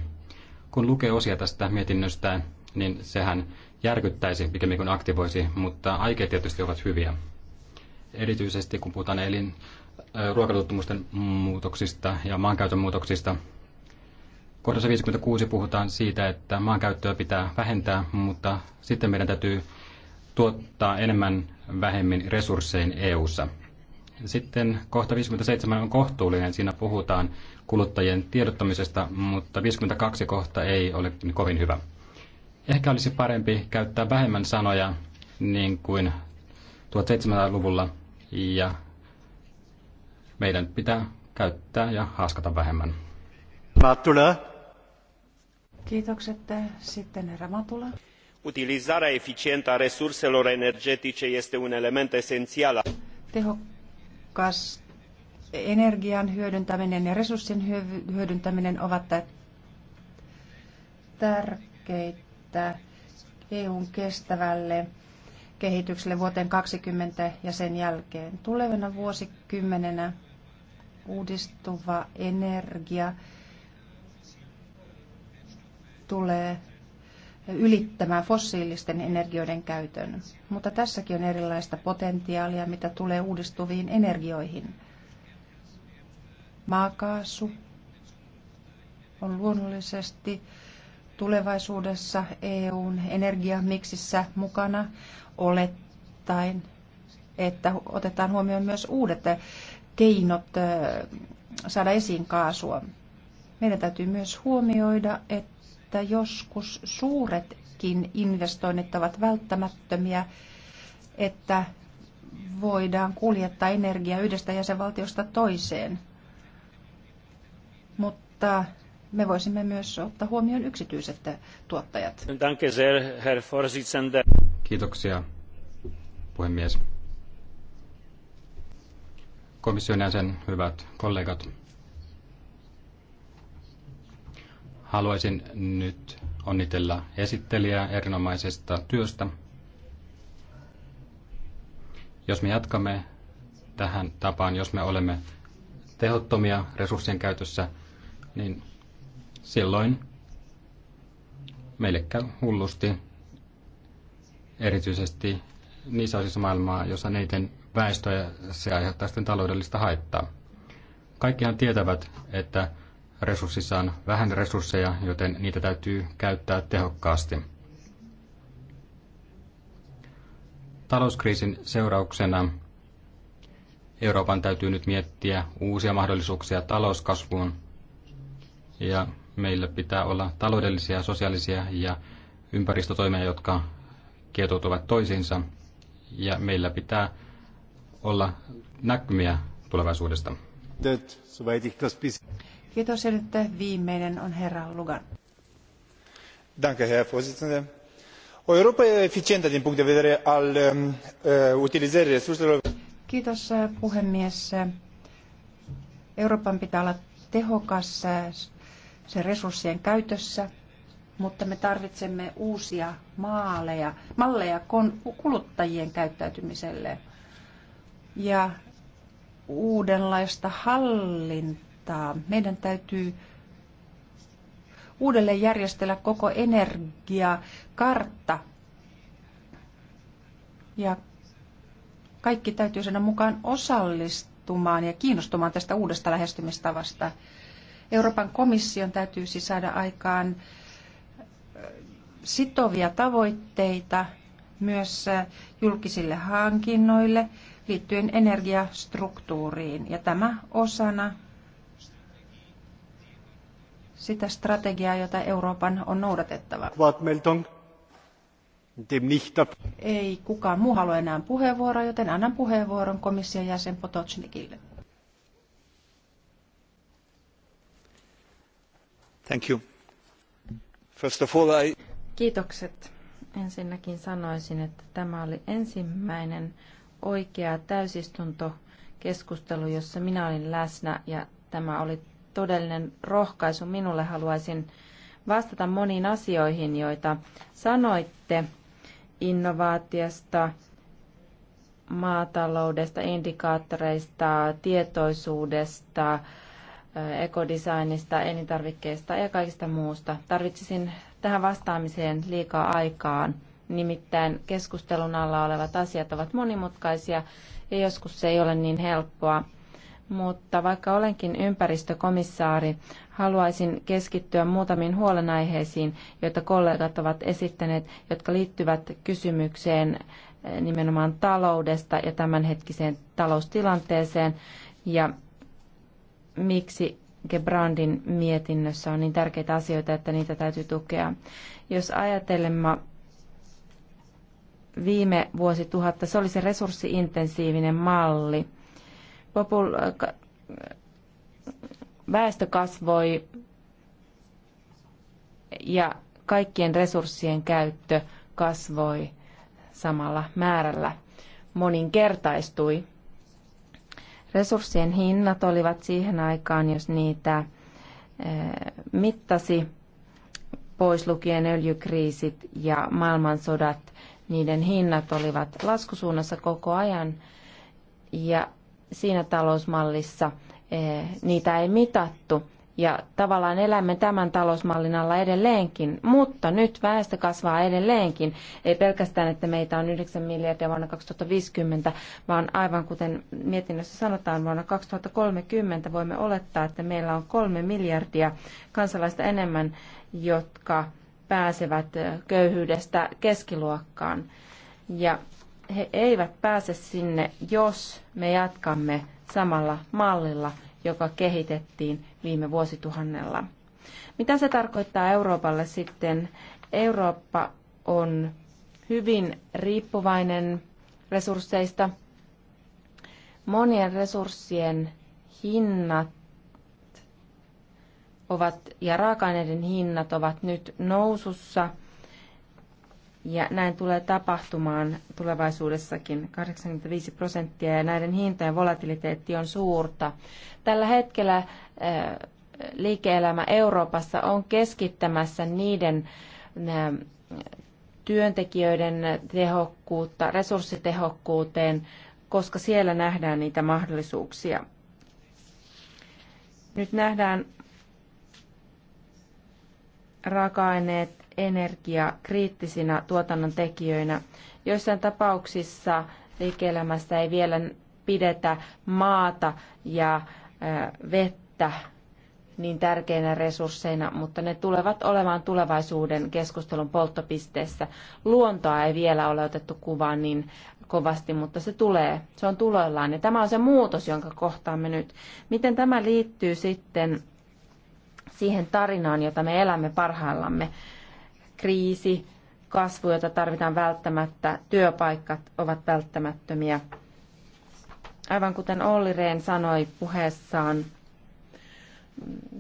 Kun lukee osia tästä mietinnöstä, niin sehän järkyttäisi pikemmin kuin aktivoisi, mutta aikeet tietysti ovat hyviä. Erityisesti kun puhutaan elin, ruokatuttumusten muutoksista ja maankäytön muutoksista. Kohdassa 56 puhutaan siitä, että maankäyttöä pitää vähentää, mutta sitten meidän täytyy tuottaa enemmän vähemmin resurssein EU:ssa. Sitten kohta 57 on kohtuullinen, siinä puhutaan kuluttajien tiedottamisesta, mutta 52 kohta ei ole kovin hyvä. Ehkä olisi parempi käyttää vähemmän sanoja niin kuin 1700-luvulla ja meidän pitää käyttää ja haaskata vähemmän. Matula. Kiitokset. Sitten herra Matula. Utilizarea eficientă a resurselor energetice este un element esențial. Tehokkuus tehokas energian hyödyntäminen ja resurssien hyödyntäminen ovat tärkeitä EUn kestävälle kehitykselle vuoteen 2020 ja sen jälkeen. Tulevana vuosikymmenenä uudistuva energia tulee ylittämään fossiilisten energioiden käytön. Mutta tässäkin on erilaista potentiaalia, mitä tulee uudistuviin energioihin. Maakaasu on luonnollisesti tulevaisuudessa EUn energiamiksissä mukana olettaen, että otetaan huomioon myös uudet keinot saada esiin kaasua. Meidän täytyy myös huomioida, että että joskus suuretkin investoinnit ovat välttämättömiä, että voidaan kuljettaa energiaa yhdestä jäsenvaltiosta toiseen. Mutta me voisimme myös ottaa huomioon yksityiset tuottajat. Kiitoksia, puhemies. Komission jäsen, hyvät kollegat. Haluaisin nyt onnitella esittelijää erinomaisesta työstä. Jos me jatkamme tähän tapaan, jos me olemme tehottomia resurssien käytössä, niin silloin meille käy hullusti, erityisesti niissä osissa maailmaa, jossa neiden väestöä se aiheuttaa sitten taloudellista haittaa. Kaikkihan tietävät, että resurssissa on vähän resursseja, joten niitä täytyy käyttää tehokkaasti. Talouskriisin seurauksena Euroopan täytyy nyt miettiä uusia mahdollisuuksia talouskasvuun ja meillä pitää olla taloudellisia, sosiaalisia ja ympäristötoimia, jotka kietoutuvat toisiinsa ja meillä pitää olla näkymiä tulevaisuudesta. Kiitos että viimeinen on herra Lugan. Danke, herr Vorsitzende. O on e eficientă din punct de vedere al um, uh, utilizării resurselor. Kiitos uh, puhemies. Euroopan pitää olla tehokas uh, sen resurssien käytössä, mutta me tarvitsemme uusia maaleja, malleja kuluttajien käyttäytymiselle ja uudenlaista hallintaa tota, Meidän täytyy uudelleen järjestellä koko energiakartta ja kaikki täytyy sen mukaan osallistumaan ja kiinnostumaan tästä uudesta lähestymistavasta. Euroopan komission täytyy siis saada aikaan sitovia tavoitteita myös julkisille hankinnoille liittyen energiastruktuuriin ja tämä osana sitä strategiaa, jota Euroopan on noudatettava. Ei kukaan muu halua enää puheenvuoroa, joten annan puheenvuoron komission jäsen Potocnikille. Thank you. First of all, I... Kiitokset. Ensinnäkin sanoisin, että tämä oli ensimmäinen oikea täysistuntokeskustelu, jossa minä olin läsnä ja tämä oli todellinen rohkaisu minulle. Haluaisin vastata moniin asioihin, joita sanoitte innovaatiosta, maataloudesta, indikaattoreista, tietoisuudesta, ekodesignista, elintarvikkeista ja kaikista muusta. Tarvitsisin tähän vastaamiseen liikaa aikaan. Nimittäin keskustelun alla olevat asiat ovat monimutkaisia ja joskus se ei ole niin helppoa mutta vaikka olenkin ympäristökomissaari, haluaisin keskittyä muutamiin huolenaiheisiin, joita kollegat ovat esittäneet, jotka liittyvät kysymykseen eh, nimenomaan taloudesta ja tämänhetkiseen taloustilanteeseen ja miksi Gebrandin mietinnössä on niin tärkeitä asioita, että niitä täytyy tukea. Jos ajatelemme viime vuosituhatta, se oli se resurssiintensiivinen malli popul- väestö kasvoi ja kaikkien resurssien käyttö kasvoi samalla määrällä, moninkertaistui. Resurssien hinnat olivat siihen aikaan, jos niitä eh, mittasi, pois lukien öljykriisit ja maailmansodat, niiden hinnat olivat laskusuunnassa koko ajan. Ja siinä talousmallissa eh, niitä ei mitattu. Ja tavallaan elämme tämän talousmallin alla edelleenkin, mutta nyt väestö kasvaa edelleenkin. Ei pelkästään, että meitä on 9 miljardia vuonna 2050, vaan aivan kuten mietinnössä sanotaan, vuonna 2030 voimme olettaa, että meillä on kolme miljardia kansalaista enemmän, jotka pääsevät eh, köyhyydestä keskiluokkaan. Ja he eivät pääse sinne, jos me jatkamme samalla mallilla, joka kehitettiin viime vuosituhannella. Mitä se tarkoittaa Euroopalle sitten? Eurooppa on hyvin riippuvainen resursseista. Monien resurssien hinnat ovat ja raaka-aineiden hinnat ovat nyt nousussa – ja näin tulee tapahtumaan tulevaisuudessakin 85 prosenttia ja näiden hintojen volatiliteetti on suurta. Tällä hetkellä eh, liike-elämä Euroopassa on keskittämässä niiden eh, työntekijöiden tehokkuutta, resurssitehokkuuteen, koska siellä nähdään niitä mahdollisuuksia. Nyt nähdään raaka-aineet energia kriittisinä tuotannon tekijöinä. Joissain tapauksissa liike-elämästä ei vielä pidetä maata ja vettä niin tärkeinä resursseina, mutta ne tulevat olemaan tulevaisuuden keskustelun polttopisteessä. Luontoa ei vielä ole otettu kuvaan niin kovasti, mutta se tulee, se on tuloillaan. Ja tämä on se muutos, jonka kohtaamme nyt. Miten tämä liittyy sitten siihen tarinaan, jota me elämme parhaillamme. Kriisi, kasvu, jota tarvitaan välttämättä, työpaikat ovat välttämättömiä. Aivan kuten Olli Rehn sanoi puheessaan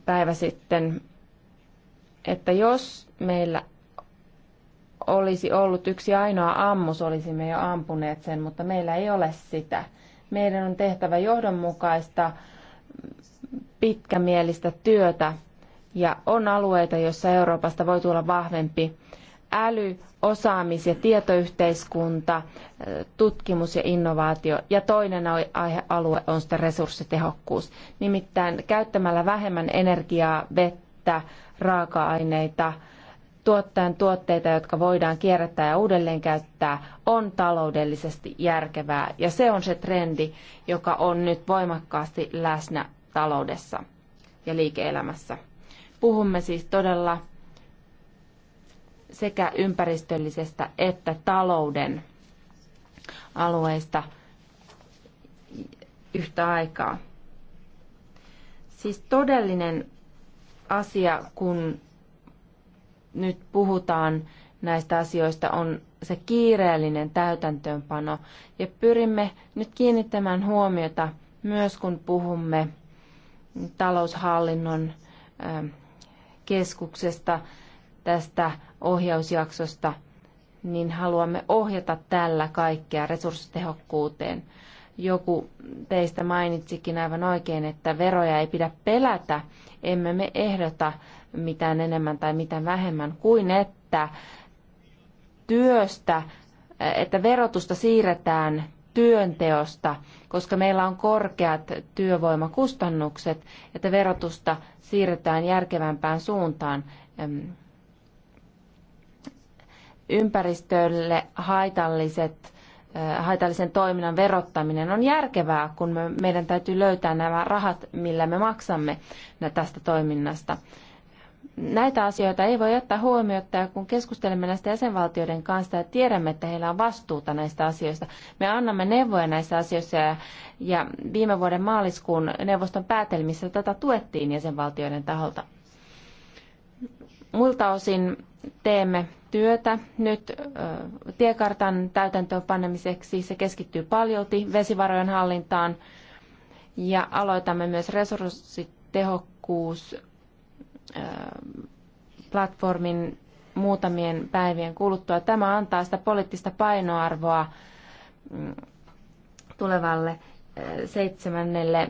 päivä sitten, että jos meillä olisi ollut yksi ainoa ammus, olisimme jo ampuneet sen, mutta meillä ei ole sitä. Meidän on tehtävä johdonmukaista, pitkämielistä työtä ja on alueita, joissa Euroopasta voi tulla vahvempi äly, osaamis- ja tietoyhteiskunta, tutkimus ja innovaatio. Ja toinen aihealue on sitten resurssitehokkuus. Nimittäin käyttämällä vähemmän energiaa, vettä, raaka-aineita, tuottajan tuotteita, jotka voidaan kierrättää ja uudelleen käyttää, on taloudellisesti järkevää. Ja se on se trendi, joka on nyt voimakkaasti läsnä taloudessa ja liike-elämässä. Puhumme siis todella sekä ympäristöllisestä että talouden alueista yhtä aikaa. Siis todellinen asia, kun nyt puhutaan näistä asioista, on se kiireellinen täytäntöönpano. Ja pyrimme nyt kiinnittämään huomiota myös, kun puhumme taloushallinnon ähm, keskuksesta tästä ohjausjaksosta, niin haluamme ohjata tällä kaikkea resurssitehokkuuteen. Joku teistä mainitsikin aivan oikein, että veroja ei pidä pelätä. Emme me ehdota mitään enemmän tai mitään vähemmän kuin että työstä, että verotusta siirretään työnteosta, koska meillä on korkeat työvoimakustannukset, että verotusta siirretään järkevämpään suuntaan ympäristölle haitalliset, haitallisen toiminnan verottaminen on järkevää, kun me, meidän täytyy löytää nämä rahat, millä me maksamme tästä toiminnasta. Näitä asioita ei voi ottaa huomioon, kun keskustelemme näistä jäsenvaltioiden kanssa ja tiedämme, että heillä on vastuuta näistä asioista. Me annamme neuvoja näissä asioissa ja, ja viime vuoden maaliskuun neuvoston päätelmissä tätä tuettiin jäsenvaltioiden taholta. Muilta osin teemme työtä nyt tiekartan täytäntöönpanemiseksi. Se keskittyy paljolti vesivarojen hallintaan ja aloitamme myös resurssitehokkuus platformin muutamien päivien kuluttua. Tämä antaa sitä poliittista painoarvoa mm, tulevalle seitsemännelle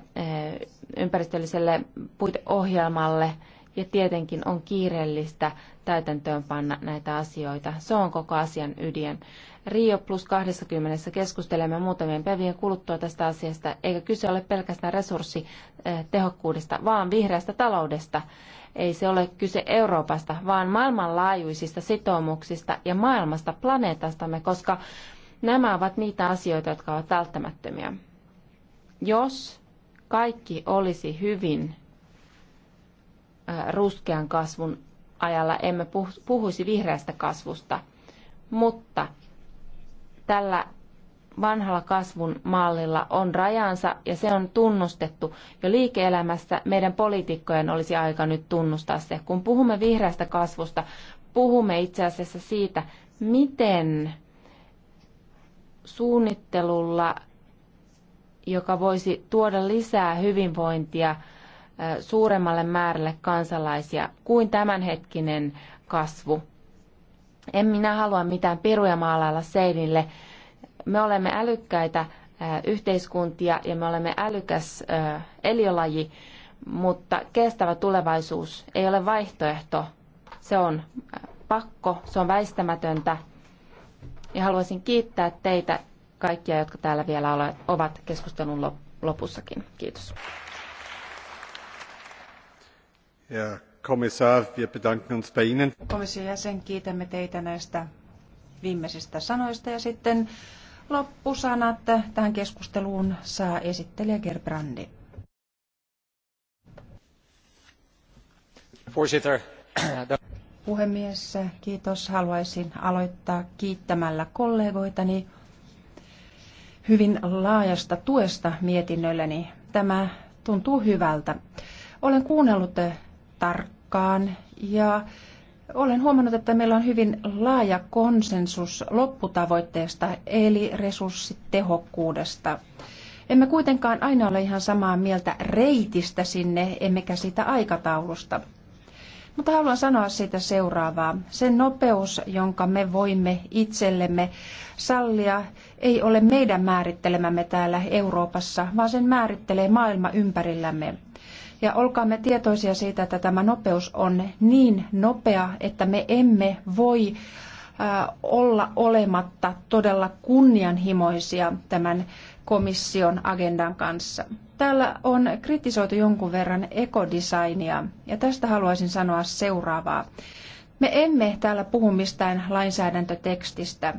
ympäristölliselle puiteohjelmalle ja tietenkin on kiireellistä täytäntöönpanna näitä asioita. Se on koko asian ydin. Rio plus 20 keskustelemme muutamien päivien kuluttua tästä asiasta, eikä kyse ole pelkästään resurssitehokkuudesta, vaan vihreästä taloudesta. Ei se ole kyse Euroopasta, vaan maailmanlaajuisista sitoumuksista ja maailmasta, planeetastamme, koska nämä ovat niitä asioita, jotka ovat välttämättömiä. Jos kaikki olisi hyvin ruskean kasvun ajalla, emme puhuisi vihreästä kasvusta, mutta tällä vanhalla kasvun mallilla on rajansa ja se on tunnustettu jo liike-elämässä. Meidän poliitikkojen olisi aika nyt tunnustaa se. Kun puhumme vihreästä kasvusta, puhumme itse asiassa siitä, miten suunnittelulla, joka voisi tuoda lisää hyvinvointia suuremmalle määrälle kansalaisia kuin tämänhetkinen kasvu. En minä halua mitään piruja maalailla seinille, me olemme älykkäitä äh, yhteiskuntia ja me olemme älykäs äh, eliölaji, mutta kestävä tulevaisuus ei ole vaihtoehto. Se on äh, pakko, se on väistämätöntä. Ja haluaisin kiittää teitä kaikkia, jotka täällä vielä ovat keskustelun lopussakin. Kiitos. Ja Kommissar, wir bedanken uns bei Ihnen. Komission jäsen, kiitämme teitä näistä viimeisistä sanoista ja sitten loppusanat tähän keskusteluun saa esittelijä Gerbrandi. Puhemies, kiitos. Haluaisin aloittaa kiittämällä kollegoitani hyvin laajasta tuesta mietinnölleni. Tämä tuntuu hyvältä. Olen kuunnellut tarkkaan ja olen huomannut, että meillä on hyvin laaja konsensus lopputavoitteesta eli resurssitehokkuudesta. Emme kuitenkaan aina ole ihan samaa mieltä reitistä sinne, emmekä sitä aikataulusta. Mutta haluan sanoa siitä seuraavaa. sen nopeus, jonka me voimme itsellemme sallia, ei ole meidän määrittelemämme täällä Euroopassa, vaan sen määrittelee maailma ympärillämme. Ja olkaamme tietoisia siitä, että tämä nopeus on niin nopea, että me emme voi äh, olla olematta todella kunnianhimoisia tämän komission agendan kanssa. Täällä on kritisoitu jonkun verran ekodesignia ja tästä haluaisin sanoa seuraavaa. Me emme täällä puhu mistään lainsäädäntötekstistä.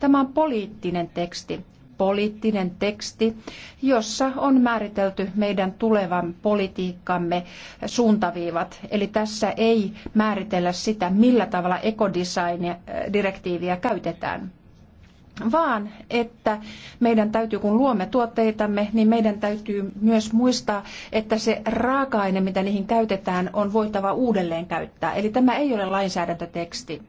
Tämä on poliittinen teksti poliittinen teksti, jossa on määritelty meidän tulevan politiikkamme suuntaviivat. Eli tässä ei määritellä sitä, millä tavalla ekodesign-direktiiviä käytetään vaan että meidän täytyy, kun luomme tuotteitamme, niin meidän täytyy myös muistaa, että se raaka-aine, mitä niihin käytetään, on voitava uudelleen käyttää. Eli tämä ei ole lainsäädäntöteksti.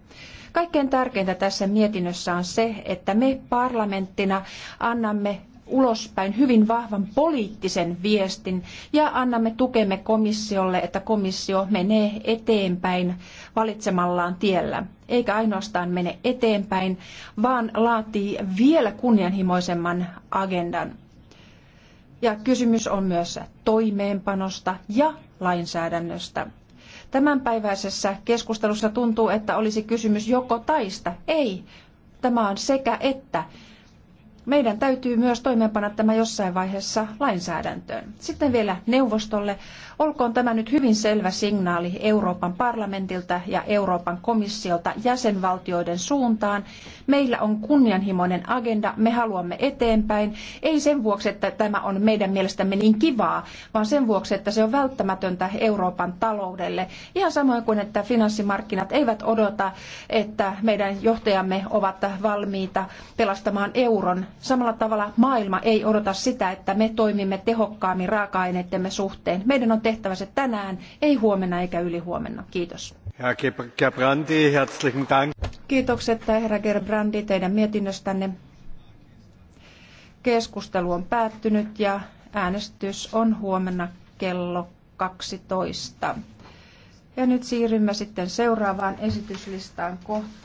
Kaikkein tärkeintä tässä mietinnössä on se, että me parlamenttina annamme ulospäin hyvin vahvan poliittisen viestin ja annamme tukemme komissiolle, että komissio menee eteenpäin valitsemallaan tiellä. Eikä ainoastaan mene eteenpäin, vaan laatii vielä kunnianhimoisemman agendan. Ja kysymys on myös toimeenpanosta ja lainsäädännöstä. Tämänpäiväisessä keskustelussa tuntuu, että olisi kysymys joko taista. Ei, tämä on sekä että meidän täytyy myös toimeenpanna tämä jossain vaiheessa lainsäädäntöön. Sitten vielä neuvostolle. Olkoon tämä nyt hyvin selvä signaali Euroopan parlamentilta ja Euroopan komissiolta jäsenvaltioiden suuntaan. Meillä on kunnianhimoinen agenda, me haluamme eteenpäin. Ei sen vuoksi, että tämä on meidän mielestämme niin kivaa, vaan sen vuoksi, että se on välttämätöntä Euroopan taloudelle. Ihan samoin kuin, että finanssimarkkinat eivät odota, että meidän johtajamme ovat valmiita pelastamaan euron Samalla tavalla maailma ei odota sitä, että me toimimme tehokkaammin raaka-aineittemme suhteen. Meidän on tehtävä se tänään, ei huomenna eikä ylihuomenna. Kiitos. Kiitokset herra Gerbrandi teidän mietinnöstänne. Keskustelu on päättynyt ja äänestys on huomenna kello 12. Ja nyt siirrymme sitten seuraavaan esityslistaan kohtaan.